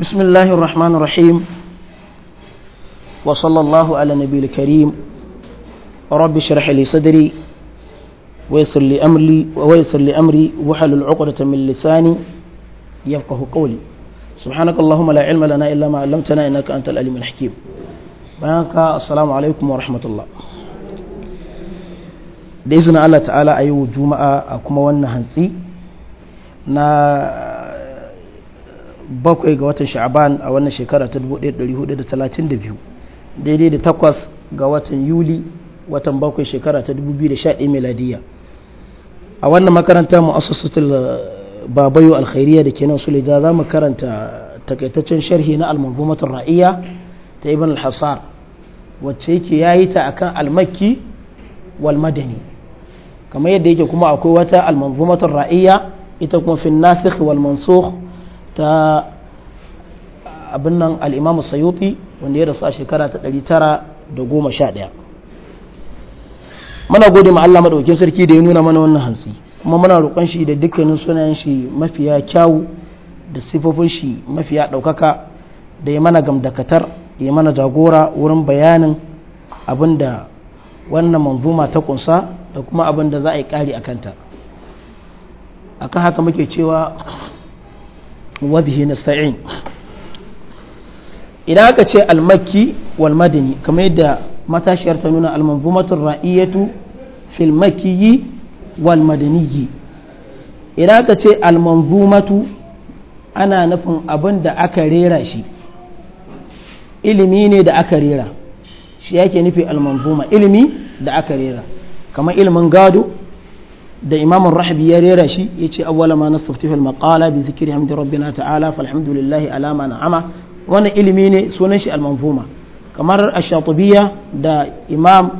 بسم الله الرحمن الرحيم وصلى الله على نبي الكريم رب اشرح لي صدري ويسر لي أمري ويسر لي أمري وحل العقدة من لساني يفقه قولي سبحانك اللهم لا علم لنا إلا ما علمتنا إنك أنت العليم الحكيم بناك السلام عليكم ورحمة الله da izinin Allah ta'ala a yau juma'a a kuma wannan hantsi na bakwai ga watan sha'aban a wannan shekara ta 1432 daidai da takwas ga watan yuli watan bakwai shekara ta 2011 meladiya a wannan makaranta mu asusutul babayu alkhairiya da ke nan suleja za mu karanta takaitaccen sharhi na almanzumatul ra'iya ta ibn al-hasar wacce yake yayi ta akan almakki wal madani kamar yadda yake kuma akwai wata almanzumatul ra'iya ita kuma fin nasikh wal mansukh ta abin nan al’imam sayuti wanda ya rasu a shekara ta 911 muna gode ma Allah maɗaukin sarki da ya nuna mana wannan hantsi kuma muna roƙon shi da dukkanin sunayen shi mafiya kyawu da sifofin shi mafiya ɗaukaka da ya mana gamdakatar ya mana jagora wurin bayanin abin da wannan manzuma ta kunsa da kuma abin da za a yi ƙari a kanta akan haka muke cewa wa bihi nasta'in idan aka ce al-makki wal yadda matashiyar ta nuna al-manzumatur ra'iyatu fil makkiyi wal madaniyi idan aka ce al-manzumatu ana nufin abin da aka rera shi ilimi ne da aka rera shi yake nufi al-manzuma ilimi da aka rera kamar ilimin gado da imamun rahabi ya rera shi ya ce awwala ma nastaftihu al-maqala bi dhikri hamdi rabbina ta'ala falhamdulillahi ala ma na'ama wannan ilimi ne sunan shi al-manfuma kamar ash-shatibiya da imam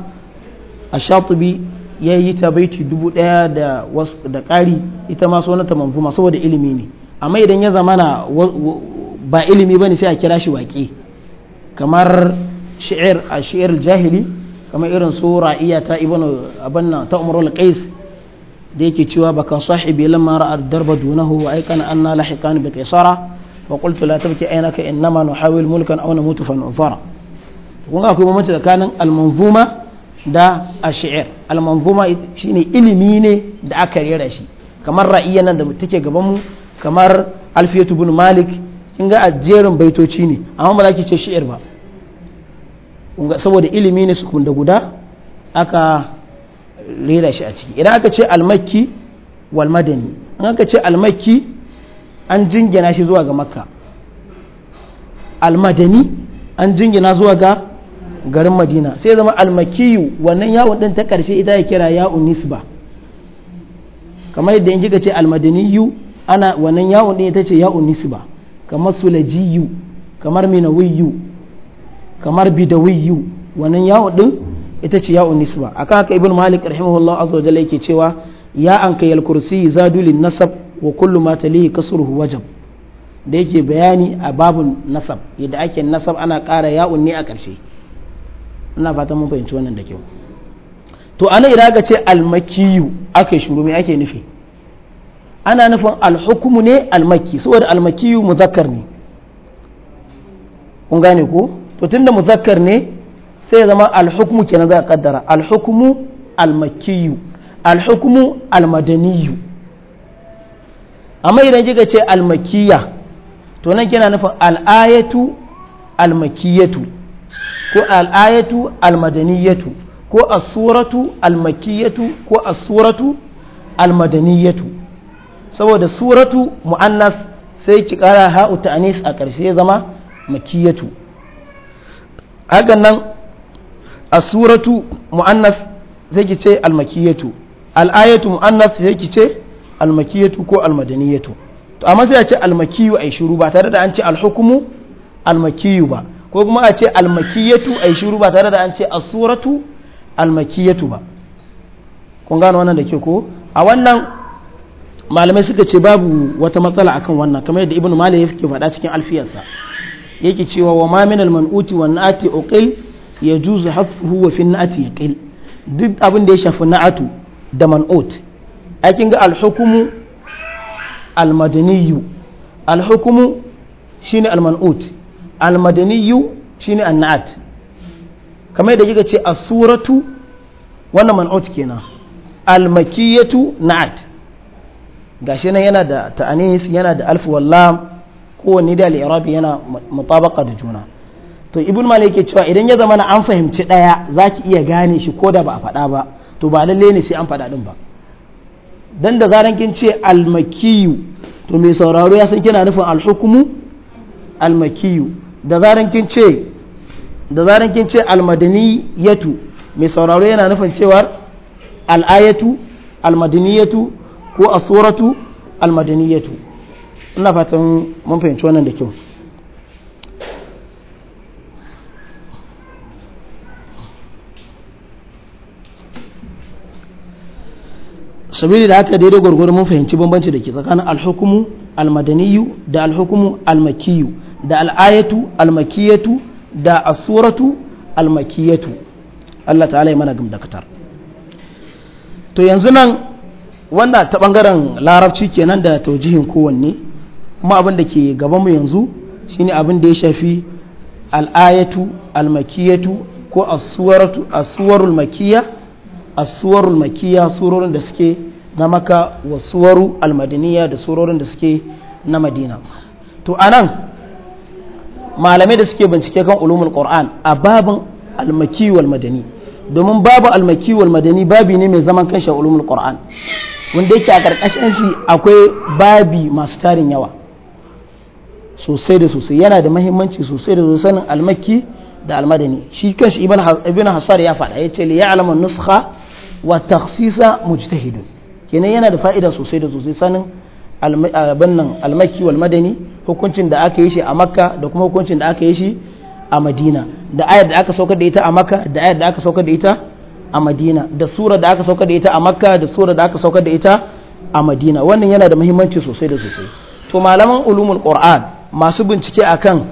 ash-shatibi ya yi ta baiti dubu daya da da ita ma sunan ta manfuma saboda ilimi ne amma idan ya zamana ba ilimi bane sai a kira shi waƙi kamar shi'ir a shi'ir jahili kamar irin su ra'iya ta ibnu abanna ta umrul qais da yake cewa bakan sahibi lamma ra'a darba dunahu wa aikana anna lahiqan bi qisara wa qultu la tabki ka innama nuhawil mulkan aw namutu fa nuzara kun ga akwai bambanci tsakanin almanzuma da ash'ir almanzuma shine ilimi ne da aka rera shi kamar ra'iya nan da take gaban mu kamar alfiyatu ibn malik kin ga ajerin baitoci ne amma ba ce shi'ir ba saboda ilimi ne su da guda aka rera shi a ciki idan aka ce almakki wal madani in aka ce almakki an jingina shi zuwa ga makka almadani an jingina zuwa ga garin madina sai zama almakiyu wannan yawon din ta karshe ita ya kira ya'un nisba kamar yadda in kika ce almadaniyu ana wannan yawon din ita ce ya'un nisba kamar sulajiyu kamar minawiyu kamar bidawiyu wannan yawon din ita ce ya'un nisba kan haka ibn malik rahimahullah azza wajalla yake cewa ya an kayal kursi zadulin nasab wa kullu ma talihi kasruhu wajab da yake bayani a babun nasab yadda ake nasab ana kara ya'un ne a ƙarshe ina fatan mun fahimci wannan da kyau to ana ira ga ce almakiyu akai shuru me ake nufi ana nufin alhukumu ne almaki saboda almakiyu muzakkar ne kun gane ko to tunda muzakkar ne sai ya zama alhukmu kenan za a kaddara alhukmu almakiyu alhukmu almadaniyu amma idan kika ce almakiya to nan kina nufin al'ayatu almakiyatu ko al'ayatu almadaniyatu ko asuratu almakiyatu ko asuratu almadaniyatu saboda suratu mu'annas sai ki kara ha'u ta'anis a ƙarshe zama makiyatu hakan nan asuratu mu'annas sai ki ce almakiyatu al'ayatu mu'annas sai ki ce almakiyatu ko almadaniyatu to amma sai a ce almakiyu makiyu ai shiru ba tare da an ce alhukumu almakiyu ba ko kuma a ce almakiyatu makiyatu ai shiru ba tare da an ce asuratu almakiyatu ba kun gano wannan da ke ko a wannan malamai suka ce babu wata matsala akan wannan kamar yadda ibnu malik yake faɗa cikin alfiyarsa yake cewa wa ma min al-man'uti wa na'ati uqil ya juzu hafuhu wa fi na'atu ya ƙil duk abin da ya shafi na'atu da man'ut aikin ga alhukumu almadaniyu alhukumu ne alman'ut almadaniyu an na'at kamar da kika ce suratu wannan ke kenan almakiyatu na'at gashi nan yana da ta'anis yana da alfu kowanne da al'irabi yana mutabaka da juna to ibn malik yake cewa idan ya zama na an fahimci daya zaki iya gane shi ko da ba a faɗa ba to ba lalle ne sai an faɗa din ba dan da zaran kin ce almakiyu to mai sauraro ya san kina nufin alhukumu almakiyu da zaran kin ce da zaran kin ce almadaniyatu mai sauraro yana nufin cewar al'ayatu almadaniyatu ko asuratu almadaniyatu ina fatan mun fahimci wannan da kyau sabili da haka daidai gwargwado mun fahimci bambanci da ke tsakanin alhukumu almadaniyu da alhukumu almakiyu da al'ayatu almakiyatu da asuratu almakiyatu Allah ta'ala ya mana katar to yanzu nan wannan ta bangaren larabci kenan da taujihin kowanne kuma abin da ke gabanmu yanzu shine abin da ya shafi al'ayatu almakiyatu ko asuwarul makiyya asuwarul makiya surorin da suke na maka wa suwaru almadiniya da surorin da suke na madina to anan malamai da suke bincike kan ulumul qur'an a babin almaki wal madani domin babu almaki wal madani babi ne mai zaman kanshi a ulumul qur'an wanda yake a karkashin shi akwai babi masu tarin yawa sosai da sosai yana da mahimmanci sosai da sosai sanin almaki da almadani shi kanshi ibn hasar ya faɗa ya ce li ya'lamu nuskha wa taksisa mujtahidun kenan yana da fa'ida sosai da sosai sanin nan almakki wal madani hukuncin da aka yi shi a makka da kuma hukuncin da aka yi shi a madina da ayar da aka saukar da ita a makka da ayar da aka saukar da ita a madina da sura da aka saukar da ita a makka da sura da aka saukar da ita a madina wannan yana da muhimmanci sosai da sosai to malaman ulumul qur'an masu bincike akan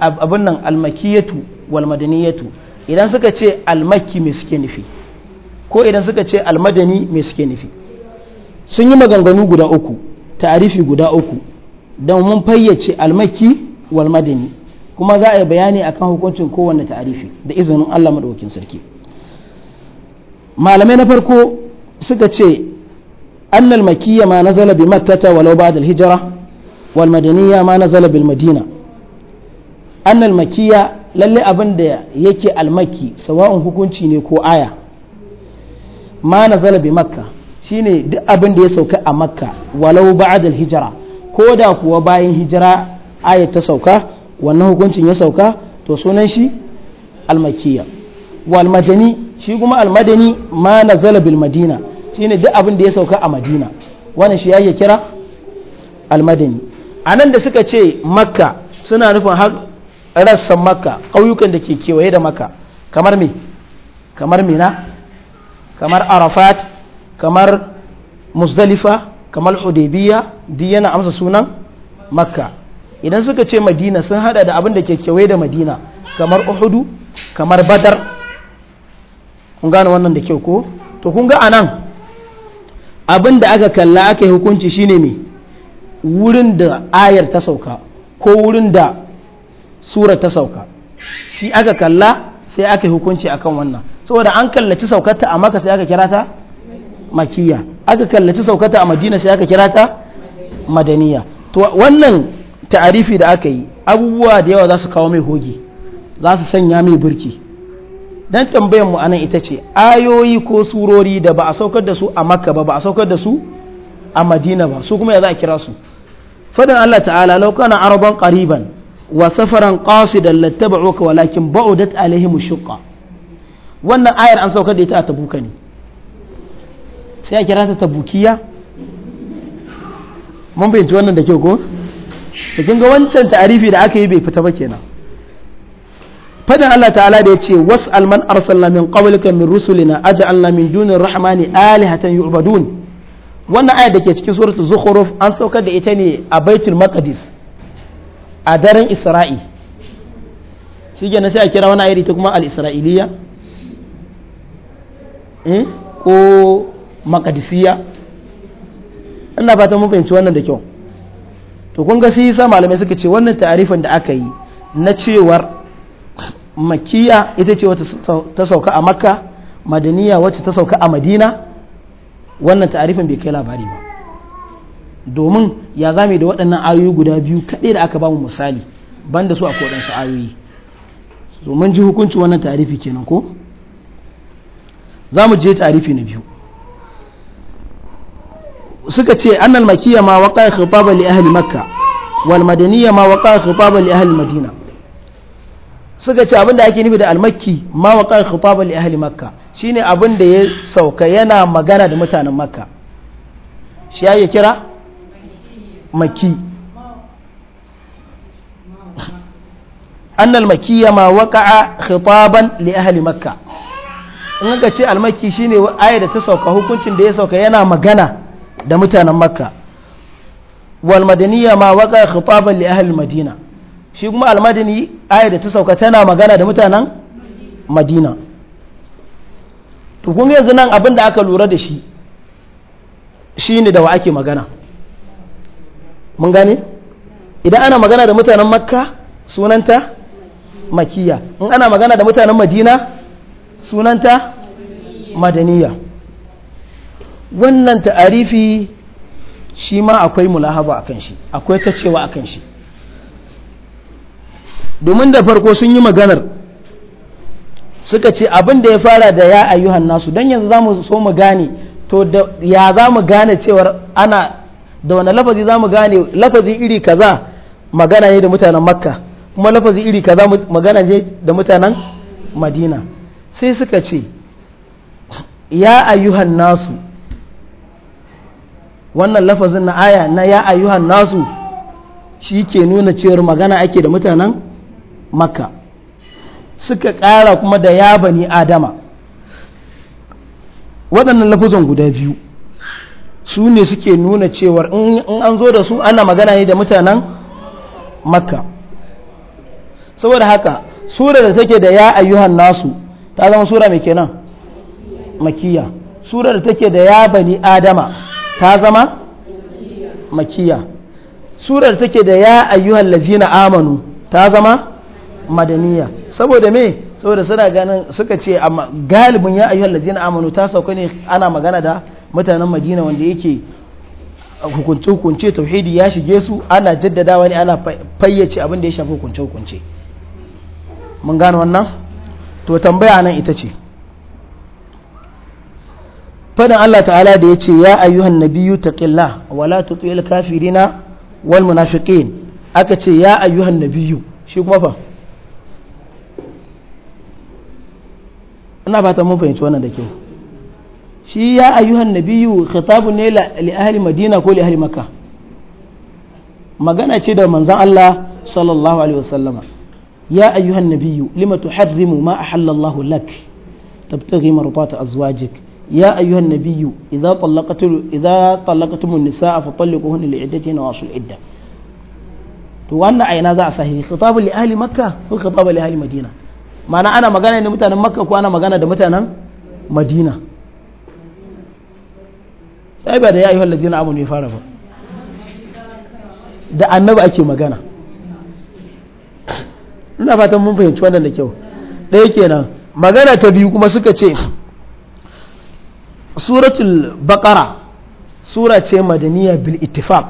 abin nan almakiyatu wal madaniyatu idan suka ce almakki me suke nufi ko idan suka ce almadani me suke nufi sun yi maganganu guda uku ta'arifi guda uku da mun fayyace almaki wal kuma za a yi bayani akan hukuncin kowanne ta'arifi da izinin Allah madaukakin sarki malamai na farko suka ce annal makiyya ma nazala bi makkata walau ba'da hijra wal madaniyya ma nazala bil madina annal makiyya lalle abin da yake almaki sawa'un hukunci ne ko aya ma zala bi makka shine duk abin da ya sauka a makka walau ba'dal hijira ko da kuwa bayan hijira aya ta sauka wannan hukuncin ya sauka to sunan shi almakiya wal madani shi kuma almadani ma nazala bil madina shine duk abin da ya sauka a madina wannan shi yake kira almadani anan da suka ce makka suna nufin rassan makka ƙauyukan da ke kewaye da makka kamar me kamar kamar arafat kamar muzdalifa kamar hudaybiya duk yana amsa sunan makka idan suka ce madina sun hada da abin da ke kewaye da madina kamar uhudu kamar badar kun gane wannan da kyau ko to kun ga anan abin da aka kalla aka yi hukunci shine me wurin da ayar ta sauka ko wurin da sura ta sauka shi aka kalla sai aka yi hukunci akan wannan saboda an kallaci saukata a maka sai aka kira ta makiya aka kallaci saukata a madina sai aka kira ta madaniya to wannan ta'arifi da aka yi abubuwa da yawa za su kawo mai hoge za su sanya mai burki dan tambayar mu anan ita ce ayoyi ko surori da ba a saukar da su a makka ba ba a saukar da su a madina ba su kuma ya za a kira su fadin allah ta'ala laukana kana araban qariban wa safaran qasidan lattaba'uka walakin ba'udat alaihim shuqqa wannan ayar an saukar da ita a tabuka ne sai a kira ta tabukiya mun fahimci wannan da kyau ko da kinga wancan ta'arifi da aka yi bai fita ba kenan fadan Allah ta'ala da yace ce was'al man arsalna min qablika min rusulina aj'alna min dunir rahmani alihatan yu'badun wannan ayar da ke cikin suratul zukhruf an saukar da ita ne a baitul maqdis a daren isra'i shi na sai a kira wani ayar ita kuma al-isra'iliya Hmm? ko makadisiya ina fata mun fahimci wannan da kyau to kun ga sai sa malamai suka ce wannan ta'arifin da aka yi na cewar makiya ita ce wata ta sauka a makka madaniya wacce ta sauka a madina wannan ta'arifin bai kai labari ba domin ya zame da waɗannan ayoyi guda biyu kaɗai da aka ba mu misali banda su a kodansu ayoyi domin ji hukunci wannan ta'arifi kenan ko za mu je tarifi na biyu suka ce annal makiyya ma waqa khitaba li ahli makka wal madaniyya ma waqa khitaba li ahli madina suka ce abinda ake nufi da almakki ma waqa khitaba li ahli makka shine abinda ya sauka yana magana da mutanen makka shi ya kira makki annal makiyya ma waqa khitaban li ahli makka in aka ce almaki shine aya da ta sauka hukuncin da ya sauka yana magana da mutanen makka wal madaniya ma waka khitaban li ahli madina shi kuma al madani aya da ta sauka tana magana da mutanen madina to kuma yanzu nan abin da aka lura da shi shine da wa ake magana mun gane idan ana magana da mutanen makka sunanta makiya in ana magana da mutanen madina sunanta madaniya wannan ta'arifi shi ma akwai mulahaba a kan shi akwai ta cewa a kan shi domin da farko sun yi maganar suka ce abin da ya fara da ya ayyuhan nasu don yanzu za so mu gane to ya za gane cewar ana da wani lafazi za gane lafazi iri kaza magana ne da mutanen makka kuma lafazi iri kaza magana ne da mutanen madina sai suka ce ya ayyuhan nasu wannan lafazin na aya na ya ayyuhan nasu shi ke nuna cewar magana ake da mutanen makka suka ƙara kuma da ya bani adama waɗannan lafazan guda biyu su ne suke nuna cewar in an zo da su ana magana ne da mutanen makka saboda haka sura da take da ya ayyuhan nasu ta zama sura mai kenan makiya sura da take da ya bani adama ta zama makiya sura da take da ya ayyuhal lazina amanu ta zama madaniya saboda me saboda suna ganin suka ce amma galibin ya ayyuhal lazina amanu ta sauka ne ana magana da mutanen madina wanda yake hukunce hukunce tauhidi ya shige su ana jaddadawa ne ana fayyace abin da ya shafi hukunce hukunce mun gane wannan to tambaya nan ita ce fadin Allah ta'ala da ya ce ya ayyuhan nabiyyu taqilla wala tuti'il kafirina wal munafiqin aka ce ya ayyuhan nabiyyu shi kuma fa ina fata mun fahimci wannan da kyau shi ya ayyuhan nabiyyu khitabun ne la li ahli madina ko li ahli makka magana ce da manzon Allah sallallahu alaihi wasallama يا أيها النبي لم تحرم ما أحل الله لك تبتغي مرضات أزواجك يا أيها النبي إذا طلقت إذا طلقتم النساء فطلقوهن لعدتهن وأصل العدة وأن أين هذا صحيح خطاب لأهل مكة هو خطاب لأهل مدينة طيب ما أنا أنا مجانا mutanen makka ko ana magana da mutanen madina sai ba da ya ayyuhal ladina amanu ya fara ba da ina fatan mun fahimci wannan da kyau ɗaya kenan magana ta biyu kuma suka ce suratul baqara sura ce madaniya bil ittifaq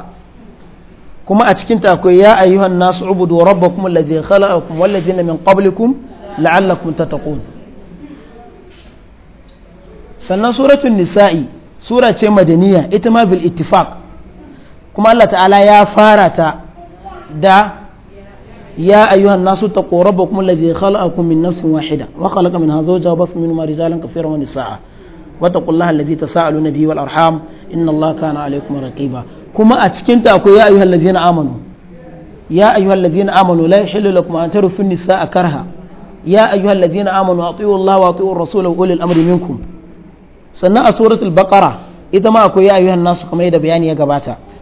kuma a cikin ta akwai ya ayyuhan nasu ubudu rabbakum alladhi khalaqakum walladhina min qablikum la'allakum tattaqun sannan suratul nisa'i sura ce madaniya ita ma bil ittifaq kuma Allah ta'ala ya fara ta da يا أيها الناس اتقوا ربكم الذي خلقكم من نفس واحدة وخلق منها زوجها وبث منهما رجالا كثيرا ونساء واتقوا الله الذي تساءلون به والأرحام إن الله كان عليكم رقيبا كما أتكنت أكو يا أيها الذين آمنوا يا أيها الذين آمنوا لا يحل لكم أن ترثوا النساء كرها يا أيها الذين آمنوا أطيعوا الله وأطيعوا الرسول وأولي الأمر منكم سنة سورة البقرة إذا ما أكو يا أيها الناس كما يدى بياني يا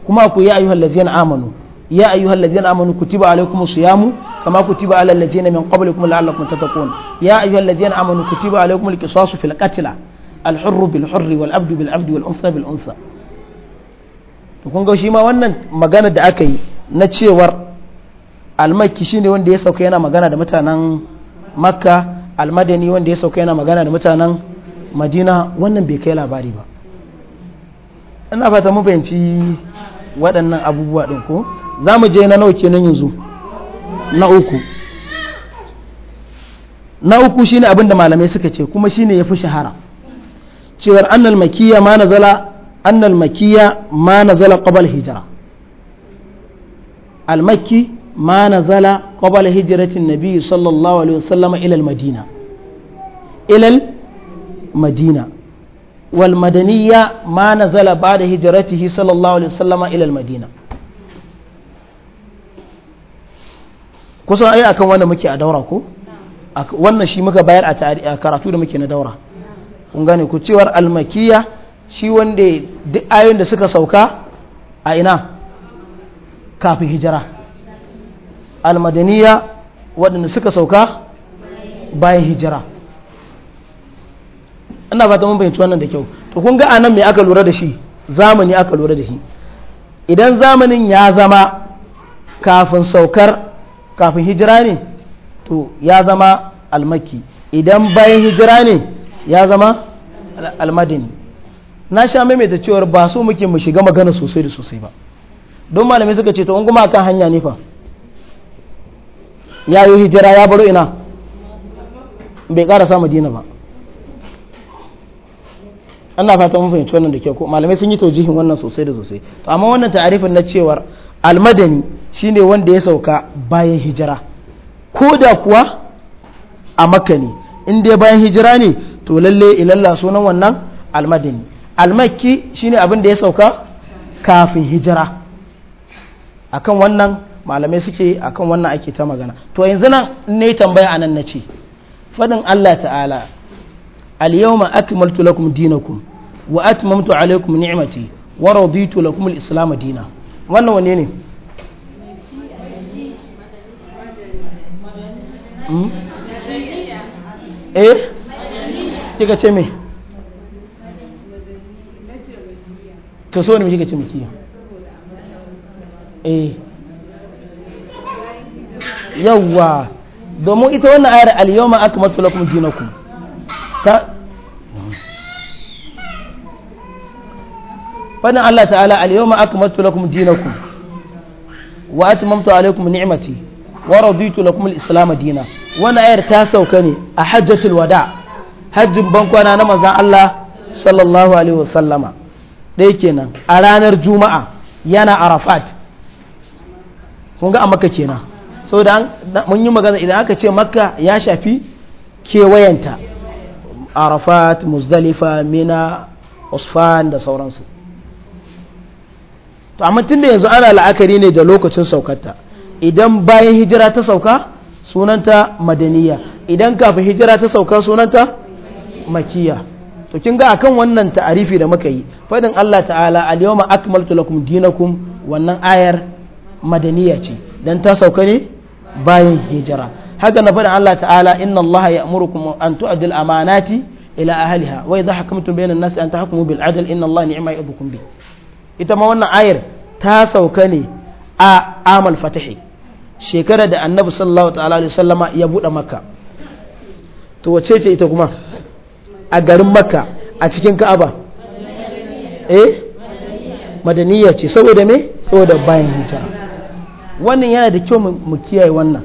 كما أكو يا أيها الذين آمنوا يا أيها الذين آمنوا كتب عليكم الصيام كما كتب على الذين من قبلكم لعلكم تتقون يا أيها الذين آمنوا كتب عليكم القصاص في القتلى الحر بالحر والعبد بالعبد والأنثى بالأنثى تكون ga ما ma wannan magana da aka yi na cewar almaki shine wanda ya sauka yana magana da mutanen makka almadani wanda ya sauka yana magana da mutanen madina wannan bai kai labari ba ina fata mu fahimci waɗannan abubuwa ɗin ko za mu je na nawa kenan yanzu na uku na uku shi ne abinda malamai suka ce kuma shi ne ya fi shahara cewar annal makiyya ma nazala annal makiyya ma nazala qabla hijra Almakki makki ma nazala qabla hijratin nabi sallallahu alaihi wasallam ila al madina ila madina wal madaniyya ma nazala ba'da hijratihi sallallahu alaihi wasallam ila al madina kusan ai akan wanda muke a daura ko wannan shi muka bayar a karatu da muke na daura kun gane ku cewar almakiya shi wanda duk ayoyin da suka sauka a ina kafin hijira almadaniya waɗanda suka sauka bayan hijira ina fata mun fahimci wannan da kyau to kun ga anan me aka lura da shi zamani aka lura da shi idan zamanin ya zama kafin saukar kafin hijira ne to ya zama almaki idan bayan hijira ne ya zama almadini na sha maimaita cewar ba so muke mu shiga magana sosai da sosai ba don malamai suka ce to ungu kuma kan hanya ne fa ya yi hijira ya baro ina bai kara sa madina ba ana fata mun fahimci wannan da kyau ko malamai sun yi tojihin wannan sosai da sosai amma wannan ta'arifin na cewar almadani shine wanda ya sauka bayan hijira ko da kuwa a makka ne in dai bayan hijira ne to lalle ilalla sunan wannan almadani almakki shine abin da ya sauka kafin hijira akan wannan malamai suke akan wannan ake ta magana to yanzu nan ne tambaya anan na ce fadin Allah ta'ala al-yawma akmaltu lakum dinakum wa atmamtu alaykum ni'mati wa raditu lakum al-islam dinan wannan wane ne Hmm? eh kika ce me to so ne kika ce miki eh yawwa domin ita wannan ayar al-yawma akmaltu lakum dinakum ta fadin Allah ta'ala al-yawma akmaltu lakum dinakum wa atmamtu alaykum ni'mati wa raditu lakum al-islam dina wannan ayar ta sauka ne a hajjatul wada hajjin bankwana na manzon Allah sallallahu alaihi wasallama dai kenan a ranar juma'a yana arafat kun ga a makka kenan saboda mun yi magana idan aka ce makka ya shafi kewayenta arafat muzdalifa mina usfan da sauransu to amma tun da yanzu ana la'akari ne da lokacin saukarta idan bayan hijira ta sauka sunanta madaniya idan kafin hijira ta sauka sunanta makiya to kin ga akan wannan ta'arifi da muka yi fadin Allah ta'ala al-yawma akmaltu lakum dinakum wannan ayar madaniya ce dan ta sauka ne bayan hijira haka na fadin Allah ta'ala inna Allah ya'murukum an tu'dil amanati ila ahliha wa idha hakamtum bainan nasi an tahkumu bil adl inna Allah ni'ma ya'idukum bi ita ma wannan ayar ta sauka ne a amal fatahi shekara da annabi sallallahu ta'ala alaihi sallama ya buɗe makka to wace ce ita kuma a garin makka a cikin ka'aba eh madaniya ce saboda me saboda bayan hijira wannan yana da kyau mu kiyaye wannan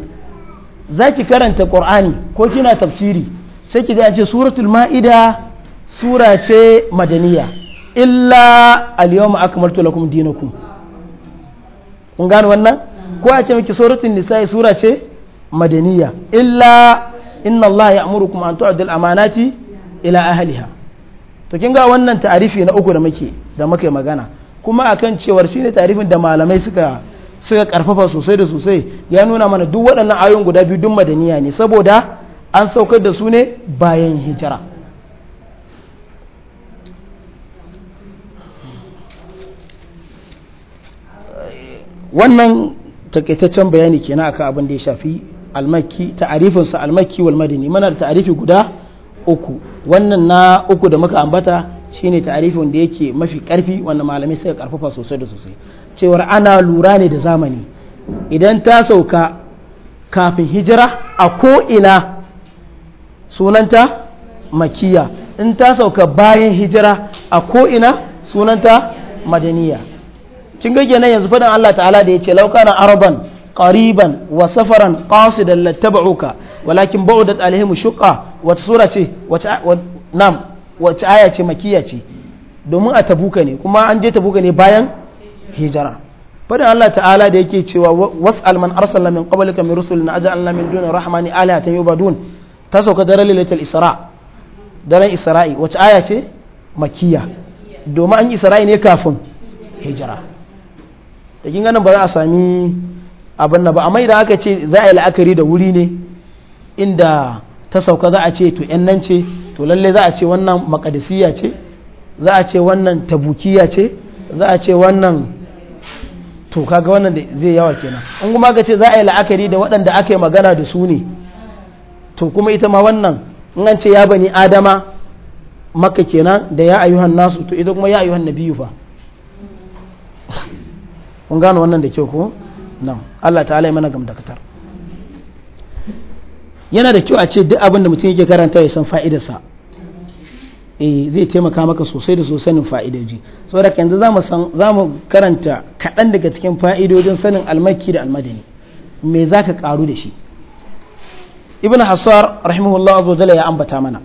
za ki karanta qur'ani ko kina tafsiri sai ki ga ce suratul ma'ida sura ce madaniya illa al-yawma akmaltu lakum dinakum kun gane wannan ko a ce miki suratul nisa'i sura ce madaniya illa inna Allah ya'murukum an tu'addul amanati ila ahliha to kin ga wannan ta'arifi na uku da muke da muke magana kuma akan cewar shine ta'arifin da malamai suka suka karfafa sosai da sosai ya nuna mana duk waɗannan ayoyin guda biyu duk madaniya ne saboda an saukar da su ne bayan hijira wannan takaitaccen bayani kenan akan abin da ya shafi almakki ta'arifin sa almakki wal madani muna da ta'arifi guda uku wannan na uku da muka ambata shine ta'arifin da yake mafi karfi wannan malamai suka karfafa sosai da sosai cewar ana lura ne da zamani idan ta sauka kafin hijira a ko sunanta makiya in ta sauka bayan hijira a ko'ina sunanta madaniya kin ga kenan yanzu fadin Allah ta'ala da yace law kana araban qariban wa safaran qasidan lattaba'uka walakin ba'udat alaihim shuqqa wata sura ce wata nam wata aya ce makiya ce domin a tabuka ne kuma an je tabuka ne bayan hijira fadin Allah ta'ala da yake cewa was'al man arsala min qablika min rusulina aj'alna min duni rahmani alihatan yubadun ta sauka daren lailatul isra daren isra'i wace aya ce makiya domin an isra'i ne kafin hijira da kin ganin ba za a sami abin na ba amma idan aka ce za a yi la'akari da wuri ne inda ta sauka za a ce to yan nan ce to lalle za a ce wannan makadisiya ce za a ce wannan tabukiya ce za a ce wannan to kaga wannan da zai yawa kenan an kuma aka ce za a yi la'akari da waɗanda aka yi magana da su ne to kuma ita ma wannan in an ce ya bani adama maka kenan da ya ayyuhan nasu to ita kuma ya ayyuhan nabiyu fa kun gano wannan da kyau ko nan Allah ta'ala ya mana gamdakatar yana da kyau a ce duk abin da mutum yake karanta ya san fa'idarsa eh, zai taimaka maka sosai da sosai sosanin fa'idoji saboda yanzu za mu karanta kaɗan daga cikin fa'idodin sanin almakki da almadani me za ka ƙaru da shi ibn hassar rahimahullah azza ya ambata mana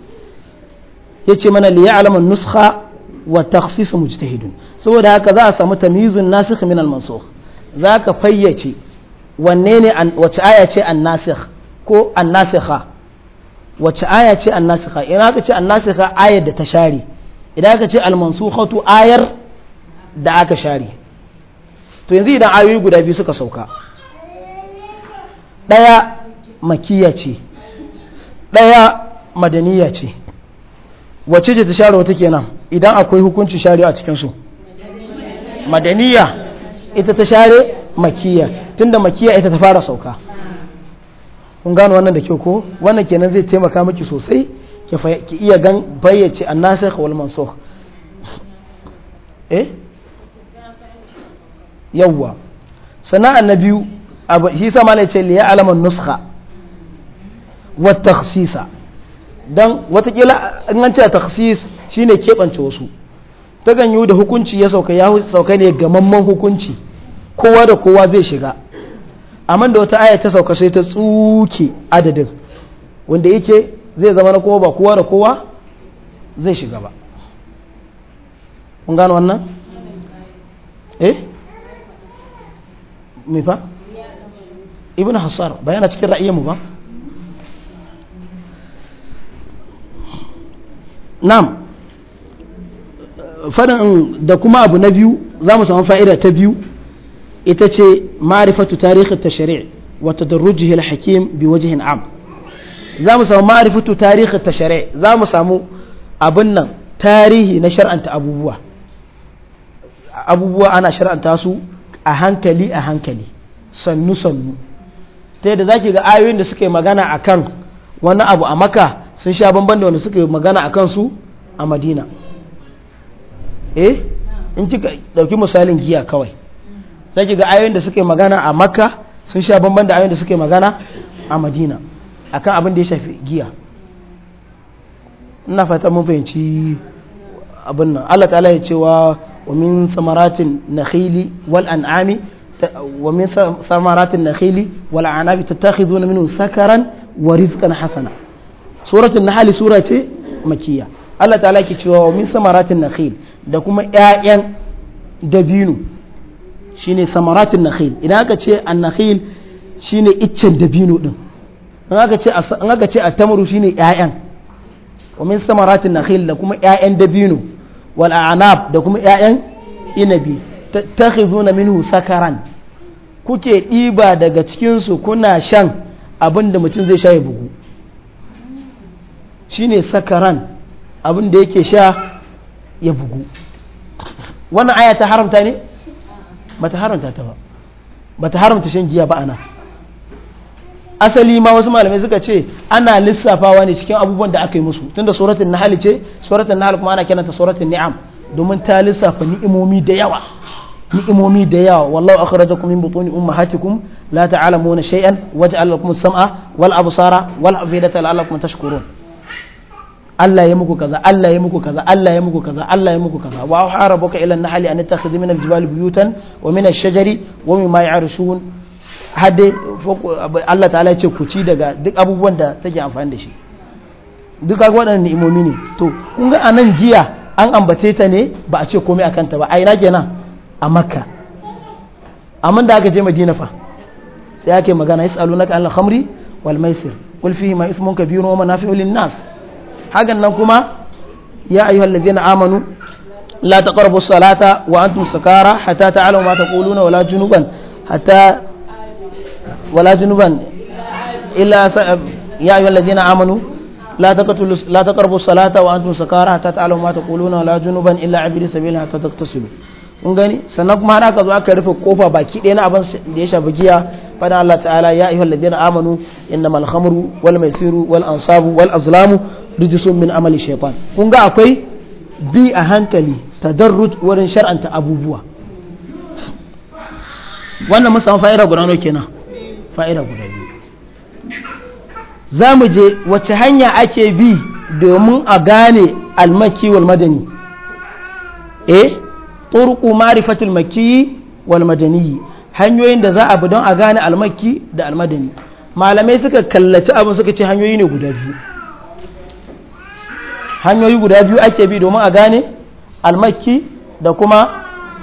ya ce mana liya alaman nuskha wa takhsis mujtahidun saboda haka za a samu tamyizun nasikh min al mansukh zaka fayyace wanne ne wace aya ce an nasikh ko an nasikha wace aya ce an nasikha idan aka ce an nasikha ayar da ta share idan aka ce al mansukhatu ayar da aka share to yanzu idan ayoyi guda biyu suka sauka ɗaya makiya ce ɗaya madaniya ce wace ce ta share wata kenan idan akwai hukuncin shari'a a cikinsu madaniya ita ta share makiya tunda makiya ita ta fara sauka kun gano wannan da kyau ko wannan kenan zai taimaka miki sosai ki iya gan bayyace ka wal mansukh eh yawwa sana'an na biyu shi sama ne ce liya alaman nuskha wa takhsisa dan watakila in an ce Shi ne keɓance wasu ta ganyu da hukunci ya sauka ya sauka ne gamamman hukunci kowa da kowa zai shiga amma da wata aya ta sauka sai ta tsuke adadin wanda yake zai zama na kowa ba kowa da kowa zai shiga ba kun gano wannan eh mai fa ibn hasar bayana cikin ra'ayinmu ba na'am faɗin da kuma abu na biyu za mu samu fa'ida ta biyu ita ce ma'rifatu tarihi tashri' wa tadarrujihi al-hakim bi wajihin am za mu samu ma'arifatu tarihin ta shari'a za mu samu abin nan tarihi na shar'anta abubuwa abubuwa ana shar'anta su a hankali a hankali sannu sannu ta yadda zaki ga ayoyin da suke magana a kan wani abu a maka sun sha bamban da wanda suke magana a su a madina eh in kika dauki misalin giya kawai sai kiga ayoyin da suke magana a makka sun sha bamban da ayoyin da suke magana a madina akan abin da ya shafi giya ina fata mun fahimci abin nan Allah ta'ala ya cewa wa min samaratin nakhili wal an'ami wa min samaratin nakhili wal anabi tattakhiduna minhu sakaran wa rizqan hasana suratul nahl sura ce makiyya Allah ta'ala ke cewa wa min samaratin nakhil da kuma 'ya'yan dabino shine samaratin nakhil idan aka ce an nakhil shine iccen dabino din an aka ce a tamaru shine 'ya'yan wa min samaratin nakhil da kuma 'ya'yan dabino wal a'nab da kuma 'ya'yan inabi zuna minhu sakaran kuke ɗiba daga cikinsu kuna shan abin da mutum zai sha ya bugu shine sakaran abin da yake sha ya bugu wannan aya ta haramta ne ba ta haramta ta ba ba ta haramta shan giya ba ana asali ma wasu malamai suka ce ana lissafawa ne cikin abubuwan da aka yi musu tunda suratul nahl ce suratul nahl kuma ana ta suratul ni'am domin ta lissafa ni'imomi da yawa ni'imomi da yawa wallahu akhrajakum min butuni ummahatikum la ta'lamuna shay'an lakum as-sam'a wal absara wal afidata la'allakum tashkurun Allah ya muku kaza Allah ya muku kaza Allah ya muku kaza Allah ya muku kaza wa harabuka ila nahli an takhudhu min al-jibal buyutan wa min ash-shajari wa mimma ya'rishun hade Allah ta'ala ya ce ku ci daga duk abubuwan da take amfani da shi duk kaga waɗannan ni'imomi ne to kun ga anan giya an ambace ta ne ba a ce komai akan ta ba a ina kenan a makka amma da aka je madina fa sai ake magana yasalunaka al-khamri wal maisir qul fihi ma ismun kabirun wa manafi'un lin-nas hakan nan kuma ya ayyuhal ladzina amanu la taqrabu salata wa antum sukara hatta ta'lamu ma taquluna wala junuban hatta wala junuban illa ya ayyuhal ladzina amanu لا تقتلوا لا تقربوا الصلاة وأنتم سكارى حتى تعلموا ما wala ولا illa إلا عبر سبيل حتى تغتسلوا kun gani sannan kuma har aka zo aka rufe kofa baki ɗaya na abin da ya shafi giya fadan Allah ta'ala ya ayyuhal ladina amanu innamal khamru wal maisiru wal ansabu wal azlamu rijisun min amali shaitan kun ga akwai bi a hankali tadarruj wurin shar'anta abubuwa wannan mun samu fa'ira guda nawa kenan fa'ira guda biyu za mu je wace hanya ake bi domin a gane almaki wal madani eh turqu marifatul makki wal madani hanyoyin da za a bi don a gane almakki da almadani malamai suka kallaci abin suka ce hanyoyi ne guda biyu hanyoyi guda biyu ake bi domin a gane almakki da kuma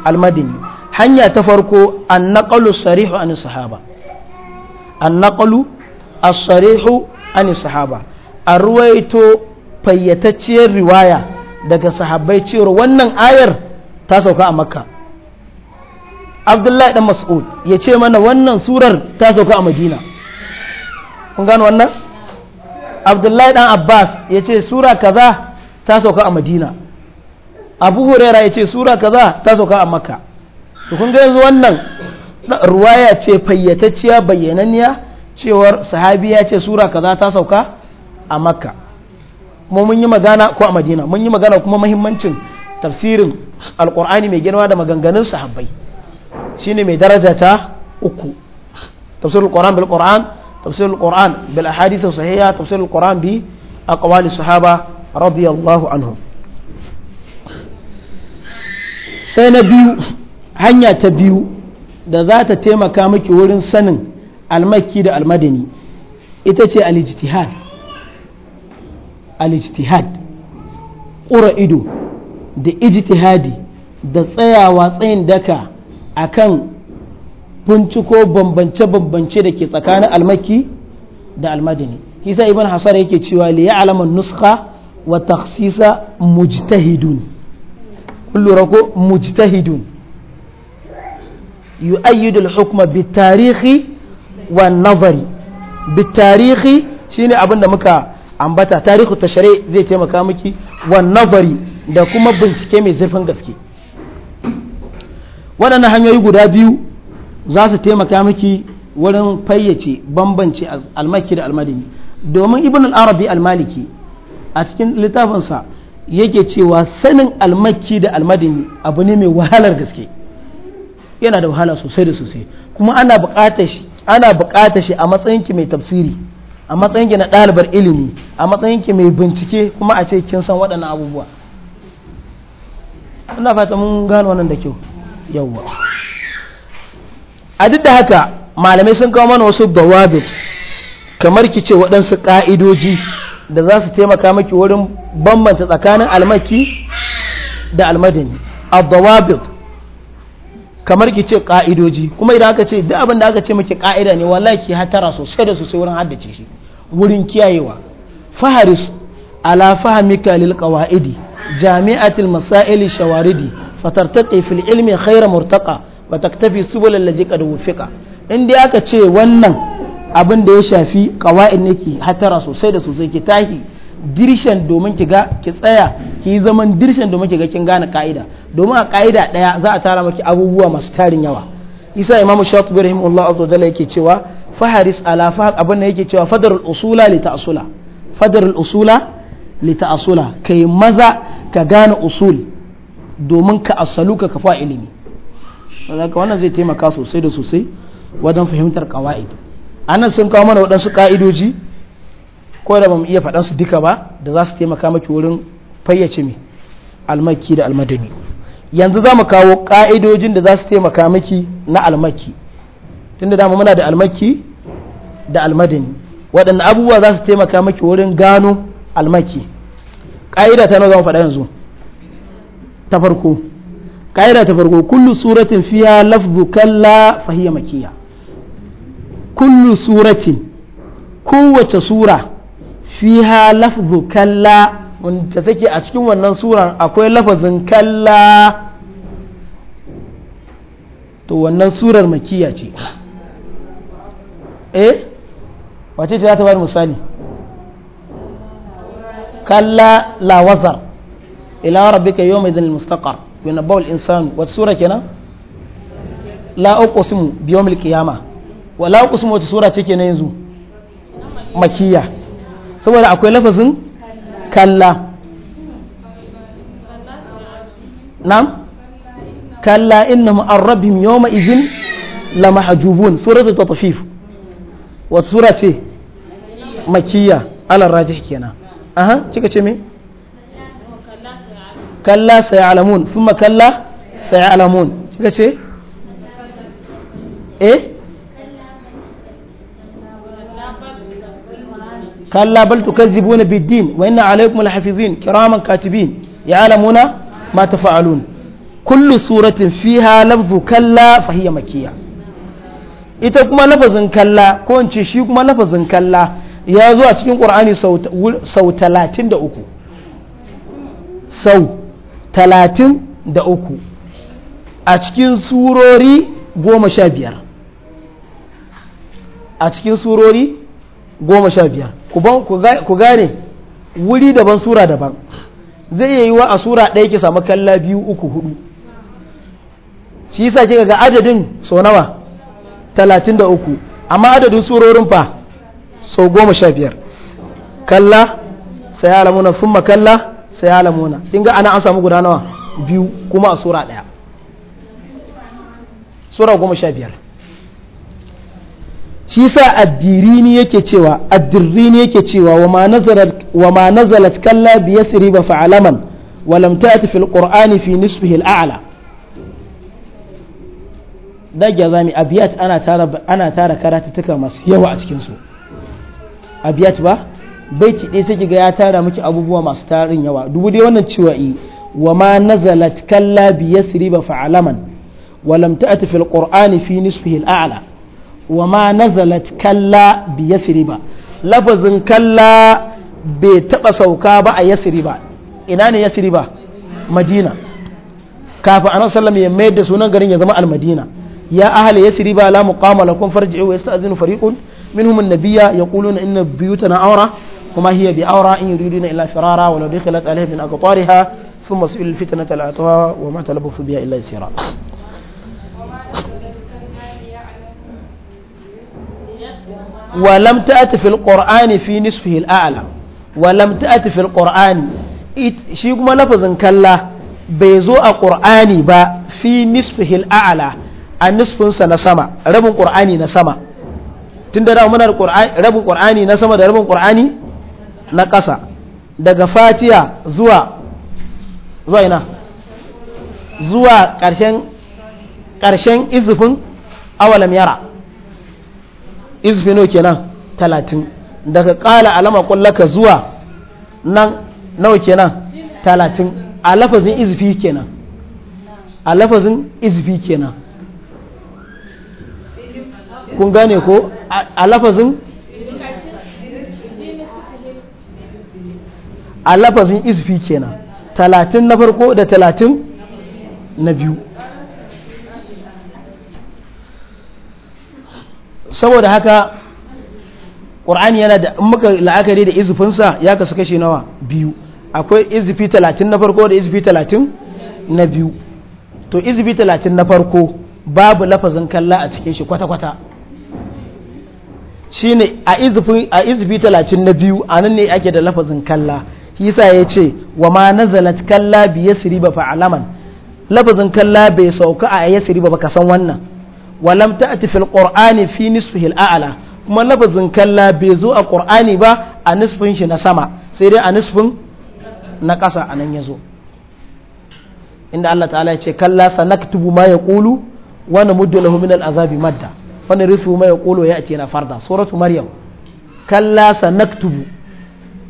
almadini hanya ta farko an naƙalu sarihu an sahaba an naƙalu as-sarihu an sahaba a ruwaito fayyatacciyar riwaya daga sahabbai cewa wannan ayar ta sauka a makka abdullahi dan mas'ud ya ce mana wannan surar ta sauka a madina kun gano wannan abdullahi dan abbas ya ce sura kaza ta sauka a madina abu huraira ya ce sura kaza ta sauka a makka to kun ga yanzu wannan ruwaya ce fayyatacciya bayyananniya cewar sahabi ya ce sura kaza ta sauka a makka mu mun yi magana ko a madina mun yi magana kuma mahimmancin tafsirin alkur'ani mai girma da maganganun sahabbai shine mai daraja ta uku tafsirul qur'an bil qur'an tafsirul qur'an bil ahadith sahiha tafsirul qur'an bi aqwali sahaba radiyallahu anhu sai na biyu hanya ta biyu da za ta taimaka miki wurin sanin almakki da almadani ita ce alijtihad alijtihad ƙura ido da ijtihadi da tsayawa tsayin daka akan binciko bambance-bambance da ke tsakanin almakki da almadani kisa ibn hasar yake cewa liya alaman nuska wa takhsisa mujtahidun kun lura ko mujtahidun yu'ayyidu al-hukma bitarihi wa nazari bitarihi shine abin da muka ambata tarihu tashari zai taimaka miki wa nazari da kuma bincike mai zurfin gaske waɗannan hanyoyi guda biyu za su taimaka miki wurin fayyace bambance almaki da almadini domin ibn al-arabi al-maliki a cikin littafinsa yake cewa sanin almakki da almadini abu ne mai wahalar gaske yana da wahala sosai da sosai kuma ana bukata shi a matsayin ki mai tafsiri a matsayin ki na ɗalibar ilimi a matsayin ki mai bincike kuma a ce kin san waɗannan abubuwa ina fata mun gano wannan da kyau yawwa a duk da haka malamai sun kawo mana wasu dawabit kamar ki ce waɗansu ƙa'idoji da za su taimaka maki wurin bambanta tsakanin almaki da almadani abdawabit kamar ki ce ka'idoji kuma idan aka ce duk abin da aka ce maki ƙa'ida ne wallahi ki hatara sosai da sosai wurin haddace shi wurin kiyayewa faharis ala fahmika lil qawaidi jami'atil masail shawaridi fatartaqi fil ilmi khayra murtaqa wa taktafi subul alladhi qad wufiqa in dai aka ce wannan abin da ya shafi ƙawa'id ne ki hatara sosai da sosai ki tahi dirshen domin ki ga ki tsaya ki yi zaman dirshen domin ki ga kin gane ka'ida domin a ka'ida ɗaya za a tara maki abubuwa masu tarin yawa isa imamu shatu birhim allah azza yake cewa faharis ala fa abin da yake cewa fadarul usula li ta'sula fadarul usula li ta'sula kai maza ka gane usul domin ka asaluka ka fa ilimi wannan zai taimaka sosai da sosai wajen fahimtar qawaid anan sun kawo mana waɗansu ƙa'idoji ko da ba mu iya faɗansu duka ba da za su taimaka maki wurin fayyace mi almaki da almadani yanzu za mu kawo ƙa'idojin da za su taimaka maki na almaki tun da dama muna da almaki da almadani waɗanne abubuwa za su taimaka maki wurin gano almaki ƙa'ida ta nawa za mu faɗa yanzu ta farko ƙa'ida ta farko kullu suratin fiya lafzu kalla fahiya makiya kullu suratin kowace sura fiha lafzu kalla wanda take a cikin wannan suran akwai lafazin kalla to wannan surar makiya ce eh wace ce za ta bada misali kalla la wazar ila rabbika yawma idhin mustaqar yunabbahu al-insanu wat sura kenan la uqsimu bi qiyamah wala uqsimu wata sura ce kenan yanzu makiya saboda akwai lafazin kalla nam kalla innahum an rabbihim yawma idhin la mahjubun suratu tatfif wata sura ce makiya ala rajih kenan aha kika ce me kalla sayalamun thumma kalla sayalamun kika ce eh كلا بل تكذبون بالدين وإن عليكم لحفظين كراما كاتبين يعلمون ما تفعلون كل سورة فيها لفظ كلا فهي مكية ita kuma lafazin kalla ko in ce shi kuma lafazin kalla ya zo a cikin ƙur'ani sau talatin da uku sau talatin da uku a cikin surori goma sha biyar a cikin surori goma sha biyar ku gane wuri daban sura daban zai iya yi wa a sura ɗaya ki samu kalla biyu uku hudu shi yasa kika ga adadin sau nawa talatin da uku amma adadin surorin fa sau goma sha biyar kalla sai alamuna fumma kalla sai alamuna kin ga ana an samu guda nawa biyu kuma a sura ɗaya sura goma sha biyar shi sa addirini yake cewa addirini yake cewa wa ma nazalat kalla bi yasri ba fa'alaman wa lam ta'ti fil qur'ani fi nisbihi al'ala da gyazami abiyat ana tara ana tara karatuttuka masu yawa a cikin su abiyat ba baiti ɗaya sai ga ya tara miki abubuwa masu tarin yawa dubu dai wannan cewa i wa ma nazalat kalla bi yasri ba fa'alaman wa lam ta'ti fil qur'ani fi nisbihi al'ala wa ma nazalat kalla bi ba lafazin kalla bai taba sauka ba a yasriba ina ne madina kafin anan sallam ya mayar da sunan garin ya zama almadina ya ahli yasriba la muqama lakum farji'u wa yasta'dhinu fariqun minhum an-nabiyya yaquluna inna buyutana awra وما هي بأورى إن يريدون إلا فرارا ولو دخلت عليهم من أقطارها ثم سئل wa لأتوها وما تلبث بها إلا يسيرا ولم تأت في القرآن في نصفه الأعلى ولم تأت في القرآن shi kuma lafazin kalla bai zo a ƙur'ani ba fi nisfihil a'ala a nisfinsa na sama rabin ƙur'ani na sama tun da muna rabin ƙur'ani na sama da rabin ƙur'ani na ƙasa daga fatiya zuwa zuwa ƙarshen izfino kenan talatin daga ƙala alama kullaka zuwa nan nawa kenan talatin a lafazin izfi kenan a lafazin izfi kenan kun gane ko a lafazin a lafazin izfi kenan talatin na farko da talatin na biyu saboda haka ƙur'ani yana da in muka la'akari da izufinsa ya kasu kashe nawa biyu akwai izufi talatin na farko da izufi talatin na biyu to izufi talatin na farko babu lafazin kalla a cikin shi kwata-kwata shi ne a izufi talatin na biyu a nan ne ake da lafazin kalla hisa ya ce wa ma na zalat kalla biya siri ba fa'alaman lafazin kalla bai sauka a yasiri ba ka san wannan wa lam ta'ti fil fi nisfihi al'ala kuma lafazin kalla bai zo a ƙur'ani ba a nisfin shi na sama sai dai a nisfin na ƙasa a nan ya zo inda Allah ta'ala ya ce kalla sanaktubu ma yaqulu wa namuddu lahu min al'azabi madda wa narithu ma yaqulu ya atina farda suratu maryam kalla sanaktubu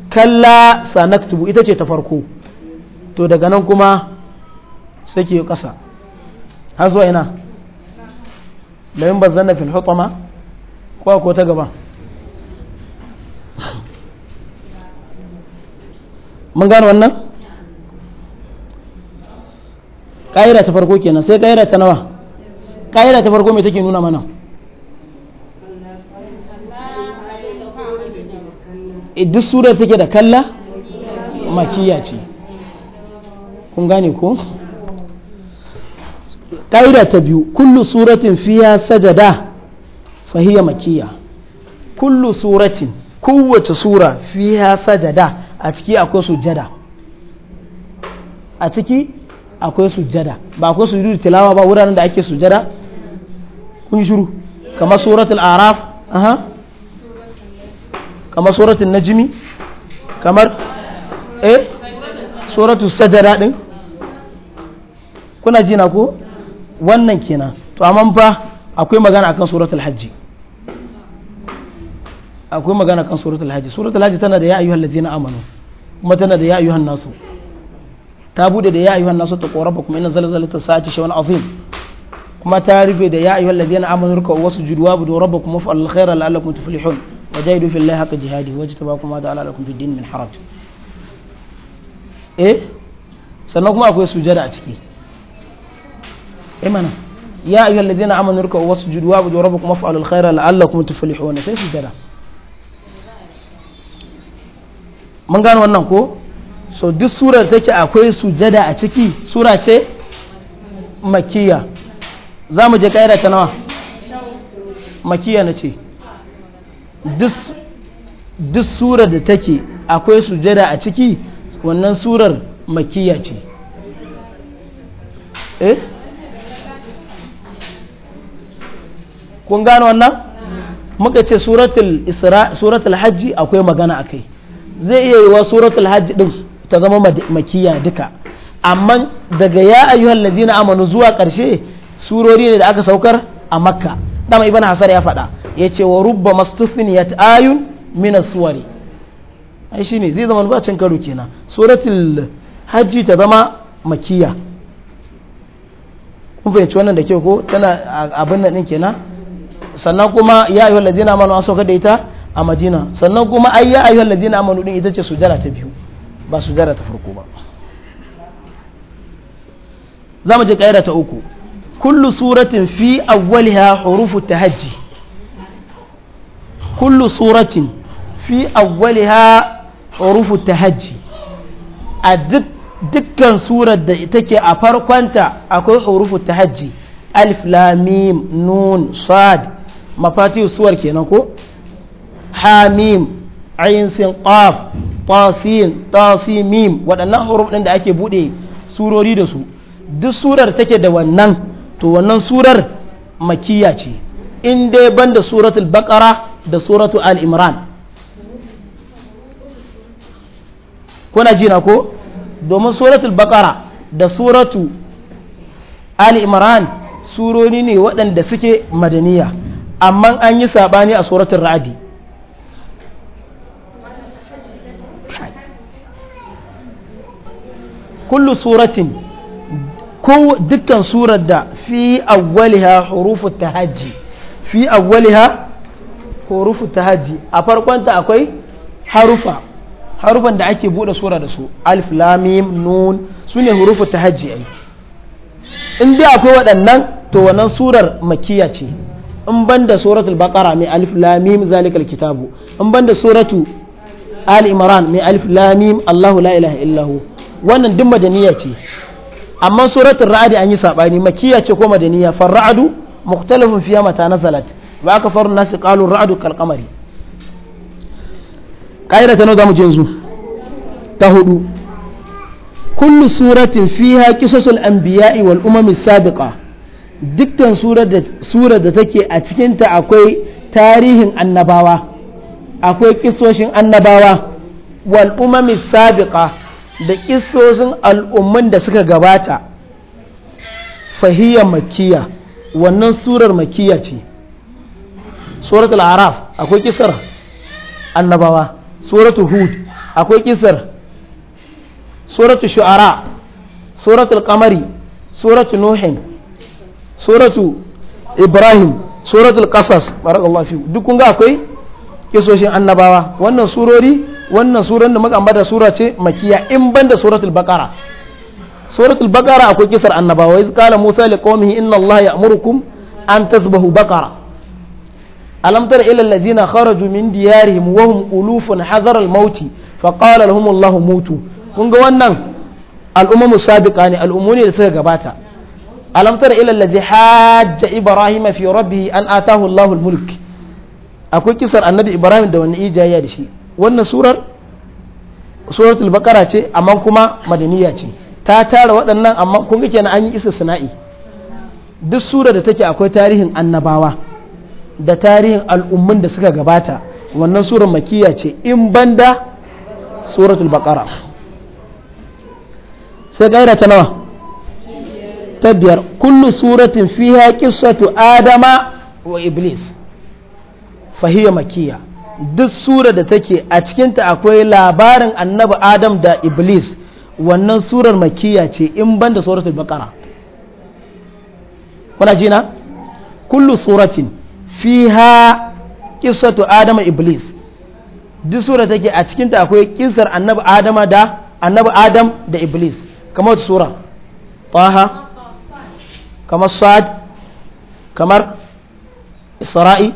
kalla sanaktubu ita ce ta farko to daga nan kuma sai ke ƙasa har zuwa ina la yin bazanna fil hutama ko ko ta gaba mun gano wannan ƙa'ida ta farko kenan sai ƙa'ida ta nawa ƙa'ida ta farko mai take nuna mana eh, duk surar take da kalla makiya ce kun gane ko ƙa'ida ta biyu kullu suratin fiya sajada fahiyya makiya kullu suratin kowace sura fiya sajada a ciki akwai sujada a ciki akwai sujada ba akwai sujudu tilawa ba wuraren da ake sujada kun shiru kamar suratul araf aha kamar suratul najimi kamar eh suratul sajada din kuna jina na ko wannan kenan to amma fa akwai magana akan suratul hajji akwai magana akan suratul hajji suratul hajji tana da ya ayyuhal ladzina amanu kuma tana da ya ayyuhan nasu ta bude da ya ayyuhan nasu ta qoraba kuma inna zalzalata sa'ati shay'un azim kuma ta rufe da ya ayyuhal ladzina amanu ruku wasjudu wabudu rabbakum al khaira la'allakum tuflihun wajahidu fillahi haqqa jihadi wajtabakum ma da'ala lakum fid din min haraj eh sannan kuma akwai sujada a ciki imana ya ayyuhal ladina amanu ruku wasjudu wa budu rabbakum waf'alul khaira la'allakum tuflihun sai su jira mun gano wannan ko so duk surar take akwai sujada a ciki sura ce makiya za mu je kaira ta nawa makiya na ce duk surar da take akwai sujada a ciki wannan surar makiya ce eh kun gano wannan muka ce suratul isra hajji akwai magana akai zai iya yi wa suratul hajji din ta zama makiya duka amma daga ya ayyuhal ladina amanu zuwa karshe surori ne da aka saukar a makka dama ibn hasar ya faɗa ya ce wa rubba mastufin ya ta'ayun mina suwari ai shi ne zai zama ba cin karo kenan suratul hajji ta zama makiya kun fahimci wannan da ke ko tana abin nan din kenan sannan kuma ya ayyuhal ladina amanu an sauka da ita a madina sannan kuma ai ya ayyuhal ladina amanu din ita ce sujada ta biyu ba sujada ta farko ba za mu je ƙaira ta uku kullu suratin fi awwaliha hurufu tahajji kullu suratin fi awwaliha hurufu tahajji a duk dukkan surar da take a farkonta akwai hurufu tahajji alif lam mim nun sad mafati suwar kenan ko hamim ayin sin qaf tasin tasimim waɗannan huruf ɗin da ake buɗe surori da su duk surar take da wannan to wannan surar makiya ce in dai banda suratul baqara da suratul al-imran kuna jina ko domin suratul baqara da suratu al-imran surori ne waɗanda suke madaniya amma an yi sabani a suratun ra'adi kullu suratin dukkan surar da fi awwaliha hurufu tahajji fi awwaliha hurufu tahajji a farkonta akwai harufa harufan da ake bude sura da su alif lamim nun su ne hurufu tahajji ai in dai akwai waɗannan to wannan surar makiya ce in banda suratul baqara mai alif lamim zalikal kitabu in da suratu al- imran mai alif lamim Allahu la ilaha illahu wannan duk madaniya ce amma suratul ra'd an yi sabani makkiya ce ko madaniya far ra'du mukhtalafun fiya mata nazalat wa aka faru nas kalun ra'du kal qamari ta yanzu ta hudu kullu suratin fiha qisasul anbiya'i wal umam as-sabiqah dukkan surar da take a cikinta akwai tarihin annabawa akwai kisoshin annabawa wal umami sabiqa da kisoshin al'umman da suka gabata fahiyya makiya wannan surar makiya ce suratul araf akwai kisar annabawa suratul hud akwai kisar suratul shu'ara suratul kamari suratul nuhin suratu ibrahim suratul qasas barakallahu fi duk kun ga akwai kisoshin annabawa wannan surori wannan suran da muka ambata sura ce makiya in banda suratul baqara suratul baqara akwai kisar annabawa iz qala musa liqaumihi inna allaha ya'murukum an tasbahu baqara alam tara ila alladhina kharaju min diyarihim wa hum ulufun hadara al-mauti fa qala lahum allah mutu kun ga wannan mu sabiqa ne da suka gabata alam tara ila alladhi hajja ibrahima fi an atahu allah almulk akwai kisar annabi ibrahim da wani ijayya da shi wannan surar suratul baqara ce amma kuma madaniya ce ta tara waɗannan amma kun ga kenan an yi sana'i. duk surar da take akwai tarihin annabawa da tarihin al'ummin da suka gabata wannan surar makiyya ce in banda suratul baqara sai gaira ta nawa ta biyar kullu suratin fiha qissatu adama wa iblis fahiya makiya duk sura da take a cikinta akwai labarin annabi adam da iblis wannan surar makiya ce in ban da suratul baqara kuna ji na kullu suratin fiha qissatu adama iblis duk sura take a cikinta akwai kisar annabi annabi adam da iblis kamar sura taha kamar sa'ad kamar isra'i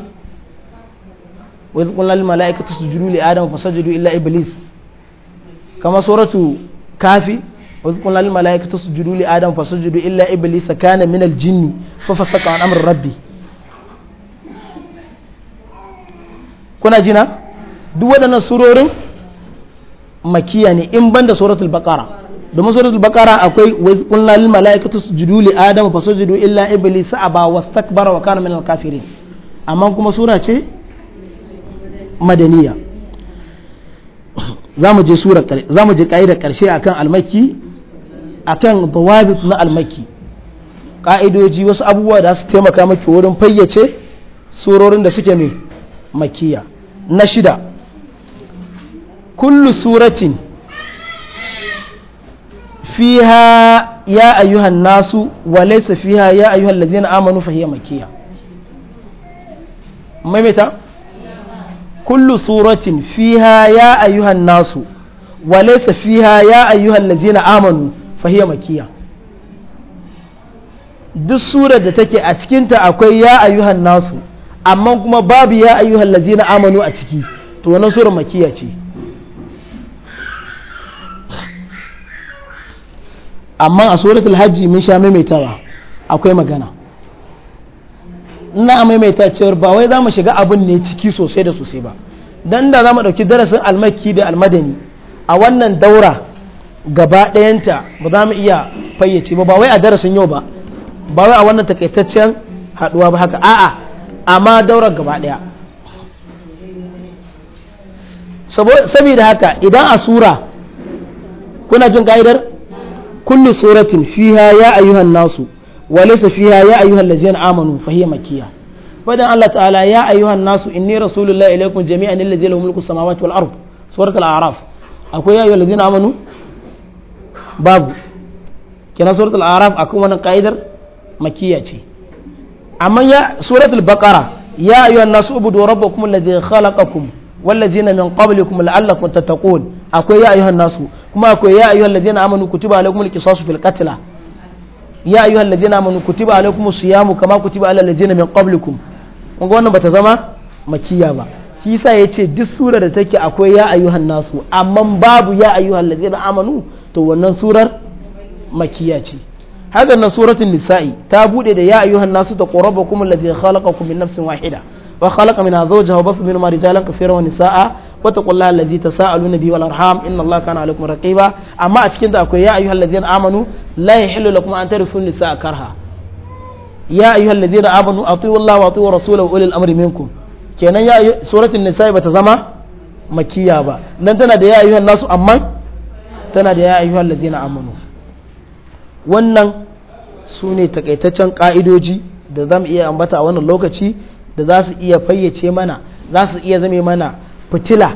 wa idh qulna lil mala'ikati isjudu li adama fasajadu illa iblis kamar suratu kafi wa idh qulna lil mala'ikati isjudu li adama fasajadu illa iblis kana min al jinni fa fasaqa an amri rabbi kuna jina duk waɗannan surorin makiya ne in banda suratul baqara da suratul bakara akwai wa qulna lil malaikatu sujudu li adam sujudu illa iblis aba wastakbara wa kana minal kafirin amma kuma sura ce madaniya zamu je sura zamu je kaida karshe akan almakki akan dawabit na almakki ka'idoji wasu abubuwa da su taimaka maki wurin fayyace surorin da suke mai makiya na shida kullu suratin fiha ya ayyuhan nasu wa laysa fiha ya ayyuhal ladina amanu fa hiya makkiya maimaita kullu suratin fiha ya ayyuhan nasu wa laysa fiha ya ayyuhal ladina amanu fa hiya duk surar da take a cikinta akwai ya ayyuhan nasu amma kuma babu ya ayyuhal ladina amanu a ciki to wannan surar makiya ce amma a suratul hajji mun sha maimaitawa akwai magana ina maimaita cewar ba wai za mu shiga abin ne ciki sosai da sosai ba dan da za mu ɗauki darasin almakki da almadani a wannan daura gaba ɗayanta ba za mu iya fayyace ba ba wai a darasin yau ba ba wai a wannan takaitaccen haɗuwa ba haka a'a amma daura gaba ɗaya saboda haka idan a sura kuna jin ka'idar kullu suratin fiha ya ayyuhan nasu wa fiha ya ayyuhal ladzina amanu fa hiya makkiyah fadan Allah ta'ala ya ayyuhan nasu inni rasulullahi ilaikum jami'an alladhi lahu mulku samawati wal ard surat al a'raf akwai ya ayyuhal amanu babu kenan surat al a'raf akan wannan kaidar makkiya ce amma ya surat al baqara ya nasu ubudu والذين من قبلكم لعلكم تتقون أكو يا أيها الناس kuma akwai ya ayyuhal ladina amanu kutiba alaikumul qisasu fil qatl ya ayyuhal ladina amanu kutiba alaikumus siyamu kama kutiba alal ladina min qablikum kuma wannan bata zama makiya ba shi yasa yace duk surar da take akwai ya ayyuhan nasu amma babu ya ayyuhal ladina amanu to wannan surar makiya ce hadan suratul nisa'i ta bude da ya ayyuhan nasu taqrabakum alladhi khalaqakum min nafsin wahida وخلق منها زوجها وبث منهما رجالا كثيرا ونساء واتقوا الله الذي تساءلون به والارحام ان الله كان عليكم رقيبا اما اشكين اكو يا ايها الذين امنوا لا يحل لكم ان ترثوا النساء كرها يا ايها الذين امنوا اطيعوا الله واطيعوا رسوله واولي الامر منكم kenan ya suratul nisa'i bata zama makiya ba nan tana da ya ayyuhan nasu amma tana da ya amanu wannan sune takaitaccen ka'idoji da zamu iya ambata a wannan lokaci da za su iya fayyace mana za su iya zame mana fitila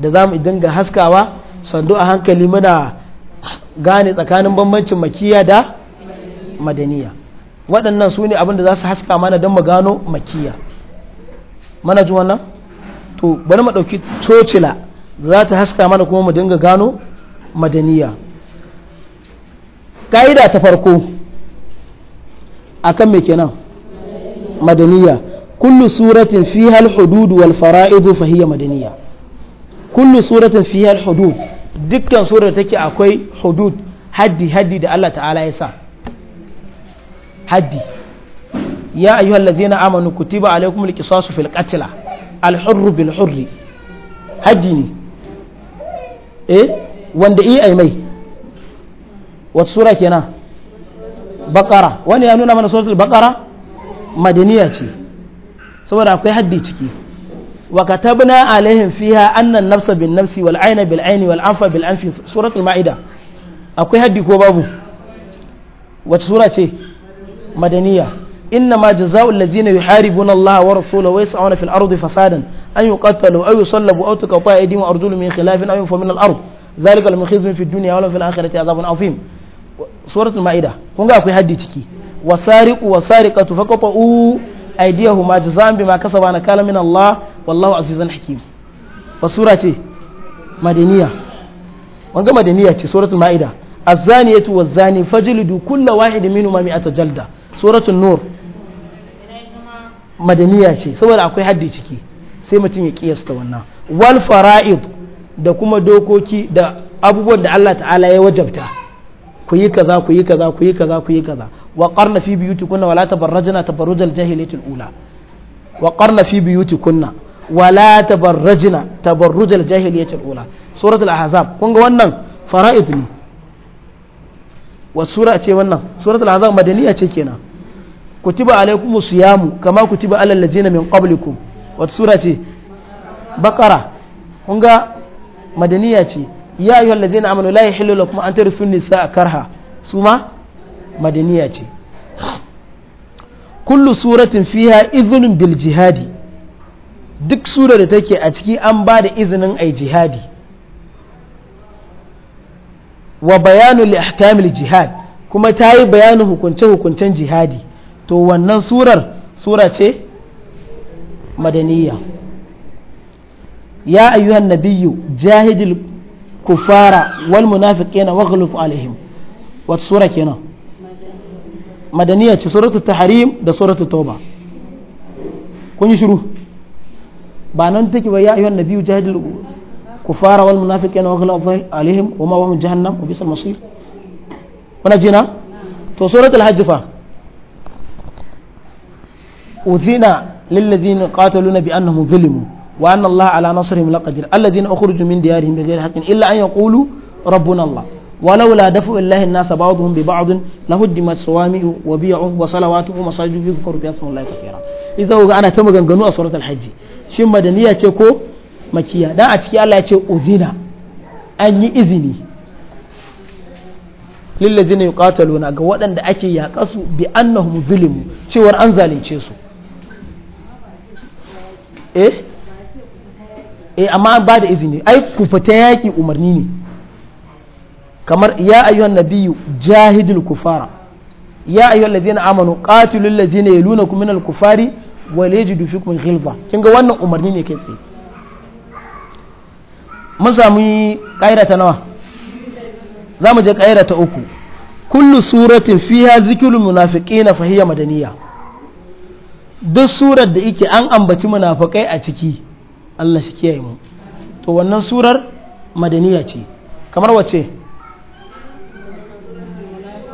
da za mu dinga haskawa sandu a hankali muna gane tsakanin bambancin makiya da madaniya waɗannan su ne abin da za su haska mana don mu gano makiya mana ji wannan to bari mu ɗauki cocila da za ta haska mana kuma mu dinga gano madaniya ƙa'ida ta farko akan me kenan madaniya kullu suratin fiha hudud wal fara'id fa hiya madaniyya suratin fiha al-hudud dukkan surar take akwai hudud haddi haddi da Allah ta'ala sa haddi ya ayyuhal ladzina amanu kutiba alaykumul qisasu fil qatl al-hurr eh? wanda iya ai mai wata sura wani nuna mana suratul baqara madaniya ce saboda akwai haddi ciki wa katabna fiha annan nafsa bin nafsi wal aina bil aini wal akwai haddi ko babu wata madaniya Allah wa rasulahu wa fasadan an yuqatalu aw yusallabu aw akwai haddi ciki wasariqu wasariqatu faqatu aydiyahuma bi ma kasaba na kala min Allah wallahu azizan hakim wa sura ce madaniya wanga madaniya ce suratul maida azzaniyatu zaniyatu zani fajlidu kulla wahid ma mi'ata jalda suratul nur madaniya ce saboda akwai haddi ciki sai mutum ya kiyasta wannan wal fara'id da kuma dokoki da abubuwan da Allah ta'ala ya wajabta ku yi kaza ku yi kaza ku yi kaza ku yi kaza wa qarna fi biyutikunna wala tabarrajna tabarrujal ula wa qarna fi wala tabarrajna tabarrujal ula suratul ahzab kun ga wannan fara'id ne wa sura ce wannan suratul ahzab madaniya ce kenan kutiba alaikumus siyamu kama kutiba alal ladzina min qablikum wata sura ce bakara kun ga madaniya ce ya ayyuhal ladina amanu la yahillu lakum an tarithun nisaa karha suma madaniya ce kullu suratin fiha idhnun bil jihadi duk surar da take a ciki an ba da izinin ai jihadi wa bayanu li ahkamil jihad kuma ta yi bayanin hukunce-hukuncen jihadi to wannan surar sura ce madaniya ya ayyuhan nabiyyu jahidil kufara wal munafiqina waghluf alaihim wata sura kenan madaniya ce suratul tahrim da suratul tauba kun yi shiru ba nan take ba ya ayyuhan nabiyyu jahidul kufara wal munafiqina waghluf alaihim wa ma wahum jahannam wa bisal masir kuna jina to suratul hajj fa udhina lil ladina wa anna Allah ala nasrihim laqadir alladhina ukhrijoo min diyarihim bighayri haqqin illa an yaqulu rabbuna Allah ولولا دفع الله الناس بعضهم ببعض لهدمت صوامع وبيع وصلوات ومساجد يذكر بها اسم الله كثيرا إذا هو أنا تم غنغنو أسورة الحج شين مدنية تشكو مكية دا أتكي الله يتشي أذنا أني إذني lillazina yuqataluna ga waɗanda ake yaƙasu bi annahum zulimu cewar an zalunce su eh eh amma an da izini ai ku fita yaki umarni ne kamar ya ayyuhan nabiyyu jahidul kufara ya ayyuhal ladina amanu qatilul ladina yalunakum al kufari wa yajidu fikum ghilza kin wannan umarni ne kai tsaye mun samu kaida ta nawa za je kaida ta uku kullu suratin fiha zikrul munafiqin fa hiya madaniyya duk surar da yake an ambaci munafikai a ciki Allah shi kiyaye mu to wannan surar madaniya ce kamar wace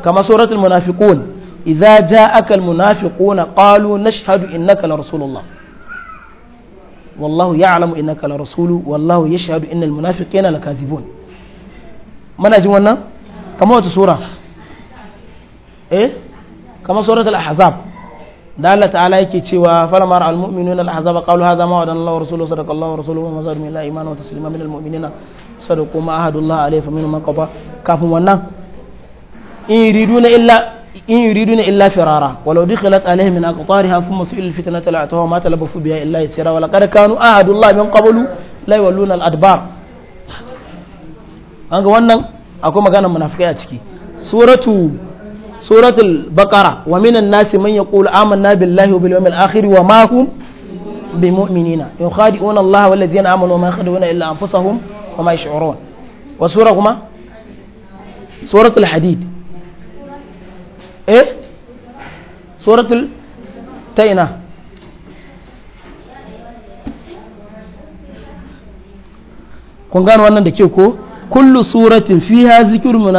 kamar suratul munafiqun idza ja'aka al munafiquna qalu nashhadu innaka rasulullah wallahu ya'lamu innaka la rasulu wallahu yashhadu innal munafiqina lakazibun mana jin wannan kamar wata sura eh kamar suratul ahzab da Allah ta'ala yake cewa falamar almu'minuna al-ahzaba qalu hadha ma wadana Allah wa rasuluhu sadaqa Allah wa rasuluhu wa min iman wa taslima min sadaqu ma ahadullah alayhi fa kafin wannan in yuriduna illa in yuriduna illa firara walau dukhilat min aqtariha thumma su'il la'atuha ma biha illa yasira wa laqad kanu ahadullah min qablu la al-adbar an wannan akwai maganar munafikai a ciki suratu suratul baƙara wa minan nasi man ya amanna billahi wa bil yawmil akhir wa ma hum bimu'minina yukhadi'una Allah wal ladzina amanu wa ma yakhaduna kuma suratul hadid eh suratul taina kun gano da ke kullu suratin fiha zikrul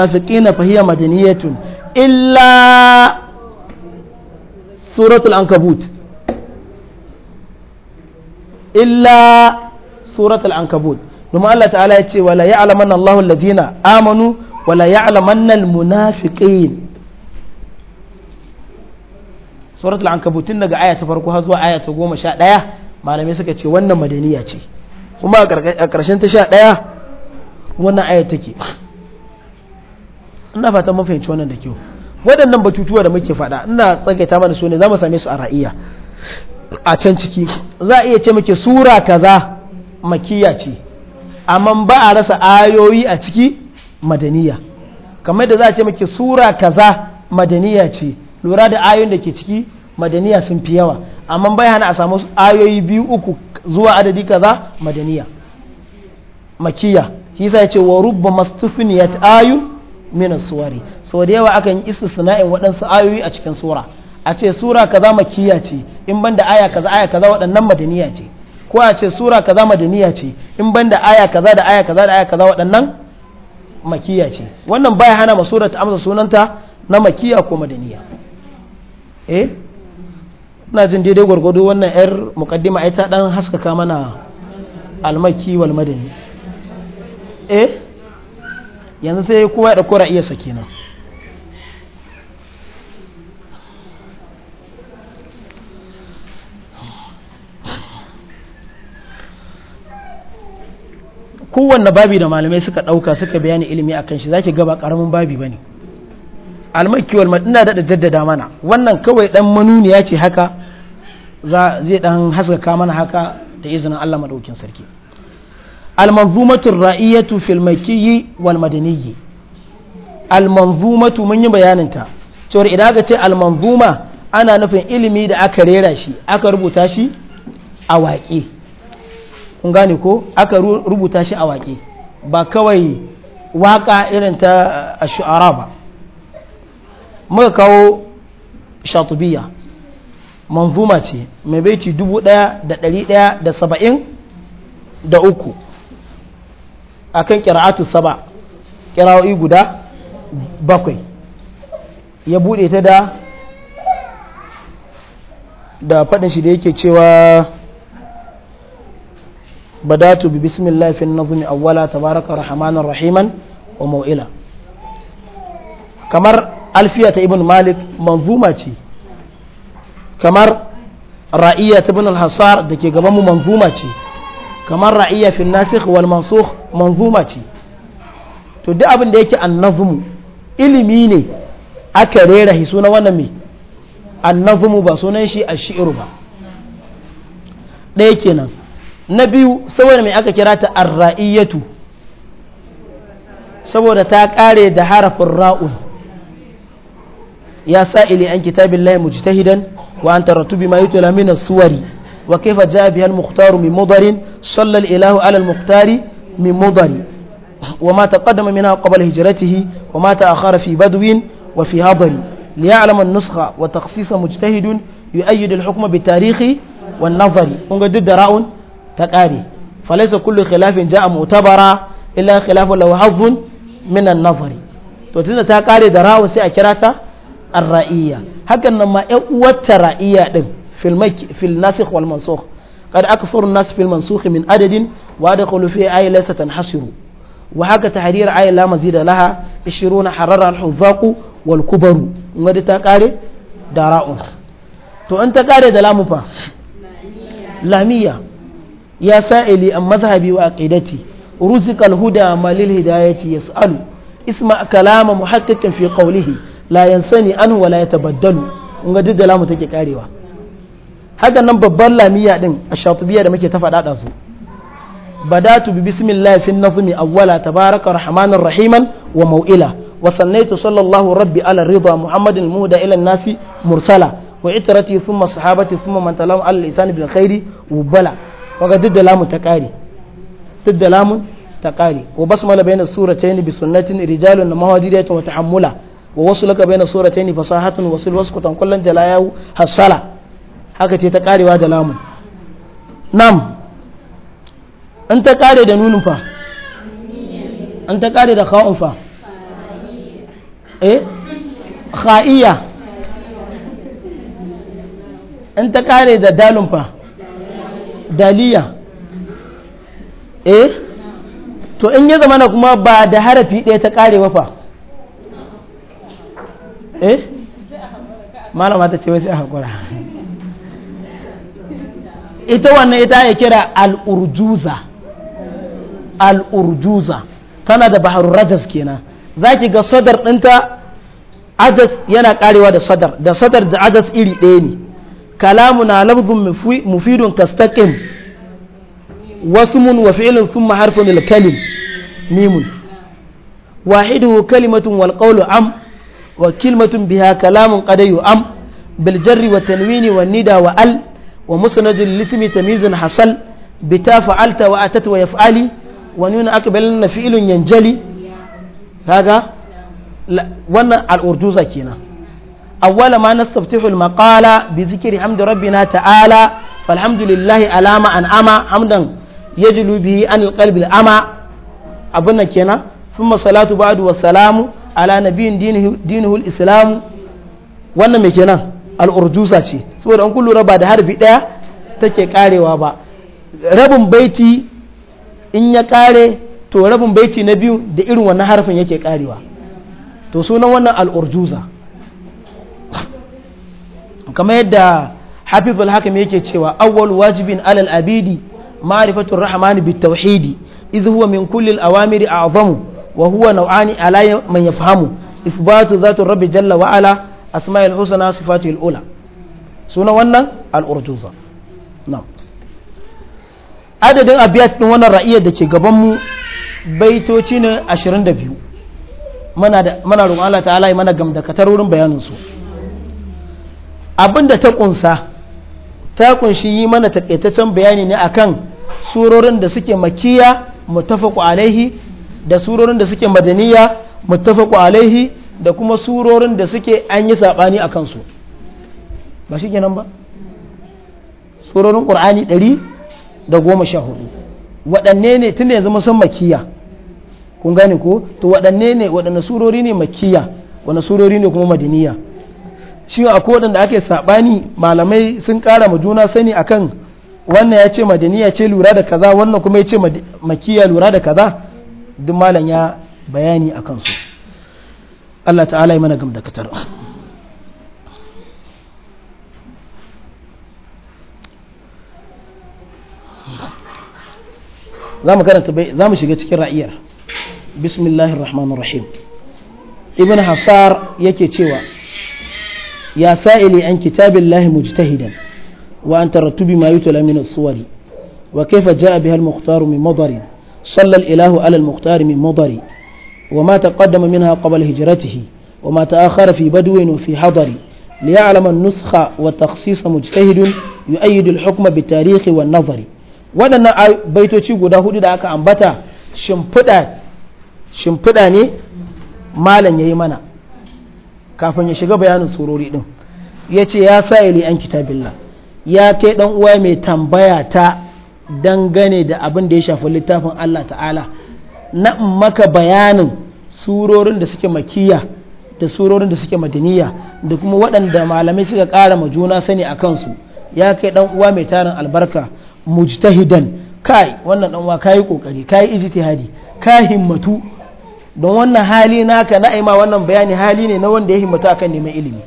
illa suratul ankabut illa suratul ankabut domin Allah ta'ala ya ce wala ya'lamanna Allahu alladhina amanu wala ya'lamanna almunafiqin suratul ankabut tun daga aya ta farko har zuwa aya ta ɗaya malamai suka ce wannan madaniya ce kuma a ƙarshen ta sha ɗaya wannan aya take ina fata mun fahimci wannan da kyau waɗannan batutuwa da muke faɗa ina tsagaita mana su ne za mu same su a ra'iya a can ciki za a iya ce muke sura kaza makiya ce amma ba a rasa ayoyi a ciki madaniya kamar da za a ce muke sura kaza madaniya ce lura da ayoyin da ke ciki madaniya sun fi yawa amma bai hana a samu ayoyi biyu uku zuwa adadi kaza madaniya makiya shi ya ce wa rubba mastufniyat ayun minas suwari sau da yawa akan yi sana'in waɗansu ayoyi a cikin sura a ce sura kaza makiya ce in banda aya kaza aya kaza waɗannan madaniya ce ko a ce sura kaza madaniya ce in banda aya kaza da aya kaza da aya kaza waɗannan makiya ce wannan baya hana ma sura ta amsa sunanta na makiya ko madaniya eh ina jin daidai gwargwado wannan yar muqaddima ai ta dan haskaka mana almaki wal madani eh yanzu sai kowa ya ɗauko ra'iyarsa kenan kowanne babi da malamai suka ɗauka suka bayani ilimi a kan shi zaki gaba ƙaramin babi ba ne almakiwal ina daɗa jaddada mana wannan kawai ɗan manuniya ce haka zai ɗan haskaka mana haka da izinin allah maɗaukin sarki almanzumatul ra'iyatu fil makiyyi wal madaniyyi almanzumatu mun yi bayanin ta cewar idan aka ce almanzuma ana nufin ilimi da aka rera shi aka rubuta shi a waƙe kun gane ko aka rubuta shi a waƙe ba kawai waƙa irin ta shu'ara ba muka kawo shatubiya manzuma ce mai baiti dubu ɗaya da ɗari ɗaya da saba'in da uku a kan ƙira'atu saba ƙira'o'i guda bakwai ya buɗe ta da da fadin shi da yake cewa badatu bi bismillah fi nazmi awwala tabaraka rahmanar rahiman wa mawila kamar alfiya ta ibn malik manzuma ce kamar ra'iyya ta ibn al-hasar da ke mu manzuma ce kamar ra'iyya fi nasikh wal mansukh manzuma ce to duk abin da yake annazmu ilimi ne aka rera hi sunan wannan me annazmu ba sunan shi ashiru ba ɗaya kenan na biyu saboda mai aka kira ta arra'iyatu saboda ta ƙare da harafin ra'un ya sa ili an kitabin layi mujtahidan wa an taratu bi ma yutula min suwari وكيف جاء بها المختار من مضر صلى الإله على المختار من مضر وما تقدم منها قبل هجرته وما تأخر في بدو وفي هضر ليعلم النسخة وتخصيص مجتهد يؤيد الحكم بالتاريخ والنظر ونجد راء تكاري فليس كل خلاف جاء معتبرا إلا خلاف له حظ من النظر to tunda ta kare da rawun sai a kira ta fil nasikh wal mansukh قد أكثر الناس في المنسوخ من عدد وأدخلوا فيه آية ليس تنحصر وهكا تحرير آية لا مزيد لها عشرون حرر الحذاق والكبر ودي تقاري داراء تو أنت قاري دلام فا لامية يا سائلي عن مذهبي وعقيدتي رزق الهدى ما للهداية يسأل اسمع كلام محقق في قوله لا ينسني عنه ولا يتبدل ودي دلام تكي قاري haka nan babban lamiya din a shatubiya da muke ta faɗa da su badatu bi bismillah fi nazmi awwala tabaraka rahmanir rahiman wa mau'ila wa sannaitu sallallahu rabbi ala ridha muhammadin muda ila nasi mursala wa itrati thumma sahabati thumma man talam al lisan bil khairi wa bala kaga duk da lamun ta kare duk da ta wa basmala bayna suratayn bi sunnatin rijalun wa tahammula wa wasu bayna suratayn fasahatun wasul wasqutan kullan jalayahu hasala haka ce ta karewa da lamun nam in ta kare da nunin fa in ta kare da kha'un fa eh kha'iya in ta kare da dalun fa daliya eh to in ya zama na kuma ba da harafi ɗaya ta kare ba fa eh malama ta ce wasu sai a haƙura ita wannan ita ya kira al'urjuza al'urjuza tana da baharun rajas kenan za ki ga sadar ɗinta ajas yana karewa da sadar da sadar da ajas iri ɗaya ne kalamu na lafzun mufidun kastaqim wasu mun wa fi'ilun sun maharfin al mimun wahidu kalimatun walƙaulu am wa kalimatun biha kalamun ƙadayu am biljarri wa tanwini wa nida wa al ومسند الاسم تمييز حصل بتا فعلت وأتت ويفعلي ونون أقبلن فعل ينجلي هذا لا وانا الأردوزة كينا أول ما نستفتح المقالة بذكر حمد ربنا تعالى فالحمد لله على ما أنعم حمدا يجلو به عن القلب الأمى أبنا كينا ثم صلاة بعد والسلام على نبي دينه, دينه الإسلام وانا مكينا al'urjusa ce saboda an kullura ba da harfi ɗaya take karewa ba rabin baiti in ya kare to rabin baiti na biyu da irin wannan harfin yake karewa to sunan wannan al'urjusa kama yadda hafiz al yake cewa awwal wajibin alal abidi ma'rifatu rahmani bit tauhidi idh huwa min kulli al-awamiri a'zamu wa huwa naw'ani ala man yafhamu isbatu dhati rabbi jalla wa ala asma'il husna sifatul ula suna wannan al'urjuza na adadin abiyat din wannan ra'iyar da ke gabanmu baitoci ne 22 mana roƙon Allah ta'ala yi mana gamdakatar wurin su abinda ta ƙunsa ta ƙunshi yi mana takaitaccen bayani ne akan surorin da suke makiya mutafaku alaihi da surorin da suke madaniya mutafaku alaihi da kuma surorin da suke an yi saɓani a kansu ba shi kenan ba surorin ƙur'ani ɗari da goma sha hudu waɗanne ne tun da yanzu musan makiya kun gane ko to waɗanne ne waɗanne surori ne makiya waɗanne surori ne kuma madiniya shi kodin da ake saɓani malamai sun ƙara ma juna sani akan wannan ya ce madaniya ce lura da kaza wannan kuma ya ce makiya lura da kaza duk malam ya bayani a kansu Allah ta'ala ya mana gam da katar za mu shiga cikin ra'iyar bismillahir rahmanir rahim ibn hasar yake cewa ya sa'ili an lahi mujtahidan wa an tarattubi ma yutla min suwari wa kayfa jaa biha al-mukhtar min madari صلى الإله على وما تقدم منها قبل هجرته وما تأخر في بدو وفي حضر ليعلم النسخ والتخصيص مجتهد يؤيد الحكم بالتاريخ والنظر waɗannan baitoci guda hudu da aka ambata shimfiɗa ne malam ya yi mana kafin ya shiga bayanin surori ɗin ya ce ya sa ili an kitabillah ya kai ɗan uwa mai tambaya ta dangane da abin da ya shafi littafin Allah ta'ala na in maka bayanin surorin da suke makiya da surorin da suke madaniya da kuma waɗanda malamai suka ƙara ma juna sani a kansu ya kai ɗan uwa mai tarin albarka mujtahidan kai wannan ɗan uwa kayi kokari kayi ijtihadi ka himmatu don wannan hali naka na aima wannan bayani hali ne na wanda ya himmatu akan neman ilimi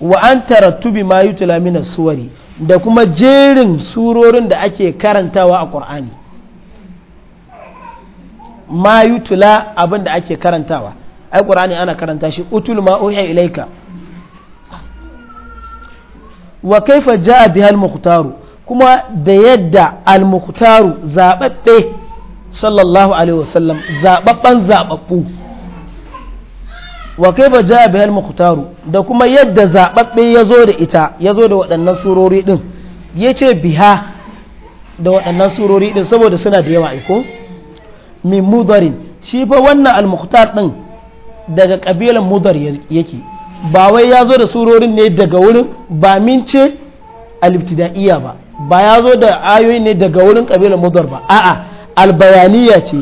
wa an tarattubi ma yutla min suwari da kuma jerin surorin da ake karantawa a Qur'ani ma yutula abin da ake karantawa ai qur'ani ana karanta shi utul ma uhi ilaika wa kaifa jaa biha al-mukhtaru kuma da yadda al-mukhtaru zababbe sallallahu alaihi wasallam zababban zababbu wa kaifa jaa biha al-mukhtaru da kuma yadda zababbe yazo da ita yazo da waɗannan surori din yace biha da waɗannan surori din saboda suna da yawa aiko min mudarin shi fa wannan al-mukhtar din daga kabilan mudar yake ba wai ya zo da surorin ne daga wurin ba min ce al-ibtida'iyya ba ba ya zo da ayoyi ne daga wurin kabilan mudar ba a'a al-bayaniya ce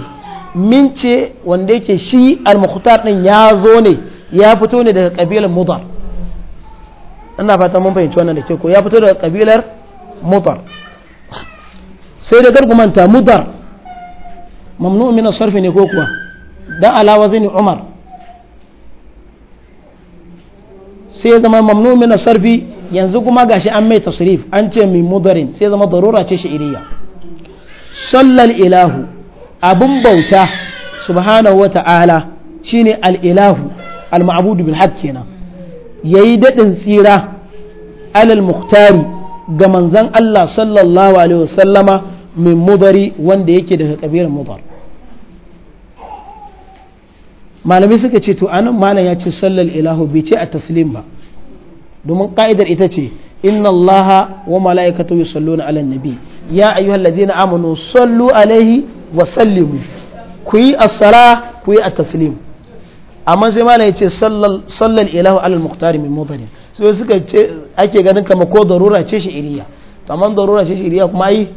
min ce wanda yake shi al-mukhtar din ya zo ne ya fito ne daga kabilan mudar ina fata mun fahimci wannan da ke ko ya fito daga kabilar mudar sai da gargumanta mudar mamnu min sarfi ne ko kuwa dan alawa zai umar sai ya zama mamnu min sarfi yanzu kuma gashi an mai tasrif an ce mai mudarin sai zama darura ce sha'iriya sallal ilahu abun bauta subhanahu wa ta'ala shine al-ilahu al-ma'budu bil haqq kenan yayi dadin tsira alal muhtari ga manzon Allah sallallahu alaihi wasallama min mudari wanda yake daga kabilar mudar malamai suka ce to anan malam ya ce sallar ilahu bai ce a taslim ba domin ka'idar ita ce inna allaha wa mala'ikatu yusalluna ala nabi ya ayyuhal ladina amanu sallu alaihi wa sallimu ku yi as-sala ku yi at-taslim amma sai malam ya ce sallal ilahu ala al-muqtari min mudari sai suka ce ake ganin kama ko darura ce shi iriya to amma darura ce shi iriya kuma ai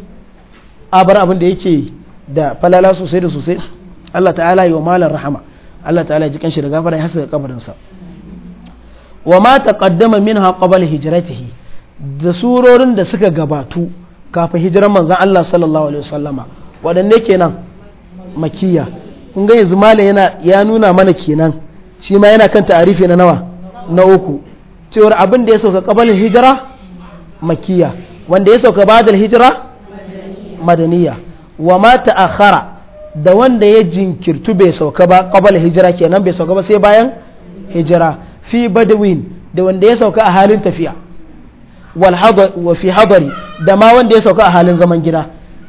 a bar abin da yake da falala sosai da sosai Allah ta'ala yi wa malar rahama Allah ta'ala ya ji kanshi da gafara ya hasa da kabarinsa wa ma taqaddama minha qabla hijratihi da surorin da suka gabatu kafin hijiran manzon Allah sallallahu alaihi wasallama waɗanne kenan makiya kun ga yanzu malam yana ya nuna mana kenan shi ma yana kan ta'arifi na nawa na uku cewar abin da ya sauka qabla hijira makiya wanda ya sauka ba'da hijira madaniya wa ma ta'akhara da wanda ya jinkirtu bai sauka ba qabal hijira kenan bai sauka ba sai bayan hijira fi badawin da wanda ya sauka a halin tafiya wal wa fi hadari da ma wanda ya sauka a halin zaman gida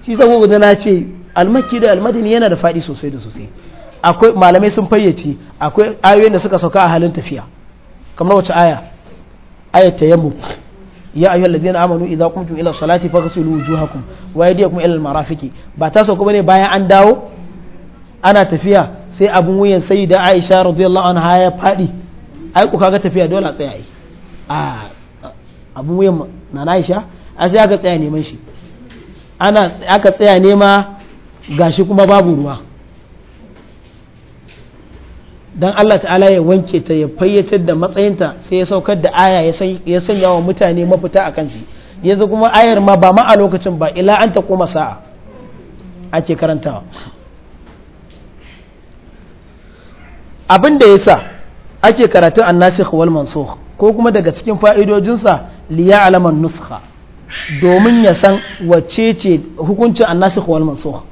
shi saboda na ce almakki da almadani yana da fadi sosai da sosai akwai malamai sun fayyace akwai ayoyin da suka sauka a halin tafiya kamar wace aya ayat tayammum ya ayyuhal a amanu idza qumtum ila salati faghsilu wujuhakum wa aydiyakum ila al-marafiqi ba ta sauka ne bayan an dawo ana tafiya sai abun wuyan sayyida Aisha radiyallahu anha ya fadi ai ku kaga tafiya dole a tsaya a abun wuyan na Aisha a aka tsaya neman shi aka tsaya nema gashi kuma babu ruwa dan Allah ta'ala ya wanke ta ya fayyace da matsayinta sai ya saukar da aya ya sanya wa mutane mafita a kanshi yanzu kuma ayar ma ba ma a lokacin ba ila an ta koma sa'a ake karantawa abin da ya sa ake karatun annasikh wal mansukh ko kuma daga cikin fa'idojinsa liya alaman nuskha domin ya san wacce ce hukuncin annasikh wal mansukh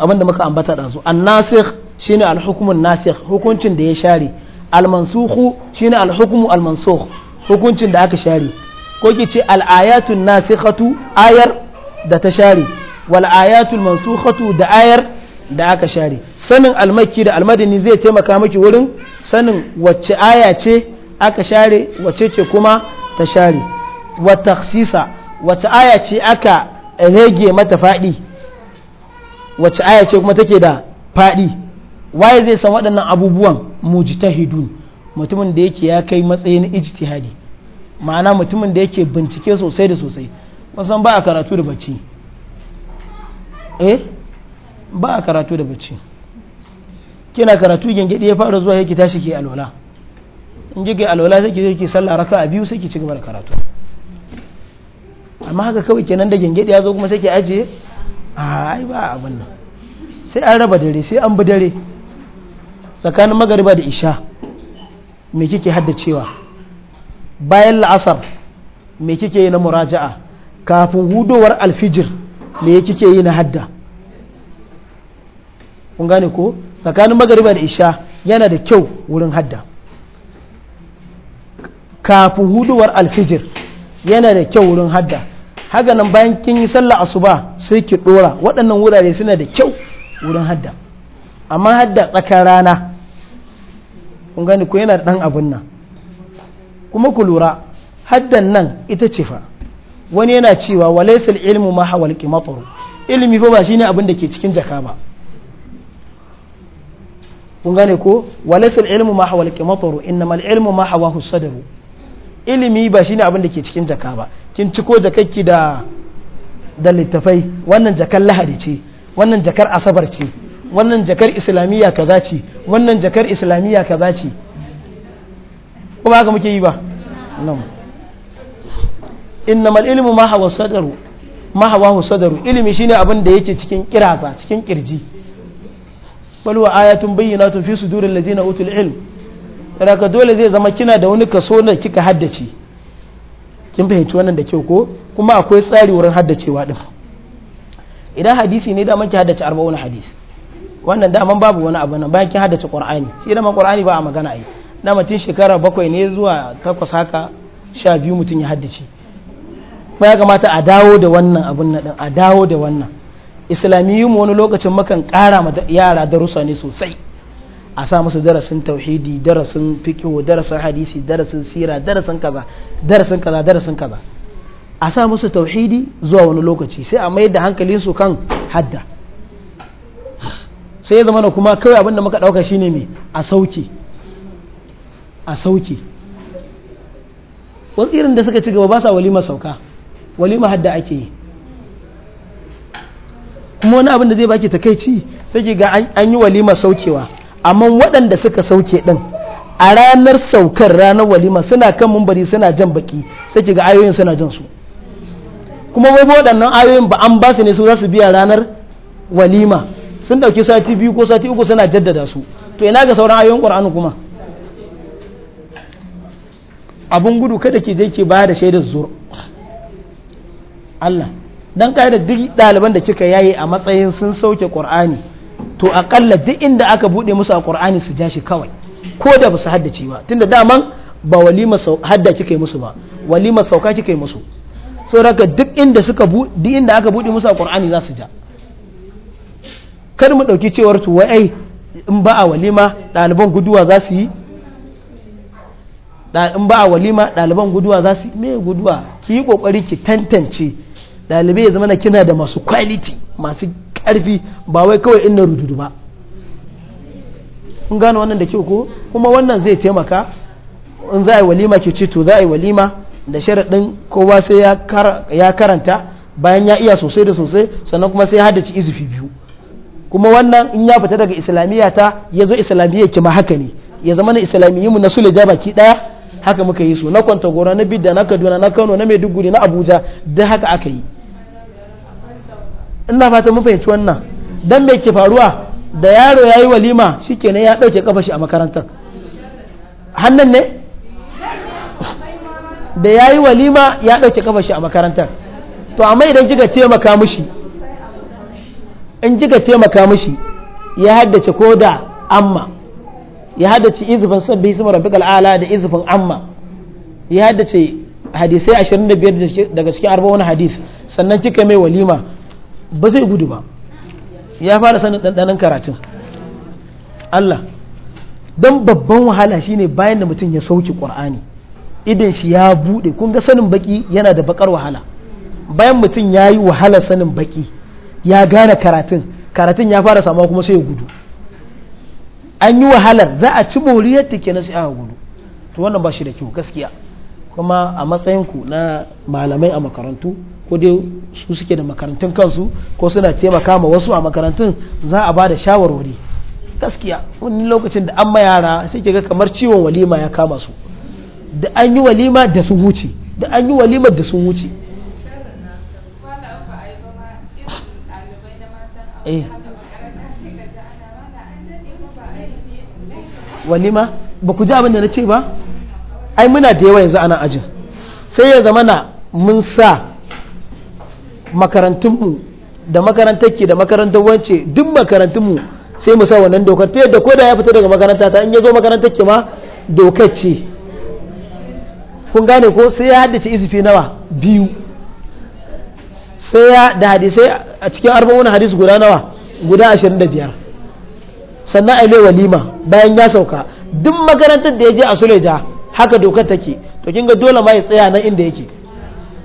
abinda muka ambata da su an-nasikh shine al-hukmun nasikh hukuncin da ya share al shi shine al-hukmu hukuncin da aka share ko ki ce al nasikhatu ayar da ta share wal ayatul mansukhatu da ayar da aka share sanin al-makki da al zai taimaka miki wurin sanin wacce aya ce aka share wacce ce kuma ta share wa takhsisa wacce aya ce aka rage mata fadi. wacce aya ce kuma take da faɗi waye zai san waɗannan abubuwan mujtahidun mutumin da yake ya kai matsayin ijtihadi ma'ana mutumin da yake bincike sosai da sosai wasan ba a karatu da bacci eh ba a karatu da bacci kina karatu gengedi ya fara zuwa yake tashi ke alwala in ga alwala sai ki je ki sallah raka'a biyu sai ki ci gaba da karatu amma haka kawai kenan da gengedi ya zo kuma sai ki ajiye ai ba abin nan sai an raba dare sai an bi dare tsakanin magariba da isha me kike haddacewa bayan la'asar me kike yi na muraja'a kafin hudowar alfijir me kike yi na hadda kun gane ko tsakanin magariba da isha yana da kyau wurin hadda kafin hudowar alfijir yana da kyau wurin hadda haka nan bayan kin yi sallah asuba sai ki dora waɗannan wurare suna da kyau wurin hadda amma hadda tsakar rana kun gani ko yana da ɗan abin nan kuma ku lura haddan nan ita ce fa wani yana cewa walaisal ilmu ma hawal qimatur ilmi fa ba shine abin da ke cikin jaka ba kun gane ko walaisal ilmu ma hawal qimatur innamal ilmu ma hawahu sadaru ilmi ba shine abin da ke cikin jaka ba kin ciko jakakki da da littafai wannan jakar lahadi ce wannan jakar asabar ce wannan jakar islamiyya kaza ce wannan jakar islamiyya kaza ce ko ba ka muke yi ba nan innamal ilmu ma hawa sadaru ma hawa sadaru ilmi shine abin da yake cikin kiraza cikin kirji bal wa ayatun bayyinatun fi suduril ladina utul ilm ka dole zai zama kina da wani kaso na kika haddace kin fahimci wannan da kyau ko kuma akwai tsari wurin haddacewa din idan hadisi ne da ki haddace arba'un hadisi wannan daman babu wani abu nan bayan kin haddace qur'ani shi man qur'ani ba a magana ai da tun shekara bakwai ne zuwa takwas haka sha biyu mutum ya haddace kuma ya kamata a dawo da wannan abun nan a dawo da wannan mu wani lokacin mukan kara yara darussa ne sosai a sa musu darasin tauhidi darasin fiqhu darasin hadisi darasin sira darasin kaza darasin kaza darasin kaza a sa musu tauhidi zuwa wani lokaci sai a mayar da hankalin su kan hadda sai ya zama na kuma kawai abinda muka dauka shine me a sauki a sauki wasu irin da suka ci gaba ba sa walima sauka walima hadda ake yi kuma wani abin da zai baki takaici sai ga an yi walima saukewa amma waɗanda suka sauke ɗin a ranar saukar ranar walima suna kan mumbari suna jan baki sai ki ga ayoyin suna jan su kuma wai waɗannan ayoyin ba an ba su ne su za su biya ranar walima sun ɗauki sati biyu ko sati uku suna jaddada su to ina ga sauran ayoyin ƙur'ani kuma abun gudu kada ke je ke baya da shaidar zur Allah dan kai da duk ɗaliban da kika yayi a matsayin sun sauke ƙur'ani to akalla duk inda aka bude musu a qur'ani su ja shi kawai ko da ba su haddace ba tunda daman ba walima hadda kike musu ba walima sauka kike musu saboda duk inda suka duk inda aka bude musu a qur'ani za su ja kar mu dauki cewar to wai ai in ba a walima ɗaliban guduwa za su yi in ba a walima ɗaliban guduwa za su yi me guduwa ki yi kokari ki tantance ɗalibai ya zama na kina da masu quality masu ƙarfi ba wai kawai na rududu ba kun gano wannan da kyau ko kuma wannan zai taimaka in za a yi walima ke ce to za a yi walima da sharaɗin kowa sai ya karanta bayan ya iya sosai da sosai sannan kuma sai ya haddace izufi biyu kuma wannan in ya fita daga islamiyya ta ya zo islamiyya ki ma haka ne ya zama na islamiyyi mu na suleja baki ɗaya haka muka yi su na kwanta gora na bidda na kaduna na kano na maiduguri na abuja duk haka aka yi ina fata mun fahimci wannan dan me ke faruwa da yaro yayi walima shikenan ya dauke kafa shi a makarantar hannan ne da yayi walima ya dauke kafa shi a makarantar to amma idan kika taimaka mishi in kika taimaka mishi ya haddace ko da amma ya haddace izufin sabbi isma rabbikal ala da izufin amma ya haddace hadisai 25 daga cikin arba'un hadis sannan kika mai walima ba zai gudu ba ya fara sanin ɗanɗanon karatun Allah don babban wahala shine bayan da mutum ya sauki ƙur'ani idan shi ya buɗe kun ga sanin baki yana da bakar wahala bayan mutum ya yi wahalar sanin baki ya gane karatun karatun ya fara sama kuma sai ya gudu an yi wahalar za a ci moriyar ta kenan sai a gudu to wannan ba shi da kyau gaskiya kuma a matsayinku na malamai a makarantu ko dai su suke da makarantun kansu ko suna taimaka ma wasu a makarantun za a ba da shawarwari gaskiya wani lokacin da an yara sai ke ga kamar ciwon walima ya kama su da an yi walima da sun wuce da an yi walima da sun wuce eh. walima ba ku ji abin da na ce ba ai muna da yawa yanzu ana ajin sai ya zama na mun sa makarantunmu da makarantar da makarantar wance duk makarantunmu sai mu sa wannan dokar ta yadda ko da ya fita daga makaranta ta in ya zo makarantar ke ma dokar ce kun gane ko sai ya haddace izifi nawa biyu sai ya da hadisai a cikin arba'un hadis guda nawa guda ashirin da biyar sannan a mai walima bayan ya sauka duk makarantar da ya je a suleja haka dokar take to kin ga dole ma ya tsaya nan inda yake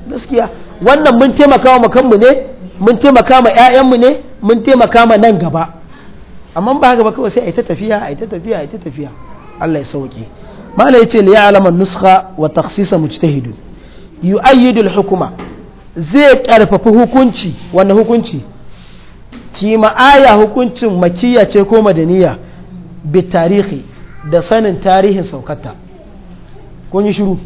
gaskiya wannan mun taimaka wa kanmu ne mun taimaka ma 'ya'yanmu ne mun taimaka ma nan gaba amma ba haka ba kawai sai a yi ta tafiya a yi ta tafiya a yi ta tafiya Allah ya sauke mala yace li ya'lama nuska wa ta hidu, yu'ayyidu al hukuma zai karfafi hukunci wannan hukunci kima hukuncin makiya ce ko madaniya bi tarihi da sanin tarihin saukata kun yi shiru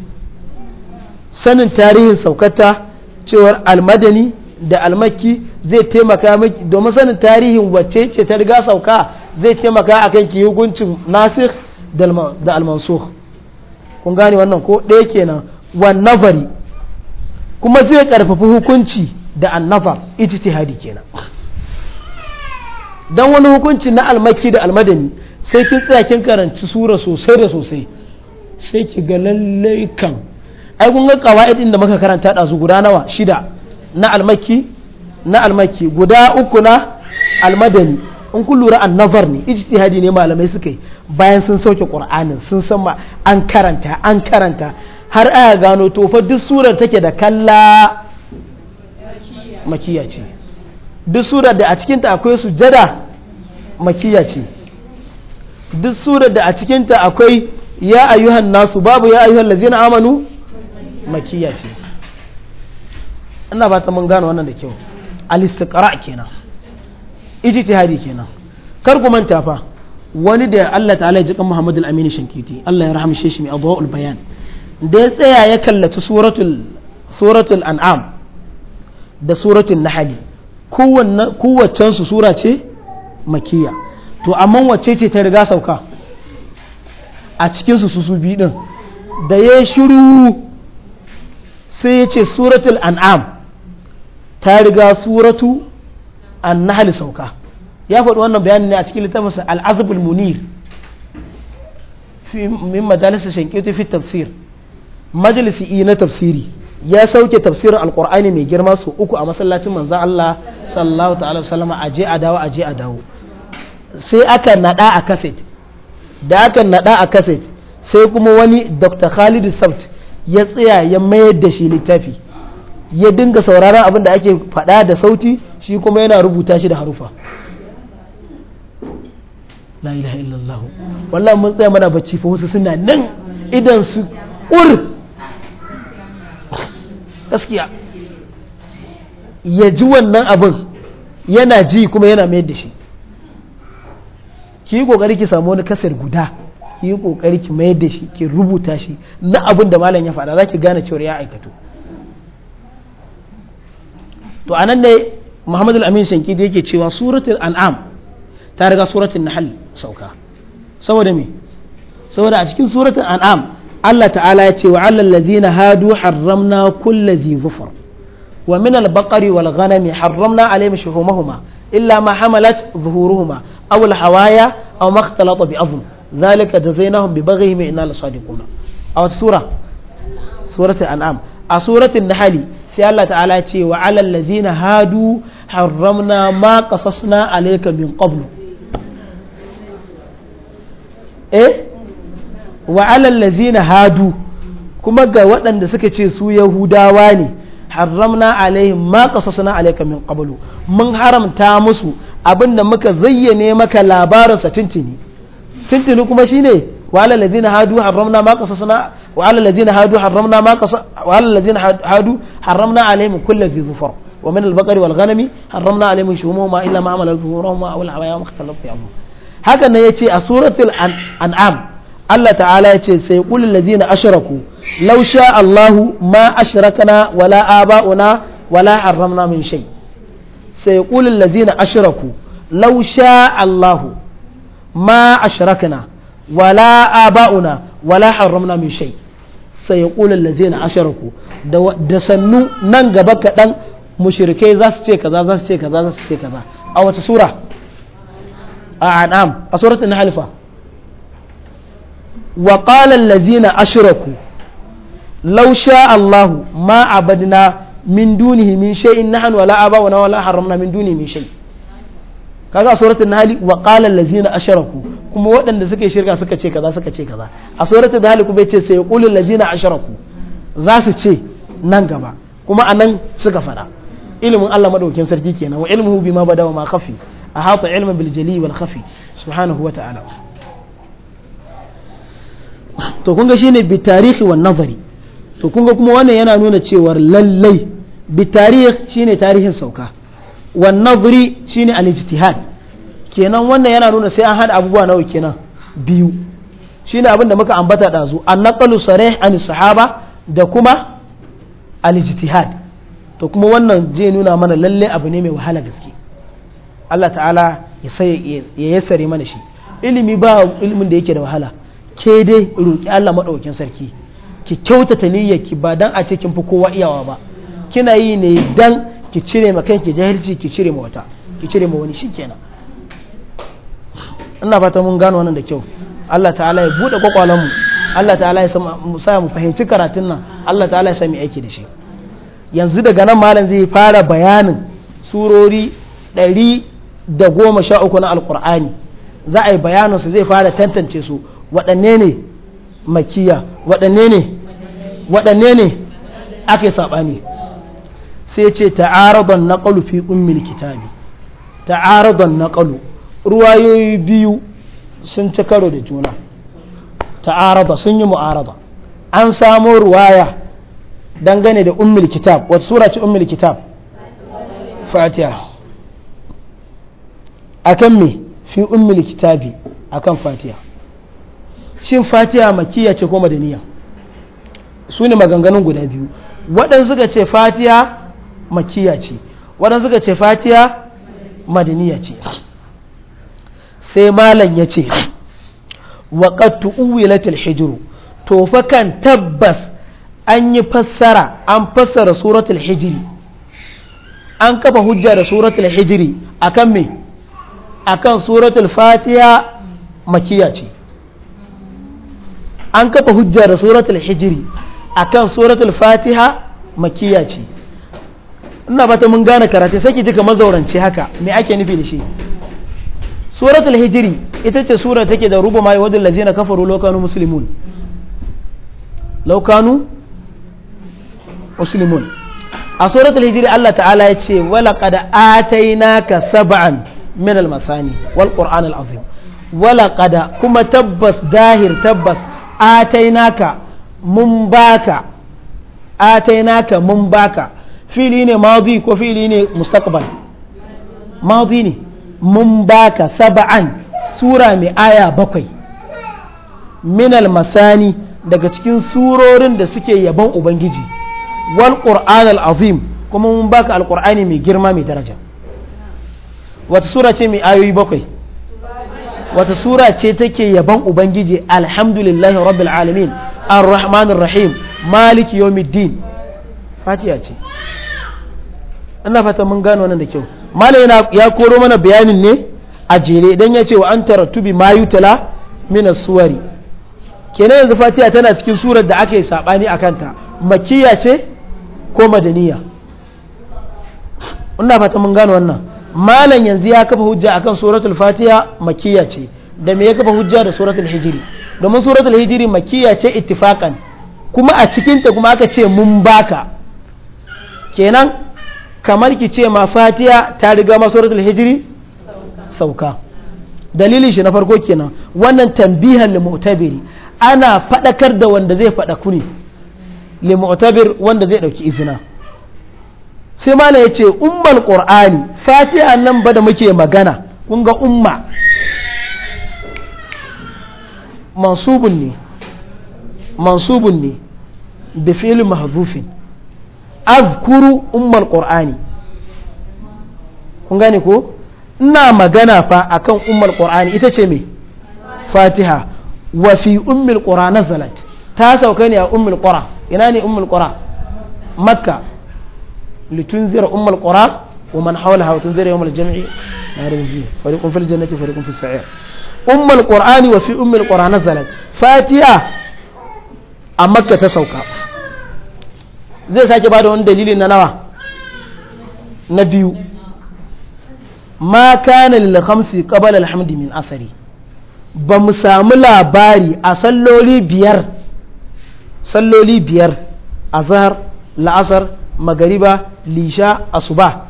sanin tarihin saukata cewar almadani da almakki zai taimaka miki domin sanin tarihin wacce ce ta riga sauka zai taimaka kan ki hukuncin nasir da almansukh kun gane wannan ko ɗaya kenan wan nafari kuma zai ƙarfafi hukunci da annafar hadi kenan don wani hukunci na almakki da almadani sai kin tsaya kin karanci sura sosai da sosai sai ki ga lallai kan ai kun ga qawaidin da muka karanta da su guda nawa shida na almakki na almakki guda uku na almadani in kun lura an nazar ne ijtihadi ne malamai suka yi bayan sun sauke qur'anin sun san ma an karanta an karanta har aya gano to fa duk surar take da kalla makiya ce duk surar da a cikinta akwai sujada makiya ce duk surar da a cikinta akwai ya ayyuhan nasu babu ya ayyuhan amanu makiya ce ina ba ta mun gano wannan da kyau al kenan ijtihadi kenan kar ku manta fa wani da Allah ta'ala ya ji kan Muhammad al-Amin Shankiti Allah ya rahamshe shi mai adwaul bayan da ya tsaya ya kallaci suratul suratul an'am da suratul nahl kowanne kowaccen su sura ce makiya to amma wacce ce ta riga sauka a cikin su su bi da ya shiru sai ya ce suratul an'am ta riga suratu an-nahl sauka ya faɗi wannan bayanin ne a cikin littafinsa al-azbul munir min majalisa shankiti fi tafsir majalisi i e na tafsiri ya sauke tafsirin alkur'ani mai girma su uku a masallacin manzan Allah sallallahu ta'ala sallama a je a dawo a je a dawo sai aka nada a kaset da aka nada a kaset sai kuma wani dr khalid sabt ya tsaya ya mayar da shi littafi ya dinga sauraron abin da ake faɗa da sauti shi kuma yana rubuta shi da harufa la ilaha illallah wallahi mun tsaya mana bacci fa wasu suna nan idan su kur gaskiya ya ji wannan abin yana ji kuma yana mayar da shi ki yi kokari ki samu wani kasar guda ki yi kokari ki mayar da shi ki rubuta shi na abin da malam ya fada zaki gane cewa ya aikatu to anan ne Muhammad al-Amin Shanki da yake cewa suratul an'am ta riga suratul nahl sauka saboda me saboda a cikin suratul an'am Allah ta'ala ya ce wa 'alal ladzina hadu harramna kulli dhi zufur wa min al-baqari wal ghanami harramna alayhim shuhumahuma illa ma hamalat zuhuruhuma aw al-hawaya aw ma ikhtalaṭa bi zalika jazainahum bi baghihim inna la sadiquna a wata sura suratul an'am a suratul nahl sai Allah ta'ala ya ce wa alal ladina hadu harramna ma qasasna alayka min qablu eh wa alal ladina hadu kuma ga waɗanda suka ce su yahudawa ne harramna alaihim ma qasasna alayka min qablu mun haramta musu abinda muka zayyane maka labarin sa tintini tuntuni kuma shine wa alal ladina hadu haramna ma qasasna wa alal ladina hadu harramna ma qasa wa ladina hadu harramna alaihim kullu fi dhufar wa min al-baqari wal ghanami harramna alaihim shumuma illa ma amala dhuhuruhum aw al-hawaya mukhtalaf ya'mun hakan ne yace a suratul an'am Allah ta'ala ya ce sai kullu ladina ashraku law sha Allahu ma ashrakna wala aba'una wala haramna min shay sai kullu ladina ashraku law sha Allahu ma ashrakna wala aba'una wala haramna min shay sai yaqulu allazina asharaku da sannu nan gaba kaɗan mushrikai za su ce kaza za su ce kaza za su ce kaza a wata sura a an'am a suratul nahl fa wa qala allazina ashraku law sha Allahu ma abadna min dunihi min shay'in nahnu wala aba'una wala haramna min dunihi min shay' kaga a suratul nahl wa qala allazina asharaku kuma waɗanda suka yi shirka suka ce kaza suka ce kaza a suratul nahl kuma yace sai qulul ladzina asharaku za su ce nan gaba kuma anan suka fada ilimin Allah madaukakin sarki kenan wa ilmuhu bima bada wa ma khafi a ilman ilmin jali wal khafi subhanahu wa ta'ala to kun ga shine bi tarihi wan nazari to kun ga kuma wannan yana nuna cewar lallai bi tarih shine tarihin sauka wannan nazri shine al ijtihad kenan wannan yana nuna sai an hada abubuwa nawa kenan biyu shine abin da muka ambata dazu an naqalu sarih an sahaba da kuma al ijtihad to kuma wannan zai nuna mana lalle abu ne mai wahala gaske Allah ta'ala ya yassare mana shi ilimi ba ilimin da yake da wahala ke dai roƙi Allah maɗaukin sarki ki kyautata niyyarki ba dan a ce kin fi kowa iyawa ba kina yi ne dan ki cire ma kanki jahilci ki cire ma wata ki cire ma wani shikenan ina fata mun gano wannan da kyau Allah ta'ala ya bude kwakwalan mu Allah ta'ala ya sa mu fahimci karatun nan Allah ta'ala ya sa mu aiki da shi yanzu daga nan malam zai fara bayanin surori 113 na alkur'ani za a yi bayanin su zai fara tantance su waɗanne ne makiya waɗanne ne waɗanne ne ake saɓani sai ce ta'aradan naqalu fi ummil kitabi ta'aradan naqalu ruwayoyi biyu sun ci karo da juna ta'arada sun yi mu'arada an samo ruwaya dangane da ummil kitab wata sura ce ummil kitab fatiha akan me fi ummil kitabi akan fatiha shin fatiha makiya ce ko madaniya su ne maganganun guda biyu waɗansu suka ce fatiha makiya ce waɗansu suka ce fatiha madaniya ce sai malam ya ce waƙattu uwilatul hijiru to fa kan tabbas an yi fassara an fassara suratul hijiri an kafa hujja da suratul hijiri akan me akan suratul fatiha makiya ce an kafa hujja da suratul hijiri akan suratul fatiha makiya ce ina ba ta mun gane karatu sai ki ji kamar zaurance haka me ake nufi da shi suratul hijri ita ce sura take da ruba ma yawadul ladzina kafaru law kanu muslimun law kanu muslimun a suratul hijri Allah ta'ala ya ce wala qad atainaka sab'an min al masani wal qur'an al azim wala qad kuma tabbas dahir tabbas atainaka mun baka atainaka mun baka fili ne ko fili ne mustaqbal madi ne mun baka saba'an sura mai aya bakwai minal masani daga cikin surorin da suke yabon ubangiji wal qur'an al azim kuma mun baka qurani mai girma mai daraja wata sura ce mai ayoyi bakwai wata sura ce take yabon ubangiji alhamdulillahi rabbil alamin arrahmanir rahim maliki yawmiddin fatiya ce ina fata mun gano wannan da kyau malai ya koro mana bayanin ne a jere idan ya ce wa an tubi ma yutala min suwari kenan yanzu fatiya tana cikin surar da aka yi sabani akan ta makkiya ce ko madaniya ina fata mun gano wannan malam yanzu ya kafa hujja akan suratul fatiha makiyya ce da me ya kafa hujja da suratul hijiri domin suratul hijiri makiyya ce ittifaqan kuma a cikinta kuma aka ce mun baka kenan kamar ki ce ma fatiya ta riga masuratul hijiri sauka dalilin shi na farko kenan wannan tambihan limu'tabiri ana fadakar da wanda zai ku ne limotabir wanda zai dauki izina sai mana ya ce ummal qur'ani fatiha nan ba da muke magana kun ga umma mansubun ne mansubun ne da fi'il mahdhufin azkuru umar qur'ani kun gane ko ina magana fa akan umar qur'ani ita ce me fatiha wa fi ummil na nazalat ta sauka ne a umar qura ina ne umar qura makka zira umar qura wa man hawlaha wa tunzira yawmal jam'i nahar nuzul fariqun fil jannati fariqun fis sa'ir ummul qur'ani wa fi ummul na nazalat fatiha a makka ta sauka zai sake bada wani dalili na nawa na biyu ma kana lil khamsi qabla alhamdi min asari ba mu samu labari a salloli biyar salloli biyar azhar la'asar magariba lisha asuba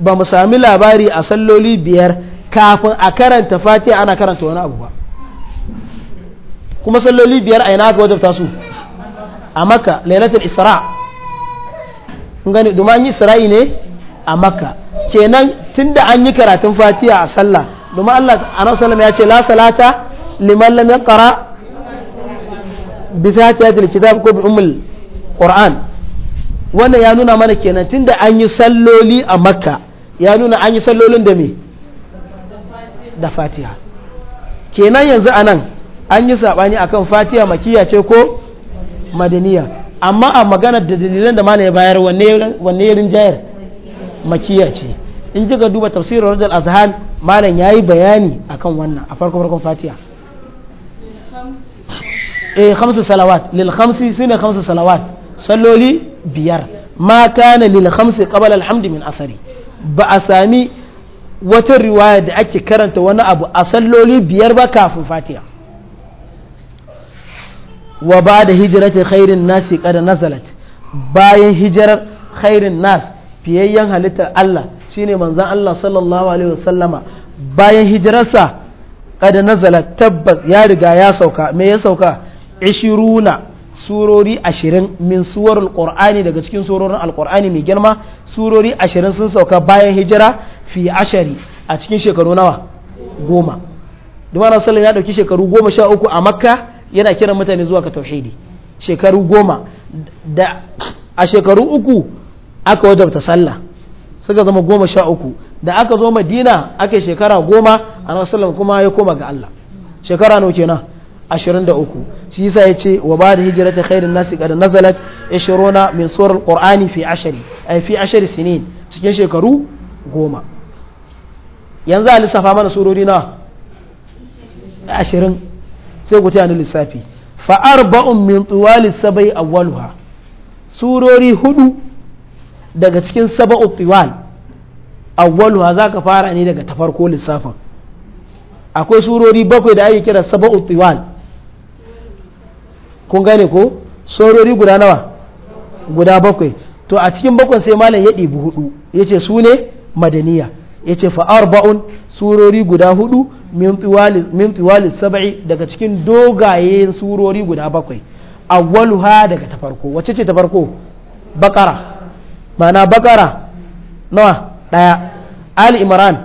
ba mu sami labari a salloli biyar kafin a karanta fatiha ana karanta wani abu ba kuma salloli biyar a yana aka wajabta su a maka lailatul isra' kun gane domin an yi sira'i ne a makka kenan tunda an yi karatun fatiha a sallah domin Allah anan sallama ya ce la salata liman lam yaqra bi fatihatil kitab ko bi umul qur'an wannan ya nuna mana kenan tunda an yi salloli a makka ya nuna an yi sallolin da me da fatiha kenan yanzu anan an yi sabani akan fatiha makiya ce ko madaniya amma a magana da dalilan da malam ya bayar wanne ya rinjayar makiya ce in ga duba tafsirin radar azhan malam ya yi bayani a kan wannan a farko farkon fatiha eh khamsu salawat lil khamsi sune khamsu salawat salloli biyar ma kana lil khamsi kabal alhamdu min asari ba a sami wata riwaya da ake karanta wani abu a salloli biyar ba kafin fatiha wa ba da hijirati khairin nasi kada nazalat bayan hijirar khairin nas fiyayyen halittar Allah shine manzon Allah sallallahu alaihi wasallama bayan hijirarsa kada nazalat tabbas ya riga ya sauka me ya sauka 20 surori ashirin min suwarul qur'ani daga cikin surorin alqur'ani mai girma surori ashirin sun sauka bayan hijira fi ashari a cikin shekaru nawa goma dumana sallam ya dauki shekaru goma sha uku a makka yana kiran mutane zuwa ka tauhidi shekaru goma da a shekaru uku aka wajabta sallah suka zama goma sha uku da aka zo madina aka shekara goma a sallam kuma ya koma ga Allah shekara nawa kenan ashirin da uku shi yasa ya ce wa ba da hijira ta khairin nasi kada nazalat ishirona min surar qur'ani fi ashari ay fi ashari sinin cikin shekaru goma yanzu a lissafa mana surori na ashirin sai ku ni lissafi fa arba'un min tuwali sabai awwaluha surori hudu daga cikin saba'u tiwal awwaluha ka fara ne daga tafarko lissafin akwai surori bakwai da ake kira saba'u tiwal kun gane ko surori guda nawa guda bakwai to a cikin bakwai sai malam ya ɗibi hudu yace su ne madaniya yace fa arba'un surori guda hudu min tiwali sab'i daga cikin dogaye surori guda bakwai awwaluha daga ta farko wacce ce ta farko bakara ma'ana bakara nawa daya ali imran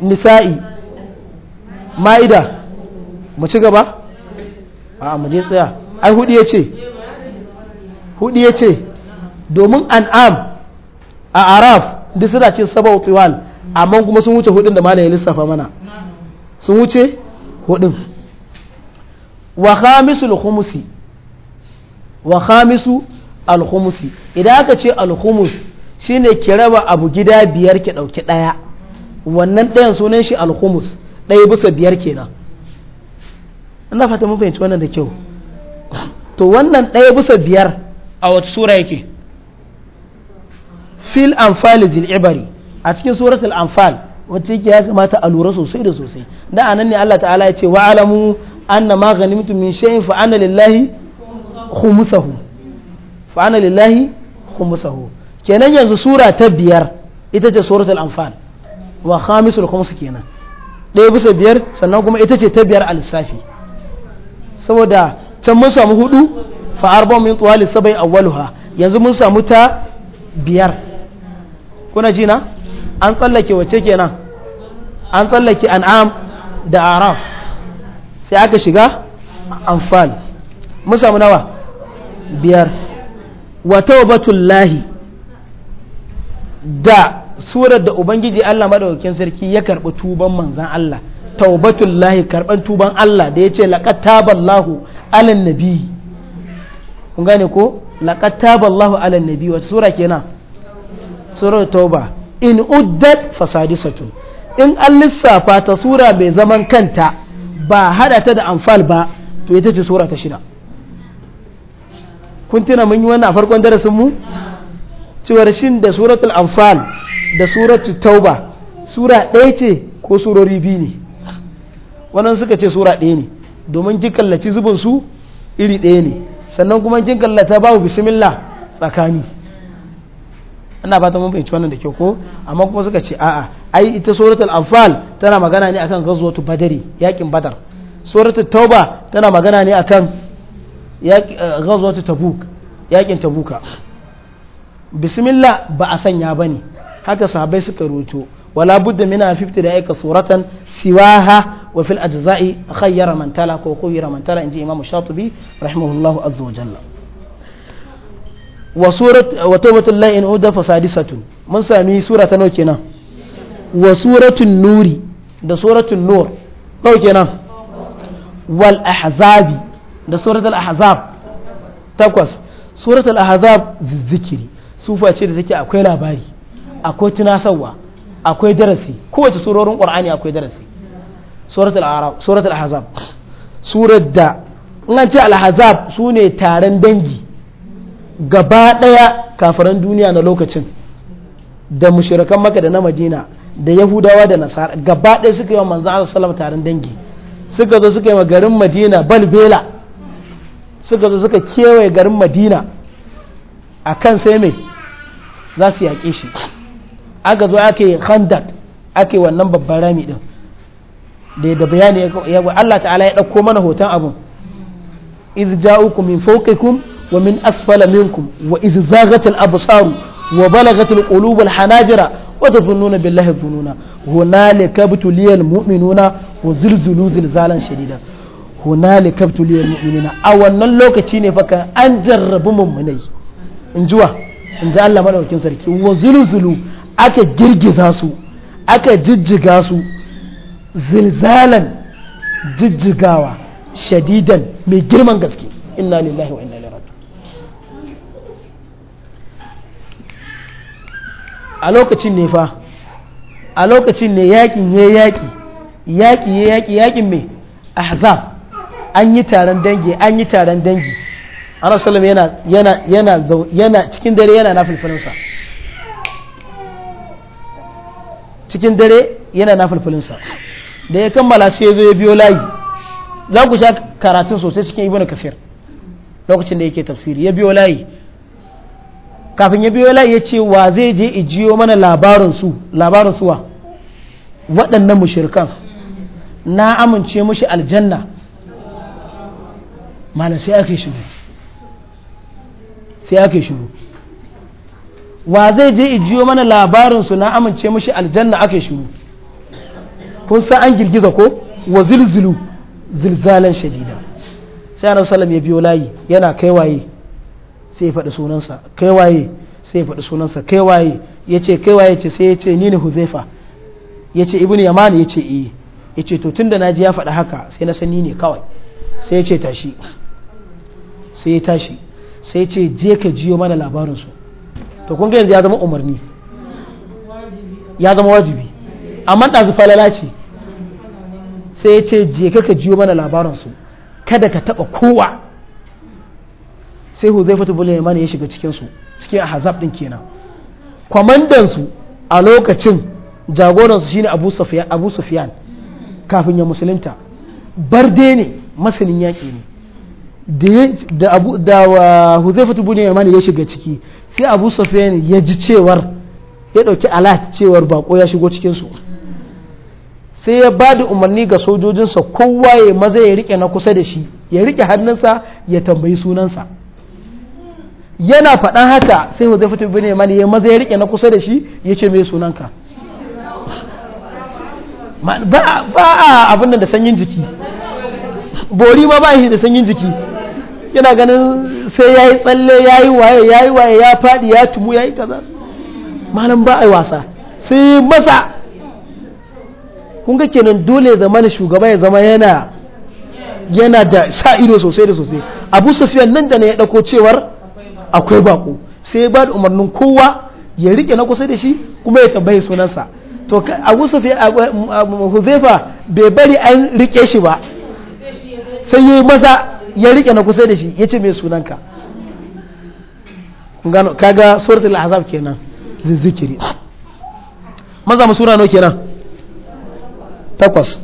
nisa'i ma'ida mu ci gaba a mu je tsaya ai hudu ya ce hudu ya domin an'am a araf duk suna cin sabau tiwal amma kuma sun wuce hudun da ma lissafa mana sun wuce hudun wa khamisu al-khumusi wa khamisu al-khumusi idan aka ce al-khumus shine ki raba abu gida biyar ki dauki daya wannan dayan sunan shi al-khumus dai bisa biyar kenan ina fata mun fahimci wannan da kyau to wannan dai bisa biyar a wata sura yake fil anfal dil ibari a cikin suratul anfal wacce yake ya kamata a lura sosai da sosai da a nan ne Allah ta'ala ya ce wa alamu anna ma ghanimtum min shay'in fa lillahi khumsahu fa lillahi khumsahu kenan yanzu sura ta biyar ita ce suratul anfal wa khamisul khums kenan ɗaya bisa biyar sannan kuma ita ce ta biyar a lissafi saboda can mun samu hudu fa arba min tuwali sabai awwaluha yanzu mun samu ta biyar kuna ji na an tsallake wacce kenan an tsallake an'am da araf sai aka shiga anfal mun samu nawa biyar wa lahi da surar da ubangiji Allah maɗaukakin sarki ya karɓi tuban manzan Allah lahi karban tuban Allah da yace laqad taballahu alan nabi kun gane ko laqad taballahu alan nabi wa sura kenan surar tauba in uddat fasadisatun in an lissafa ta sura mai zaman kanta ba hada ta da amfal ba to ita ce sura ta shida kun tuna mun yi wannan a farkon darasin mu cewar shin da suratul anfal da suratul tauba sura ɗaya ce ko surori biyu ne wannan suka ce sura ɗaya ne domin kin kallaci zubin su iri ɗaya ne sannan kuma kin kallata babu bismillah tsakani ina fata mun fahimci wannan da kyau ko amma kuma suka ce a'a ai ita suratul anfal tana magana ne akan ghazwatu badari yakin badar suratul tauba tana magana ne akan eh, ghazwatu tabuk yakin tabuka bismillah ba a sanya bane haka sahabbai suka ruto wala budda mina fifti da aika suratan siwaha wa fil ajza'i khayyara man tala ko khayyara man tala inji imam shatibi rahimahullahu azza wa jalla wa surat wa tawbatul la in uda fasadisatun mun sami sura ta nawa kenan wa suratul nuri da suratul nur nauke kenan wal ahzabi da suratul ahzab takwas suratul ahzab zikiri sufa ce da take akwai labari akwai tunasarwa akwai darasi kowace surorin qur'ani akwai darasi suratul arab suratul ahzab surar da in ce al-ahzab sune taron dangi gaba ɗaya kafiran duniya na lokacin da mushirakan maka da na madina da yahudawa da nasara gaba ɗaya suka yi wa manzan Allah taron dangi suka zo suka yi wa garin madina balbela suka zo suka kewaye garin madina a kan sai mai za su yaƙe shi aka zo ake yi khandak ake wannan babban rami ɗin da da bayani ya Allah ta'ala ya ɗauko mana hoton abin iz ja'ukum min fawqikum ومن أسفل منكم وإذ زاغت الأبصار وبلغت القلوب الحناجر وتظنون بالله الظنون هنالك ابتلي المؤمنون وزلزلوا زلزالا شديدا هنالك ابتلي المؤمنون أو أن اللوكة نفكا أن جرب ممني انجوا in الله مالا وكين sarki وزلزلوا أكا aka أكا su زلزالا jijjiga شديدا من جرمان قسكي إنا لله وإنا a lokacin ne fa a lokacin ne yakin ya yaki yaki ya yaki yakin mai ahzab an yi taron dangi an yi taron dangi ana sallama yana yana yana cikin dare yana na filfilinsa cikin dare yana na filfilinsa da ya kammala sai ya zo ya biyo layi za ku sha karatun sosai cikin ibn kasir lokacin da yake tafsiri ya biyo layi kafin ya biyo layi ya ce wa zai je ijiyo mana labarinsu labarinsu wa waɗannan mushrikan na amince mushi aljanna mana sai ake shiru sai ake shiru wa zai je ijiyo mana labarinsu na amince mushi aljanna ake shiru kun sa an girgiza ko wa zilzilu zilzalan shadida sai annabi ya biyo layi yana kai waye sai ya faɗi sunansa kai waye sai ya faɗi sunansa kai waye ya ce kai waye ce sai ya ce ni ne huzaifa ya ce ibn yaman ya ce eh ya ce to tunda na ji ya faɗi haka sai na san ni ne kawai sai ya ce tashi sai ya tashi sai ya ce je ka jiyo mana labarinsu to kun ga yanzu ya zama umarni ya zama wajibi amma ɗazu falala ce sai ya ce je ka ka jiyo mana labarinsu kada ka taɓa kowa sai huzaifatu bin ne ya shiga cikin su cikin ahzab din kenan kwamandansu a lokacin jagoransu shine abu sufyan abu sufyan kafin ya musulunta barde ne masanin yaƙi ne da abu da wa huzaifatu bin yaman ya shiga ciki sai abu sufyan ya ji cewar ya ɗauki alat cewar bako ya shigo cikin sai ya ba da umarni ga sojojinsa kowa ya maza ya rike na kusa da shi ya rike hannunsa ya tambayi sunansa yana faɗan haka sai wa zai fito bin ya ya maza ya rike na kusa da shi ya ce mai sunanka ba a abin da sanyin jiki bori ma ba shi da sanyin jiki yana ganin sai ya yi tsalle ya yi waye ya yi waye ya faɗi ya tumu ya yi kaza malam ba a yi wasa sai masa kun ga kenan dole ya zama shugaba ya zama yana yana da sa ido sosai da sosai abu sufiyan nan da na ya ɗauko cewar akwai bako sai ya ba da umarnin kowa ya rike na kusa da shi kuma ya tambaye sunansa to a abu a huzefa bai bari an rike shi ba sai ya yi maza ya rike na kusa da shi ya ce mai sunanka gano kaga al ahzab kenan zikiri maza mu sura no kenan takwas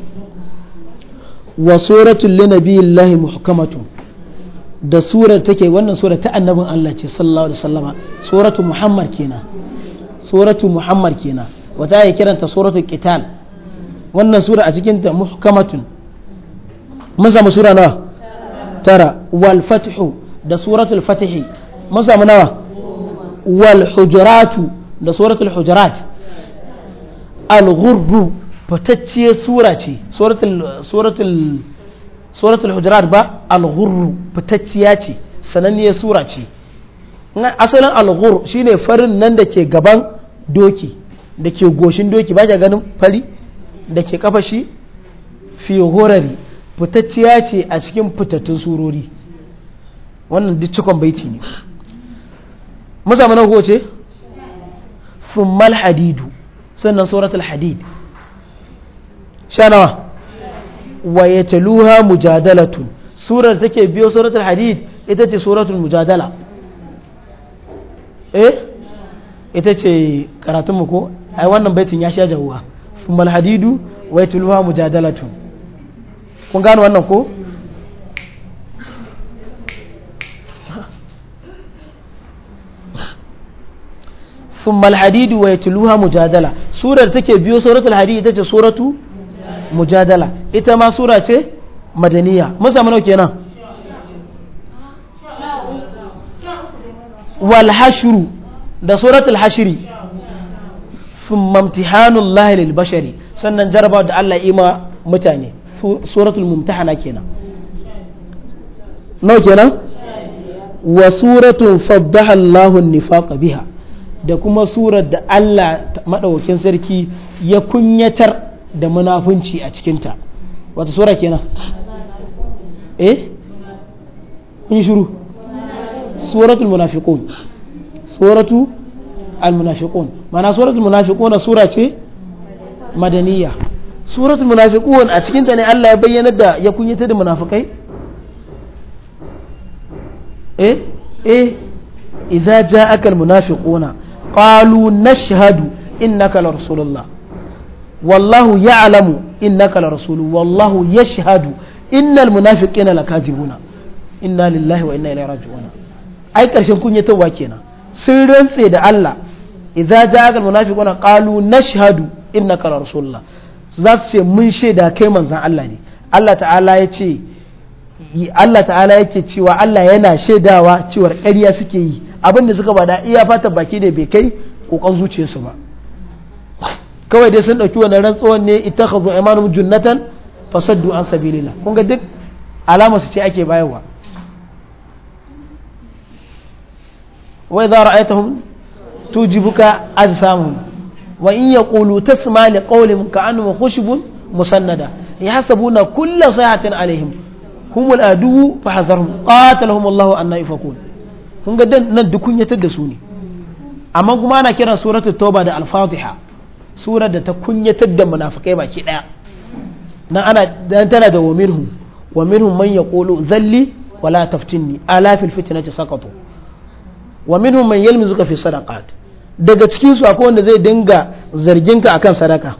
wa suratul linabiyillahi muhkamatun da surar take wannan surar ta annabin Allah ce sallallahu alaihi wasallama suratu Muhammad kenan suratu Muhammad kenan wata ya kiranta suratu qital wannan sura a cikin ta muhkamatun mun samu sura nawa tara wal fathu da suratul fatihi mun samu nawa wal hujuratu da suratul hujurat al ghurru fatacciyar sura ce suratul suratul suratul hujurat ba al fitacciya ce sananniyar sura ce asalin al shine farin nan da ke gaban doki da ke goshin doki ba ganin fari da ke kafa shi fi horari fitacciya ce a cikin fitattun surori wannan duk cikon baiti ne musa mana ko ce thummal hadidu sannan suratul hadid sha wa yatluha mujadalatun surar take biyo suratul hadid ita ce suratul mujadala eh ita ce karatun mu ko ai wannan baitin ya sha jawwa fumal hadidu wa yatluha mujadalatun kun gano wannan ko ثم الحديد ويتلوها مجادلة سورة تكي بيو سورة الحديد تكي سورة mujadala ita ma sura ce madaniya mun samu kenan wal hashru da suratul hashri thumma imtihanul lahi lil bashari sannan jaraba da Allah ima mutane suratul mumtahana kenan nau kenan wa suratun faddaha Allahu nifaqa biha da kuma surar da Allah maɗaukin sarki ya kunyatar da munafunci a cikinta wata sura kenan eh kun yi shuru suratul munafiqun suratu al munafiqun mana suratul munafiqun sura ce madaniya suratul munafiqun a cikinta ne Allah ya bayyana da ya kunyata da munafikai eh eh idza ja'aka al munafiquna qalu nashhadu innaka la rasulullah wallahu ya'lamu innaka la rasulu wallahu yashhadu innal munafiqina lakadibuna inna lillahi wa inna ilaihi raji'un ai karshen kunyatarwa kenan sun rantse da Allah idza ja'aka al munafiquna qalu nashhadu innaka la rasulullah za su ce mun shaida kai manzon Allah ne Allah ta'ala ya ce yake cewa Allah yana shaidawa cewar ƙarya suke yi abin da suka bada iya fata baki da bai kai kokon zuciyarsu ba kawai dai sun ɗauki wannan rantsuwan ne ita ka zo imanum junnatan fasaddu an sabilillah kun ga duk alama su ce ake bayarwa wai za ra'aytahum tujibuka ajsamuhum wa in yaqulu tasma li qawlihim ka'annahum khushubun musannada na kulla sayatin alaihim humul adu fahadharhum qatalahum Allahu anna yufakun kun ga nan duk kunyatar da su ne amma kuma ana kiran suratul tauba da al-fatiha surar da ta kunyatar da munafikai baki daya nan ana dan tana da wa minhum wa minhum man yaqulu zalli wala taftinni ala fil fitnati saqatu wa minhum man yalmizuka fi sadaqat daga cikin su akwai wanda zai dinga zargin ka akan sadaka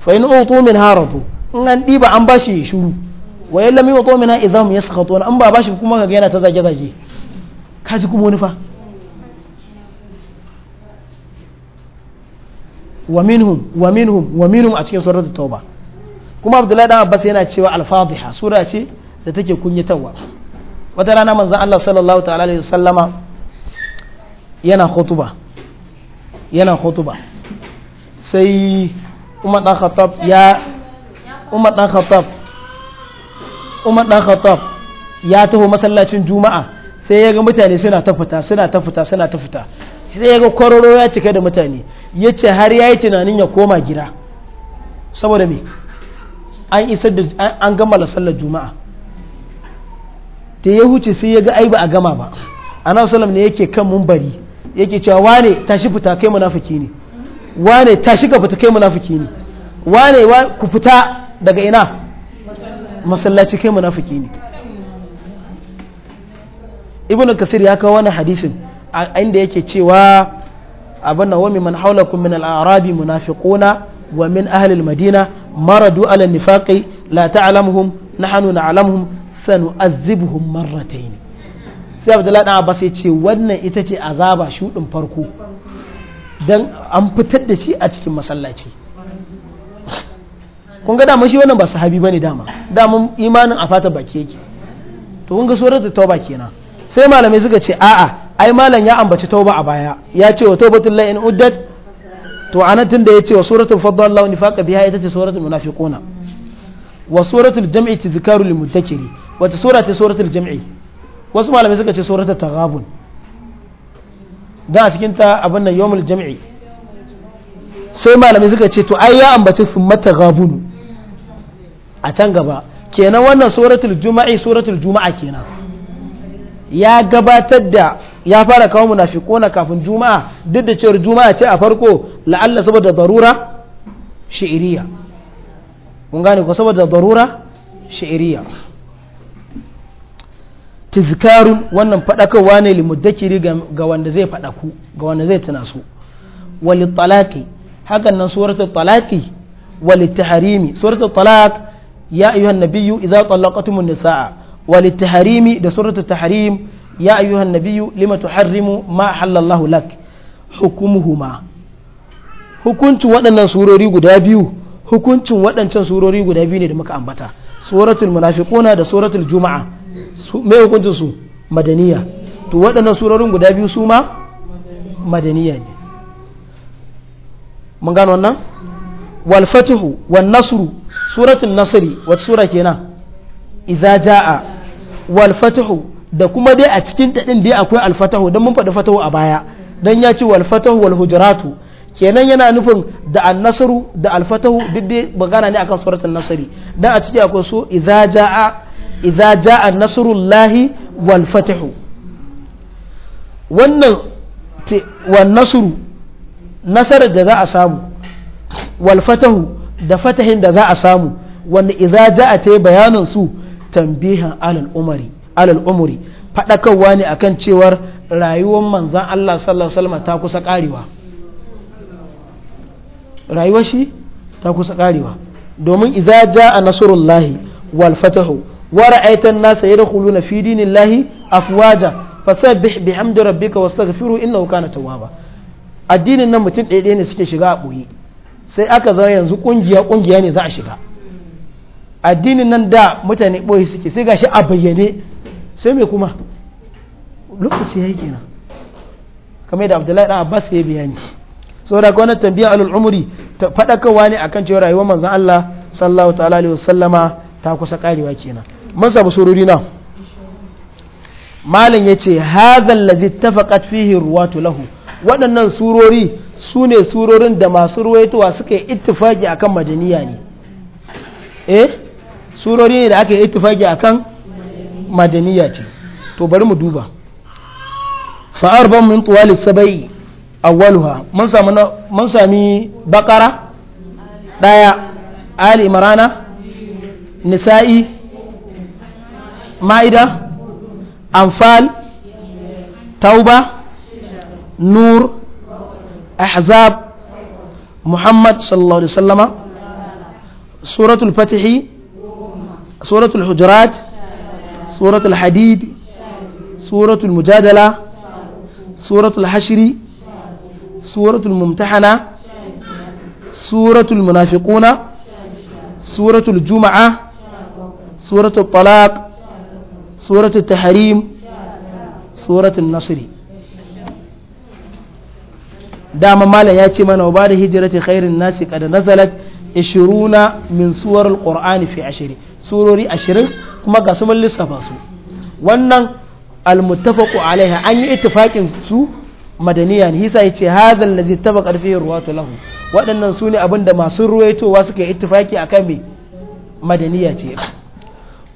fa in utu min haratu in an diba an bashi shuru wa min utu min idham yasqatu an ba bashi kuma kaga yana ta zage zage kaji kuma wani fa wa minhum wa a cikin suratul tauba kuma abdullahi dama abbas yana cewa al-fadhiha sura ce da take kunyatarwa wata rana manzan Allah sallallahu ta'ala alaihi wasallama yana khutuba yana khutuba sai Umar dan Khattab ya Umar dan Khattab ya taho masallacin Juma'a sai ya ga mutane suna ta suna ta suna ta sai ya ga kwararo ya cika da mutane ya ce har ya yi tunanin ya koma gida saboda me an isar da an gama sallar juma'a da ya huce sai ya ga ai ba a gama ba nan salam ne yake kan mumbari yake cewa wane tashi fita kai munafiki ne wane tashi ka fita kai munafiki ne wane ku fita daga ina masallaci kai munafiki ne Ibn kasir ya kawo wani hadisin inda yake cewa abin nan wani man haulakum min al-arabi munafiquna wa min ahli al-madina maradu ala nifaqi la ta'lamuhum nahnu na'lamuhum sanu'adhibuhum marratayn sai Abdullahi dan Abbas ya ce wannan ita ce azaba shudin farko dan an fitar da shi a cikin masallaci kun ga dama shi wannan ba sahabi bane dama dama imanin a fata baki yake to kun ga suratul tauba kenan sai malamai suka ce a'a ai malam ya ambaci tauba a baya ya ce wa taubatul la in uddat to anan tunda ya ce wa suratul fadl la nifaqa biha ita ce suratul munafiquna wa suratul jam'i tadhkaru lil muddakkiri wata sura ce suratul jam'i wasu malamai suka ce suratul taghabun dan a cikin ta abin nan yawmul jam'i sai malamai suka ce to ai ya ambaci summa taghabun a can gaba kenan wannan suratul juma'i suratul juma'a kenan ya gabatar da ya fara kawo munafiquna kafin juma'a duk da cewar juma'a ce a farko la'alla saboda darura shi'iriya kun gane ko saboda darura shi'iriya tizkarun wannan fadakarwa ne limuddakiri ga wanda zai fadaku ga wanda zai tuna su wali talaki hakan nan suratul talaki wali taharimi suratul talak ya ayyuhan nabiyyu idza talaqtumun nisaa wali taharimi da suratul taharim ya ayyuhan nabiyyu lima tuharrimu ma halallahu lak hukumuhuma hukuncin waɗannan surori guda biyu hukuncin waɗancan surori guda biyu ne da muka ambata suratul munafiquna da suratul juma'a me hukuncin su madaniya to waɗannan surorin guda biyu su ma madaniya ne mun gano wannan wal fatihu wan nasru suratul nasri wata sura kenan idza jaa wal fatihu da kuma dai a cikin ta din dai akwai alfatahu dan mun faɗi fatahu a baya dan ya ce wal wal hujratu kenan yana nufin da annasaru da alfatahu duk dai magana ne akan suratul nasari dan a ciki akwai su idza jaa idza jaa nasrullahi wal fatahu wannan wan nasru nasarar da za a samu wal fatahu da fatahin da za a samu wanda idza jaa ta bayanin su tambihan alal umari alal umuri faɗakarwa ne akan cewar rayuwar manzan Allah sallallahu alaihi wasallam ta kusa karewa rayuwar shi ta kusa karewa domin idza jaa nasrullahi wal fatahu wa ra'aita an-nasa yadkhuluna fi dinillahi afwaja fasabbih bihamdi rabbika wastaghfiru innahu kana tawwaba addinin nan mutum ɗaya ne suke shiga a sai aka zama yanzu ƙungiya kungiya ne za a shiga addinin nan da mutane ɓoye suke sai gashi a bayyane sai mai kuma lokaci ya yi kenan kamar yadda abdullahi dan abbas ya bayani sau da wannan tambiya alul ta fadakarwa ne akan cewa rayuwar manzan Allah sallallahu ta'ala alaihi wasallama ta kusa ƙarewa kenan mun samu sururi na malam hazan lazi ta tafaqat fihi ruwa lahu waɗannan surori su ne surorin da masu ruwaitowa suka yi ittifaki akan madaniya ne eh surori ne da aka yi ittifaki akan madaniya ce to bari mu duba fa'ar ban min tuwali sabai awwaluha mun sami mun sami bakara daya ali imrana nisa'i ma'ida anfal tauba nur ahzab muhammad sallallahu alaihi wasallama suratul fatihi suratul hujurat سورة الحديد سورة المجادلة سورة الحشر سورة الممتحنة سورة المنافقون سورة الجمعة سورة الطلاق سورة التحريم سورة النصر دام مالا ياتي من وبعد هجرة خير الناس قد نزلت ishiruna min suwar alƙur'ani fi ashiri surori ashirin kuma ga su lissafa su wannan almutafaku alaiha an yi ittifaqin su madaniyan hisa yace hadha alladhi tabaqa fihi ruwatu lahu waɗannan su ne abinda masu ruwaitowa suka yi ittifaqi akan me madaniya ce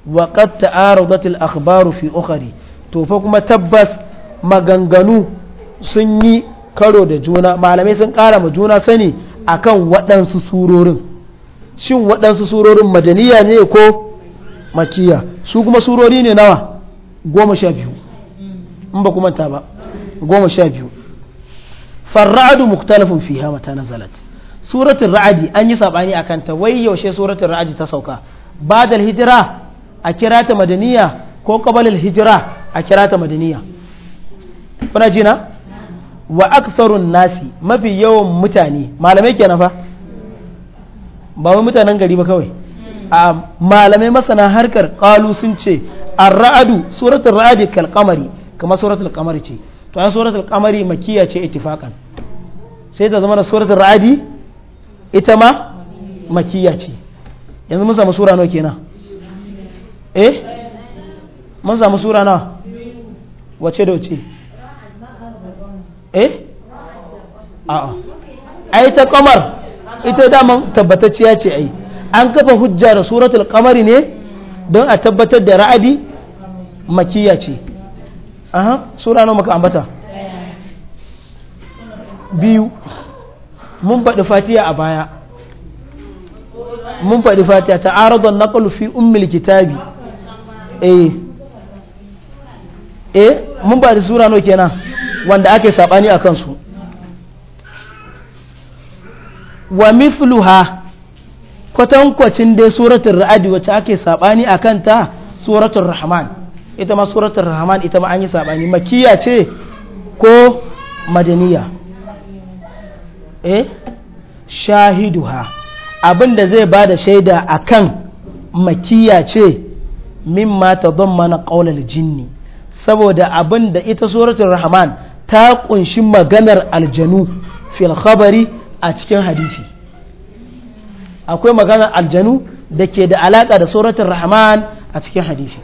wa qad ta'aradat al fi ukhari to fa kuma tabbas maganganu sun yi karo da juna malamai sun ƙara ma juna sani akan waɗansu surorin shin waɗansu surorin madaniya ne ko makiya su kuma surori ne nawa goma sha biyu in ba kuma ta ba goma sha biyu farra'adu muktalafin nazalat ra'adi an yi saɓani akan ta wai yaushe suratun ra'adi ta sauka badal hijira a kira ta madaniya ko qabalal hijira a kira ta madaniya kuna jina wa aktharun nasi mafi yawan mutane malamai kenan fa ba wai mutanen gari ba kawai a malamai masana harkar kalu sun ce ar raadu suratul ra'd kal qamari kamar suratul kamari ce to an suratul qamari makiya ce ittifaqan sai ta zama suratul ra'adi ita ma makiya ce yanzu mun samu sura nawa kenan eh mun samu sura nawa wace da wace eh a'a ai ta kamar ita daman tabbatacciya ce ai an kafa hujja da suratul qamari ne don a tabbatar da ra'adi makiya ce aha sura nawa muka ambata biyu mun faɗi fatiya a baya mun faɗi fatiya ta aradon naqlu fi ummil kitabi eh eh mun da sura nawa kenan wanda ake sabani akan su wa mithluha kwatankwacin dai suratul ra'adi wacce ake sabani a kanta suratul rahman ita ma suratul rahman ita ma an yi sabani makiya ce ko madaniya eh shahiduha abinda zai ba da shaida akan makiya ce mimma mana qaulal jinni saboda abinda ita suratul rahman ta kunshi maganar aljanu fil khabari a cikin hadisi akwai magana aljanu da ke da alaƙa da suratul rahman a cikin hadisi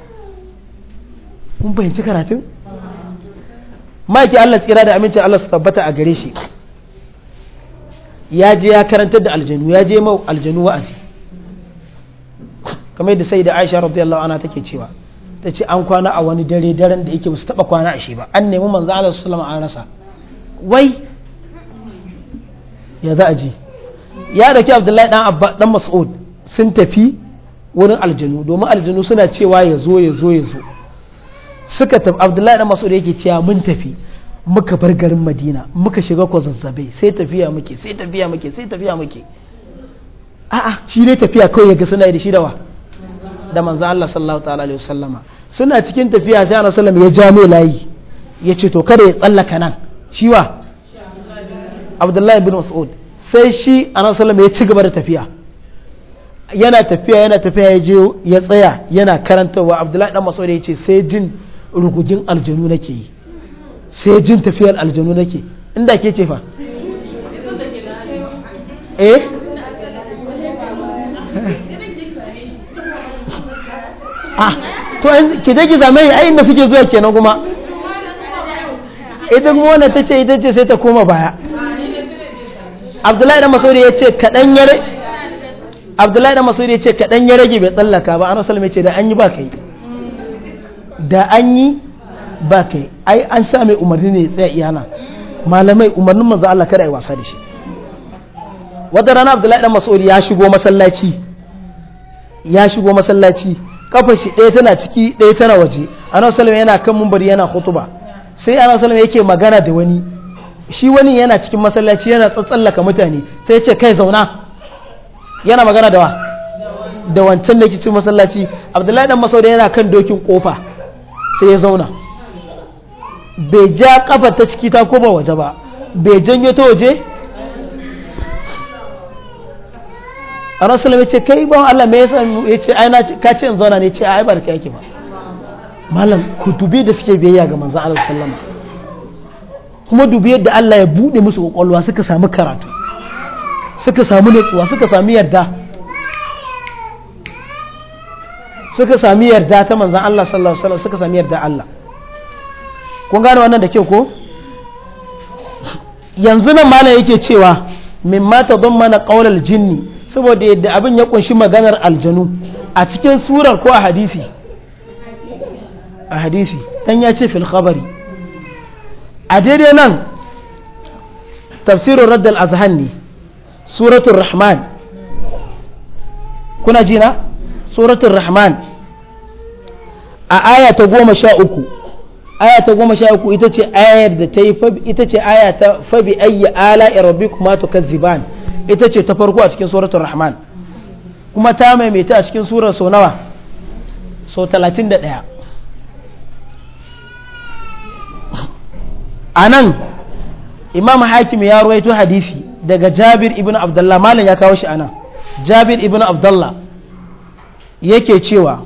kun fahimci karatun ma'aiki Allah tsira da amincin Allah su tabbata a gare shi ya je ya karantar da aljanu ya je mau aljanu wa'azi kamar yadda sai da Aisha radiyallahu ana take cewa ta ce an kwana a wani dare daren da yake ba su taba kwana a shi ba an nemi manzo Allah sallallahu an rasa wai ya za a ji ya da ke abdullahi dan abba dan mas'ud sun tafi wurin aljanu domin aljanu suna cewa ya zo ya zo ya zo suka tafi abdullahi dan mas'ud yake cewa mun tafi muka bar garin madina muka shiga ko zazzabe sai tafiya muke sai tafiya muke sai tafiya muke a'a shi ne tafiya kawai yaga suna da shi da wa da manzo Allah sallallahu ta'ala alaihi wasallama suna cikin tafiya sai Annabi sallallahu ya ja mai layi ya ce to kada ya tsallaka nan shi wa abdullahi bin mas'ud sai shi a salama ya ci gaba da tafiya yana tafiya yana tafiya ya je ya tsaya yana karantarwa abdullahi dan mas'ud ya ce sai jin rugugin aljanu nake yi sai jin tafiyar aljanu nake inda ke ce fa eh ah to ki dai ki zame ai inda suke zuwa kenan kuma idan kuma wannan ce ita ce sai ta koma baya abdullahi da masaudi ya ce kaɗan ya abdullahi da masaudi ya ce kaɗan ya rage bai tsallaka ba an wasu ce da an yi ba kai da an yi ba kai ai an sa mai umarni ne tsaya iyana malamai umarnin manzo Allah kada ai wasa da shi wata rana abdullahi da mas'udi ya shigo masallaci ya shigo masallaci kafa shi ɗaya tana ciki ɗaya tana waje annabi sallallahu yana kan mumbari yana hutuba sai annabi sallallahu yake magana da wani shi wani yana cikin masallaci yana tsatsallaka mutane sai ce kai zauna yana magana da wa da wancan da ke cikin masallaci abdullahi dan masauda yana kan dokin kofa sai ya zauna bai ja kafa ta ciki ta ko ba waje ba bai janyo ta waje a rasulun ce kai ban Allah mai yasa ya ce ai ka ce in zauna ne ce ai barka yake ba malam kutubi da suke biyayya ga manzon Allah sallama kuma dubi yadda Allah ya buɗe musu kwakwalwa suka samu karatu suka samu nutsuwa suka samu yarda suka sami yarda ta manzan Allah sallallahu alaihi wasallam suka sami yarda Allah kun gane wannan da kyau ko yanzu nan malam yake cewa mimma mana qaulal jinni saboda yadda abin ya kunshi maganar aljanu a cikin surar ko a hadisi a hadisi dan ya ce fil khabari a daidai nan tafsirin raddal azhan ne suratun rahman kuna jina suratun rahman a aya ta goma sha uku aya ta goma sha uku ita ce ayar da ta yi ita ce aya ta fabi ayyi ala rabbikuma ziban ita ce ta farko a cikin suratun rahman kuma ta maimaita a cikin surar sau nawa sau talatin da ɗaya anan imam hakim ya ruwaito hadisi daga jabir ibn abdullah malam ya kawo shi anan nan jabir ibn abdullah yake cewa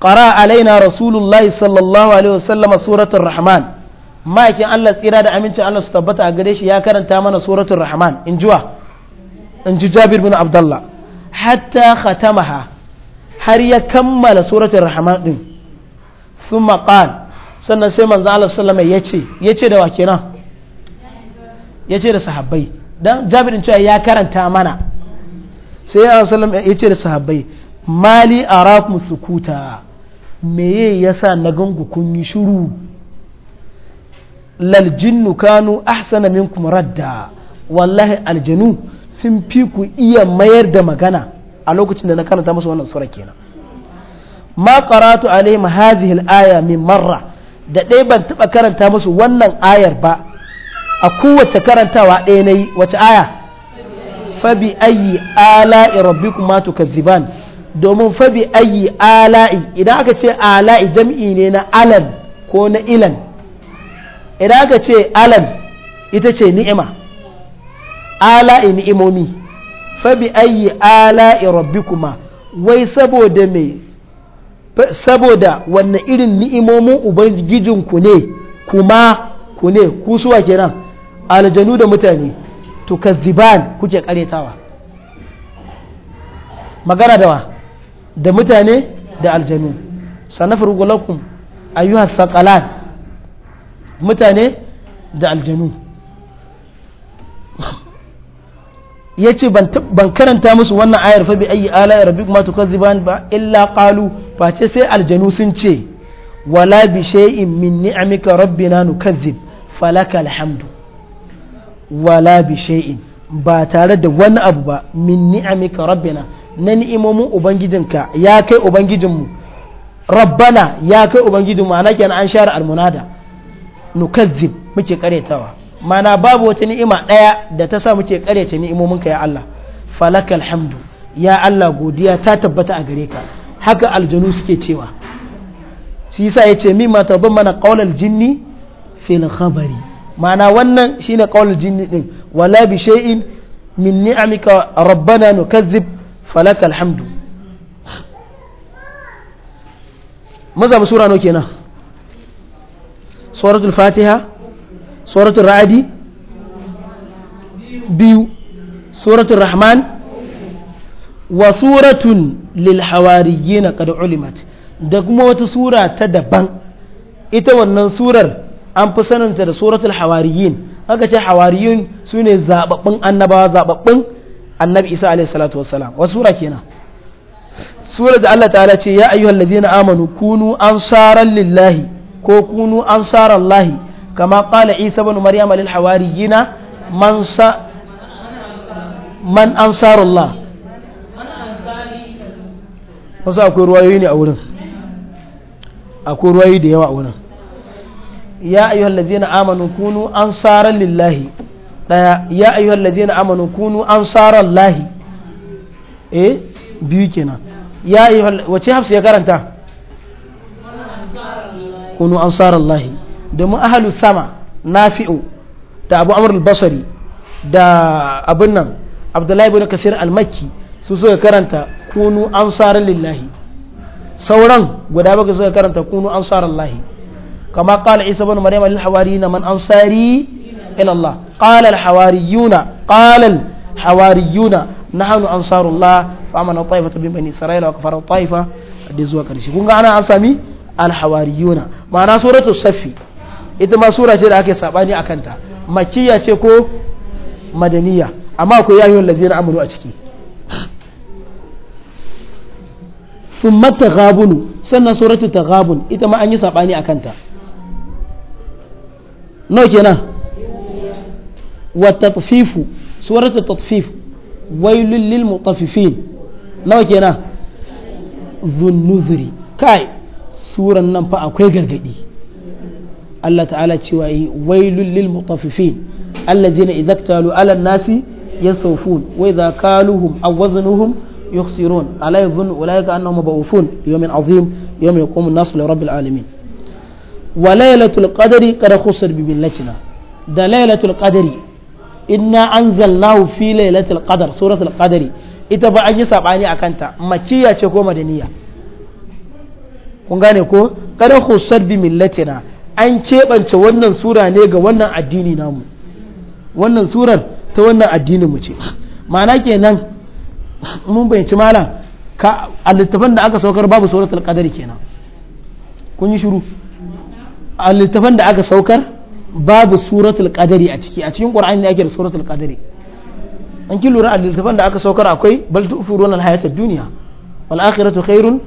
ƙara alaina rasulullahi sallallahu alaihi wasallama suratul rahman ma'aikin allah tsira da amincin allah su tabbata a gare shi ya karanta mana suratul rahman in jiwa in ji jabir ibn abdullah hatta khatamaha har ya kammala suratul rahman din thumma qala sannan sai manzo Allah sallama ya ce ya ce da wa kenan ya ce da sahabbai dan din cewa ya karanta mana sai ya sallam ya ce da sahabbai mali arakum sukuta meye yasa na gangu kun yi shiru lal jinnu kanu ahsana minkum radda wallahi aljanu sun fi ku iya mayar da magana a lokacin da na karanta musu wannan sura kenan ma qara'tu alaihim hadhihi al-aya min marra da ɗaya ban taɓa karanta musu wannan ayar ba a kowace karantawa ɗaya na yi wace aya fabi ayi ala'i rabbikum ma ziban. domin fabi ayi ala'i idan aka ce ala'i jam'i ne na alan ko na ilan idan aka ce alan ita ce ni'ima ala'i ni'imomi fabi ayi ala'i kuma wai saboda mai saboda wanne irin ni'imomin ubangijinku ne kuma ku ne ku suwa kenan aljanu da mutane kaziban kuke karetawa magana da wa da mutane da aljanu sanafar gulakun ayyuhan sakalan mutane da aljanu ya ce ban karanta musu wannan ayar fa bi ayi ala ya rabbi kuma tukazziban ba illa qalu face sai aljanu sun ce wala bi shay'in min ni'amika rabbina nukazzib falakal hamdu wala bi shay'in ba tare da wani abu ba min ni'amika rabbina na ni'imomin ubangijinka ya kai ubangijinmu rabbana ya kai ubangijinmu ana kenan an share almunada nukazzib muke karetawa mana babu wata ni'ima ɗaya da ta sa muke kareta ni'imominka ya Allah falakal hamdu ya Allah godiya ta tabbata a gare ka haka aljanu suke cewa shi yasa ya ce mimma ta zama na ƙaunar jinni fil khabari ma'ana wannan shine ƙaunar jinni din wala bi shay'in min ni'amika rabbana nukazzib falaka alhamdu maza sura no kenan suratul fatiha suratul ra'adi biyu suratul rahman wa suratun lil hawariyina da kuma wata sura ta daban ita wannan surar an fi saninta da suratul hawariyin aka ce hawariyun sune zababbin annabawa zababbin annabi isa alaihi salatu wassalam wa sura kenan sura da Allah ta'ala ce ya ayyuhal ladina amanu kunu ansaran lillahi ko kunu ansaran lahi kama qala isa ibn maryama lil hawariyina man sa man ansarullah wasu akwai ruwayoyi ne a wurin akwai ruwayoyi da yawa a wurin ya ayyuhal ladina amanu kunu ansaran lillahi daya ya ayyuhal ladina amanu kunu ansaran lahi eh biyu kenan ya ayyuhal wace hafsa ya karanta kunu ansaran lahi domin ahalu sama nafi'u da abu amr al-basri da abin nan abdullahi ibn kasir al-makki su so ya karanta kunu ansarar lillahi sauran guda bakwai suka karanta kunu ansarar lahi kama qala isa ibn maryam lil hawariyina man ansari ila allah qala al hawariyuna qala al hawariyuna nahnu ansarullah fa amana ta'ifatu min bani isra'ila wa kafara ta'ifa da zuwa karshe kun ga ana an sami al hawariyuna ma'ana suratul safi ita ma sura ce da ake sabani akan ta makiyya ce ko madaniya amma akwai yayin ladina amanu a ciki thumma taghabunu sannan suratu taghabun ita ma an yi sabani akan ta no kenan wa tatfifu suratu tatfif wailul lil mutaffifin kenan kai suran nan fa akwai gargadi Allah ta'ala cewa yi wailul lil mutaffifin allazina idza ala nasi yasawfun wa idza kaluhum aw waznuhum يخسرون ألا يظن أولئك أنهم مبعوثون يوم عظيم يوم يقوم الناس لرب العالمين وليلة القدر قد خسر بملتنا ده ليلة القدر إنا أنزلناه في ليلة القدر سورة القدر ita ba an yi saɓani a kanta makiya ce ko madaniya kun ko kada husar bi millatina an keɓance wannan sura ne ga wannan addini namu wannan surar ta wannan addinin mu ce ma'ana kenan mun bayyanci malam ka a da aka saukar babu suratul qadari kenan kun yi shiru a da aka saukar babu suratul qadari a ciki a cikin qur'ani ne ake da suratul qadari an ki lura a da aka saukar akwai bal tu al-hayatad duniya wal akhiratu khairun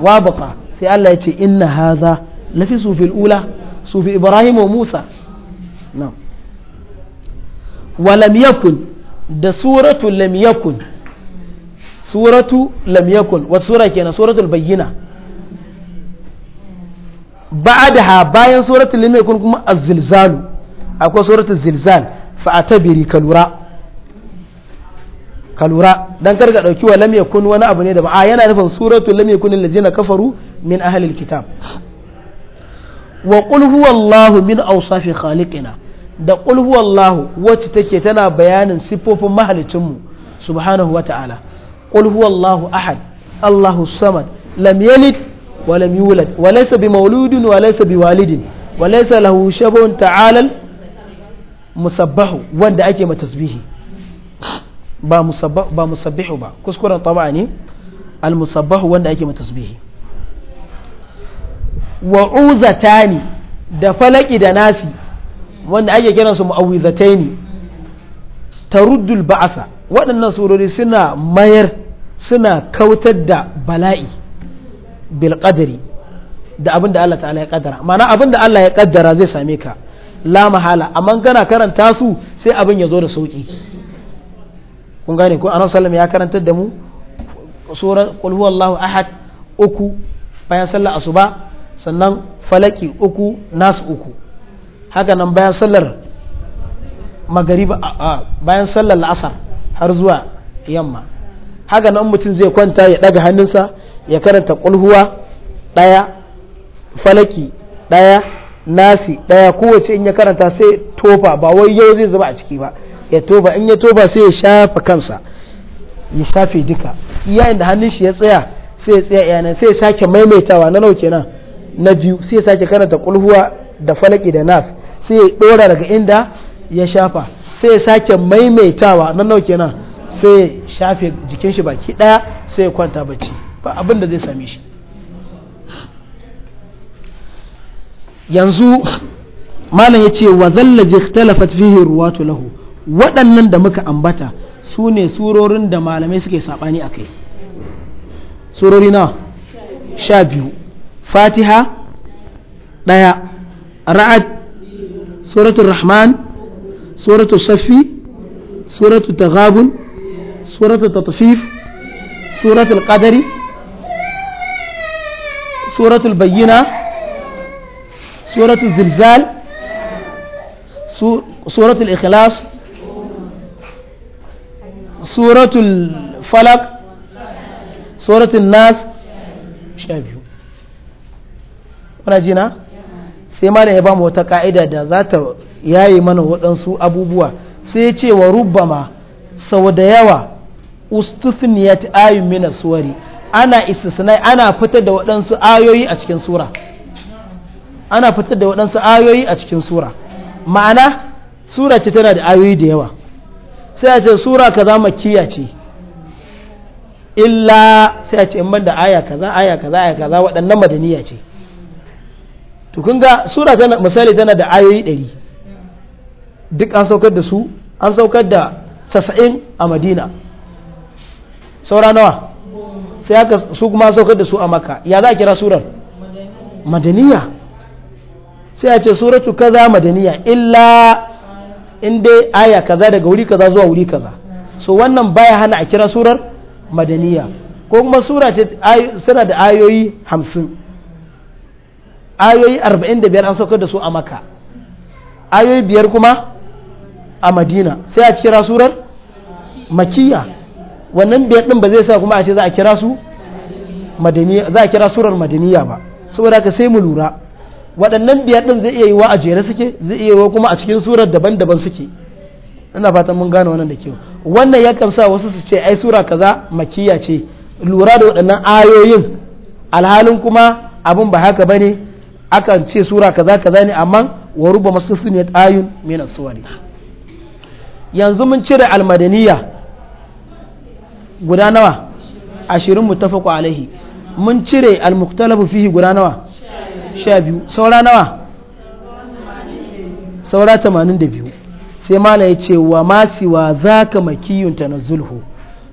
wa baqa sai Allah ya ce inna hadha lafi sufil ula sufi ibrahim wa musa na'am wa yakun da suratul lam yakun suratu lam yakun wata sura kenan suratul bayyina ha bayan suratul lam yakun kuma az-zilzalu akwai suratul zilzal fa atabiri kalura kalura dan karga dauki wa lam yakun wani abu ne da ba a yana nufin suratul lam yakun allazina kafaru min ahlil kitab wa qul huwallahu min awsafi khaliqina da qul huwallahu wacce take tana bayanin siffofin mahalicinmu subhanahu wa ta'ala qul huwallahu ahad allahu samad lam yalid wa lam yulad wa laysa bimawludin wa laysa biwalidin wa laysa lahu shabun ta'ala musabbahu wanda ake matasbihi ba musabbahu ba musabbihu ba kuskuren taba ne al musabbahu wanda ake matasbihi wa uzatani da falaki da nasi wanda ake kiransu mu'awwizataini taruddul ba'asa waɗannan surori suna mayar suna kautar da bala'i bil qadari da abin da Allah ta'ala ya kaddara ma'ana abin da Allah ya kaddara zai same ka la mahala amma kana karanta su sai abin ya zo da sauki kun gane ko annabi sallallahu ya karantar da mu sura qul huwallahu ahad uku bayan sallar asuba sannan falaki uku Nas uku haka nan bayan sallar magariba bayan sallar asar har zuwa yamma haka nan mutum zai kwanta ya daga hannunsa ya karanta kulhuwa daya falaki daya nasi daya kowace in ya karanta sai tofa ba wai yau zai zama a ciki ba ya tofa in ya tofa sai ya shafa kansa ya shafe duka iya inda hannun shi ya tsaya sai ya tsaya yanan sai ya sake maimaitawa na nauke nan na biyu sai ya sake karanta kulhuwa da falaki da nas sai ya dora daga inda ya shafa sai ya sake maimaitawa na nauke nan sai shafe jikin shi baki daya sai ya kwanta bacci ba abin da zai same shi yanzu malam ya ce wa zallaji talafat fihi ruwatu lahu waɗannan da muka ambata su ne surorin da malamai suke saɓani a kai surori na sha biyu fatiha ɗaya ra'ad suratul rahman suratul safi suratul taghabun suratul tatfif suratul qadari suratul bayyina suratul zilzal suratul ikhlas suratul falak suratul nas sha jina sai malam ya ba mu wata ƙa'ida da za ta yaye mana waɗansu abubuwa sai ya ce wa rubbama sau da yawa ustuthniyat ayu min suwari ana istisna ana fitar da waɗansu ayoyi a cikin sura ana fitar da waɗansu ayoyi a cikin sura ma'ana sura ce tana da ayoyi da yawa sai a ce sura kaza makkiya ce illa sai a ce in banda aya kaza aya kaza aya kaza waɗannan madaniya ce to kun ga sura tana misali tana da ayoyi ɗari duk an saukar da su an saukar da 90 a madina saura nawa sai aka su kuma saukar da su a maka ya za a kira surar madaniya sai a ce suratu kaza madaniya illa inda aya kaza daga wuri kaza zuwa wuri kaza so wannan baya hana a kira surar madaniya ko kuma sura ce suna da ayoyi hamsin ayoyi arba'in da biyar an saukar da su a maka ayoyi biyar kuma a madina sai a kira surar makiya wannan biyar din ba zai sa kuma a ce za a kira su za a kira surar madaniya ba saboda ka sai mu lura waɗannan biyar ɗin zai iya yi wa a jere suke zai iya yi wa kuma a cikin surar daban-daban suke ina fatan mun gane wannan da kyau wannan yakan sa wasu su ce ai sura kaza makiya ce lura da waɗannan ayoyin alhalin kuma abin ba haka bane akan ce sura kaza kaza ne amma wa ruba masu ayun min suwari yanzu mun cire almadaniya guda nawa ashirin mutafaku alaihi mun cire almuktalabu fihi guda nawa sha biyu saura nawa saura tamanin da biyu sai mala ya ce wa wa za ka makiyunta na zulhu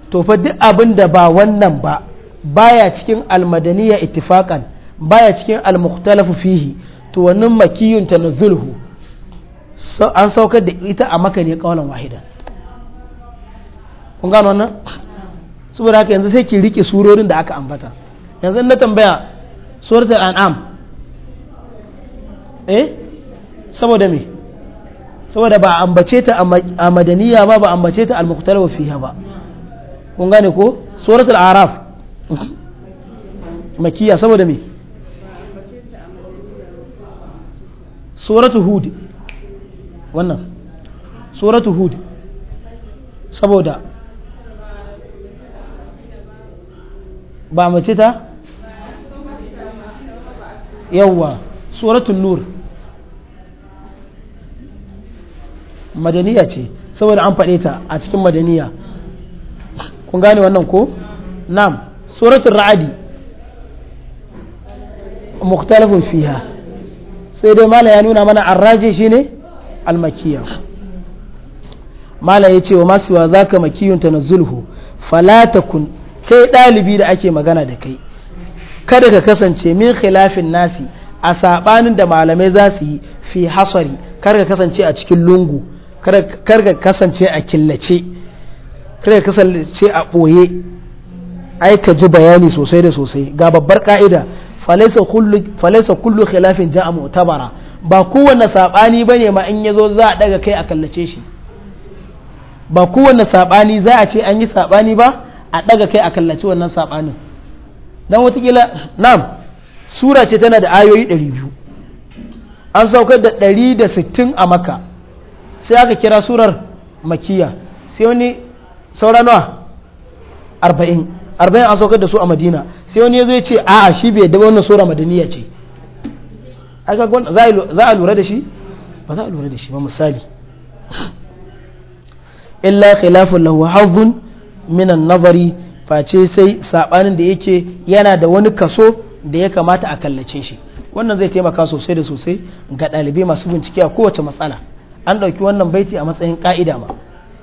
to fa duk abin da ba wannan ba baya cikin almadaniya ittifakan baya cikin almuktalafu fihi to wannan makiyunta na zulhu an saukar da ita a maka ne kawalan wahida kun gano wannan saboda haka yanzu sai ki rike surorin da aka ambata yanzu na tambaya suratul an'am eh saboda me saboda ba ambace ta a madaniya ba ba ambace ta al wa fiha ba kun gane ko suratul araf makiya saboda me suratul hud wannan suratul hud saboda ba mace ta yawwa suratul nur madaniya ce saboda an faɗe ta a cikin madaniya kun gane wannan ko nam suratul ra'adi muktalafun fiha sai dai mala ya nuna mana arraje shine almakiya mala ya ce wa masu wa zaka makiyun tanazzulhu fala takun kai ɗalibi da ake magana da kai kada ka kasance min khilafin nasi a saɓanin da malamai za su yi fi hasari kar ka kasance a cikin lungu kar ka kasance a killace kar ka kasance a ɓoye ai ka ji bayani sosai da sosai ga babbar ka'ida falaisa kullu khilafin ja'a mu'tabara ba kowanne ba ne ma in ya zo za a daga kai a kallace shi ba kowanne saɓani za a ce an yi saɓani ba a ɗaga kai a kallaci wannan saɓanin. dan watakila na'am sura ce tana da ayoyi 200 an saukar da 160 a maka sai aka kira surar makiya sai wani sauranwa 40 40 an saukar da su a madina sai wani ya zo ya ce a'a shi bai da wannan sura madaniya ce za a lura da shi ba za a lura da shi ba misali illa khilafun lahu hazun minan nazari face sai sabanin da yake yana da wani kaso da ya kamata a kallace shi wannan zai taimaka sosai da sosai ga ɗalibai masu bincike a kowace matsala an ɗauki wannan baiti a matsayin ƙa'ida ma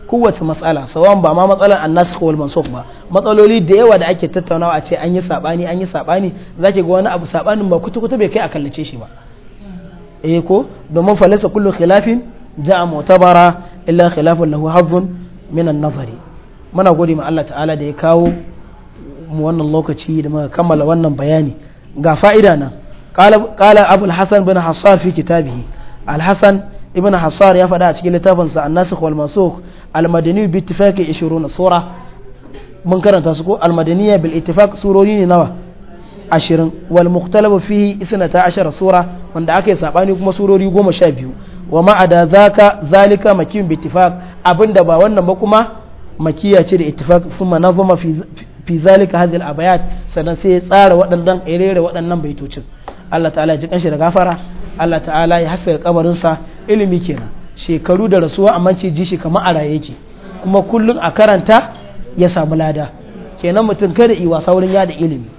kowace matsala sawan ba ma matsalar annas wal mansukh ba matsaloli da yawa da ake tattaunawa a ce an yi sabani an yi sabani zaki ga wani abu sabanin ba kuta kuta bai kai a kallace shi ba eh ko domin falasa kullu khilafin ja'a mu'tabara illa khilafun lahu hazzun minan an-nazari muna gode ma Allah ta'ala da ya kawo mu wannan lokaci da muka kammala wannan bayani ga fa'ida nan qala abul hasan bin hasan fi kitabihi al hasan ibn hasan ya faɗa a cikin littafin sa an-nasikh wal mansukh al madani bi ittifaqi 20 sura mun karanta su ko al madaniya bil ittifaq surori ne nawa 20 wal mukhtalabu fihi 12 sura wanda aka yi sabani kuma surori 12 wa ma'ada zaka zalika makin bi ittifaq abinda ba wannan ba kuma makiya da ittifaq kuma nazama fi fi zalika hadhihi al-abayat sannan sai ya tsara waɗannan irere waɗannan baitocin Allah ta'ala ya ji kanshi da gafara Allah ta'ala ya hasar kabarin sa ilimi kenan shekaru da rasuwa amma ce ji shi kamar a raye yake kuma kullum a karanta ya samu lada kenan mutum kada i wasa wurin yada ilimi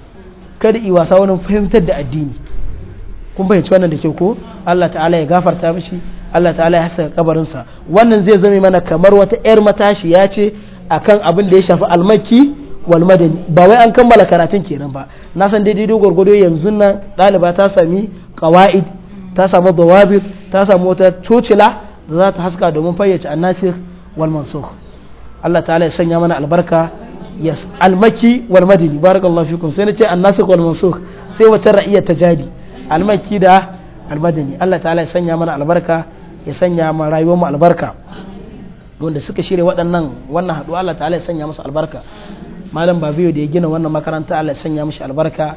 kada i wasa wurin fahimtar da addini kun fahimci wannan da kyau ko Allah ta'ala ya gafarta mishi Allah ta'ala ya saka kabarinsa wannan zai zame mana kamar wata 'yar matashi ya ce kan abin da ya shafi almaki wal madani ba wai an kammala karatun kenan ba na san daidai gwargwado yanzu nan ɗaliba ta sami kawa'id ta samu dawabir ta samu wata cocila da za ta haska domin fayyace annasikh wal mansukh Allah ta'ala ya sanya mana albarka yes almaki wal madani barakallahu fikum sai nace annasir wal mansukh sai wacce ra'iyar ta jadi almaki da almadani Allah ta'ala ya sanya mana albarka ya sanya ma rayuwar mu albarka wanda suka shirya waɗannan wannan haɗu Allah ta'ala ya sanya musu albarka malam babiyo da ya gina wannan makaranta Allah ya sanya mishi albarka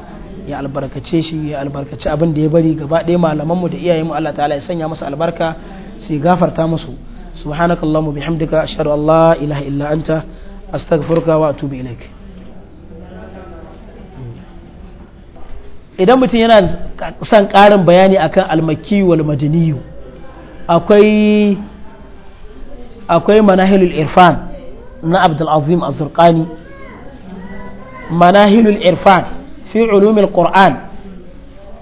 ya albarkace shi ya albarkaci abin da ya bari gaba ɗaya malaman mu da iyayen mu Allah ta'ala ya sanya musu albarka su gafarta musu subhanakallahumma bihamdika ashhadu an la ilaha illa anta astaghfiruka wa atubu ilaik idan mutum yana son ƙarin bayani akan almakki wal madaniyu akwai akwai manahilul irfan na abdulazim azurkani manahilul irfan fi ulumil qur'an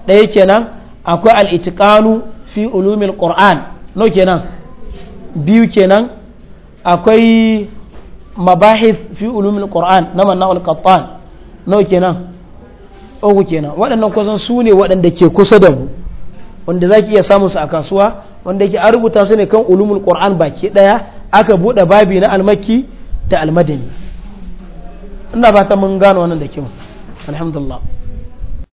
ɗaya kenan akwai al'itikanu fi ulumil qur'an no kenan biyu kenan akwai mabahith fi ulumil qur'an na mana'ul qattan no kenan ogu kenan waɗannan kusan su ne waɗanda ke kusa da mu wanda za iya samun su a kasuwa wanda yake a rubuta su ne kan ulumul qur'an baki ɗaya aka buɗe babi na almaki da almadani ina fata mun gano wannan da kyau alhamdulillah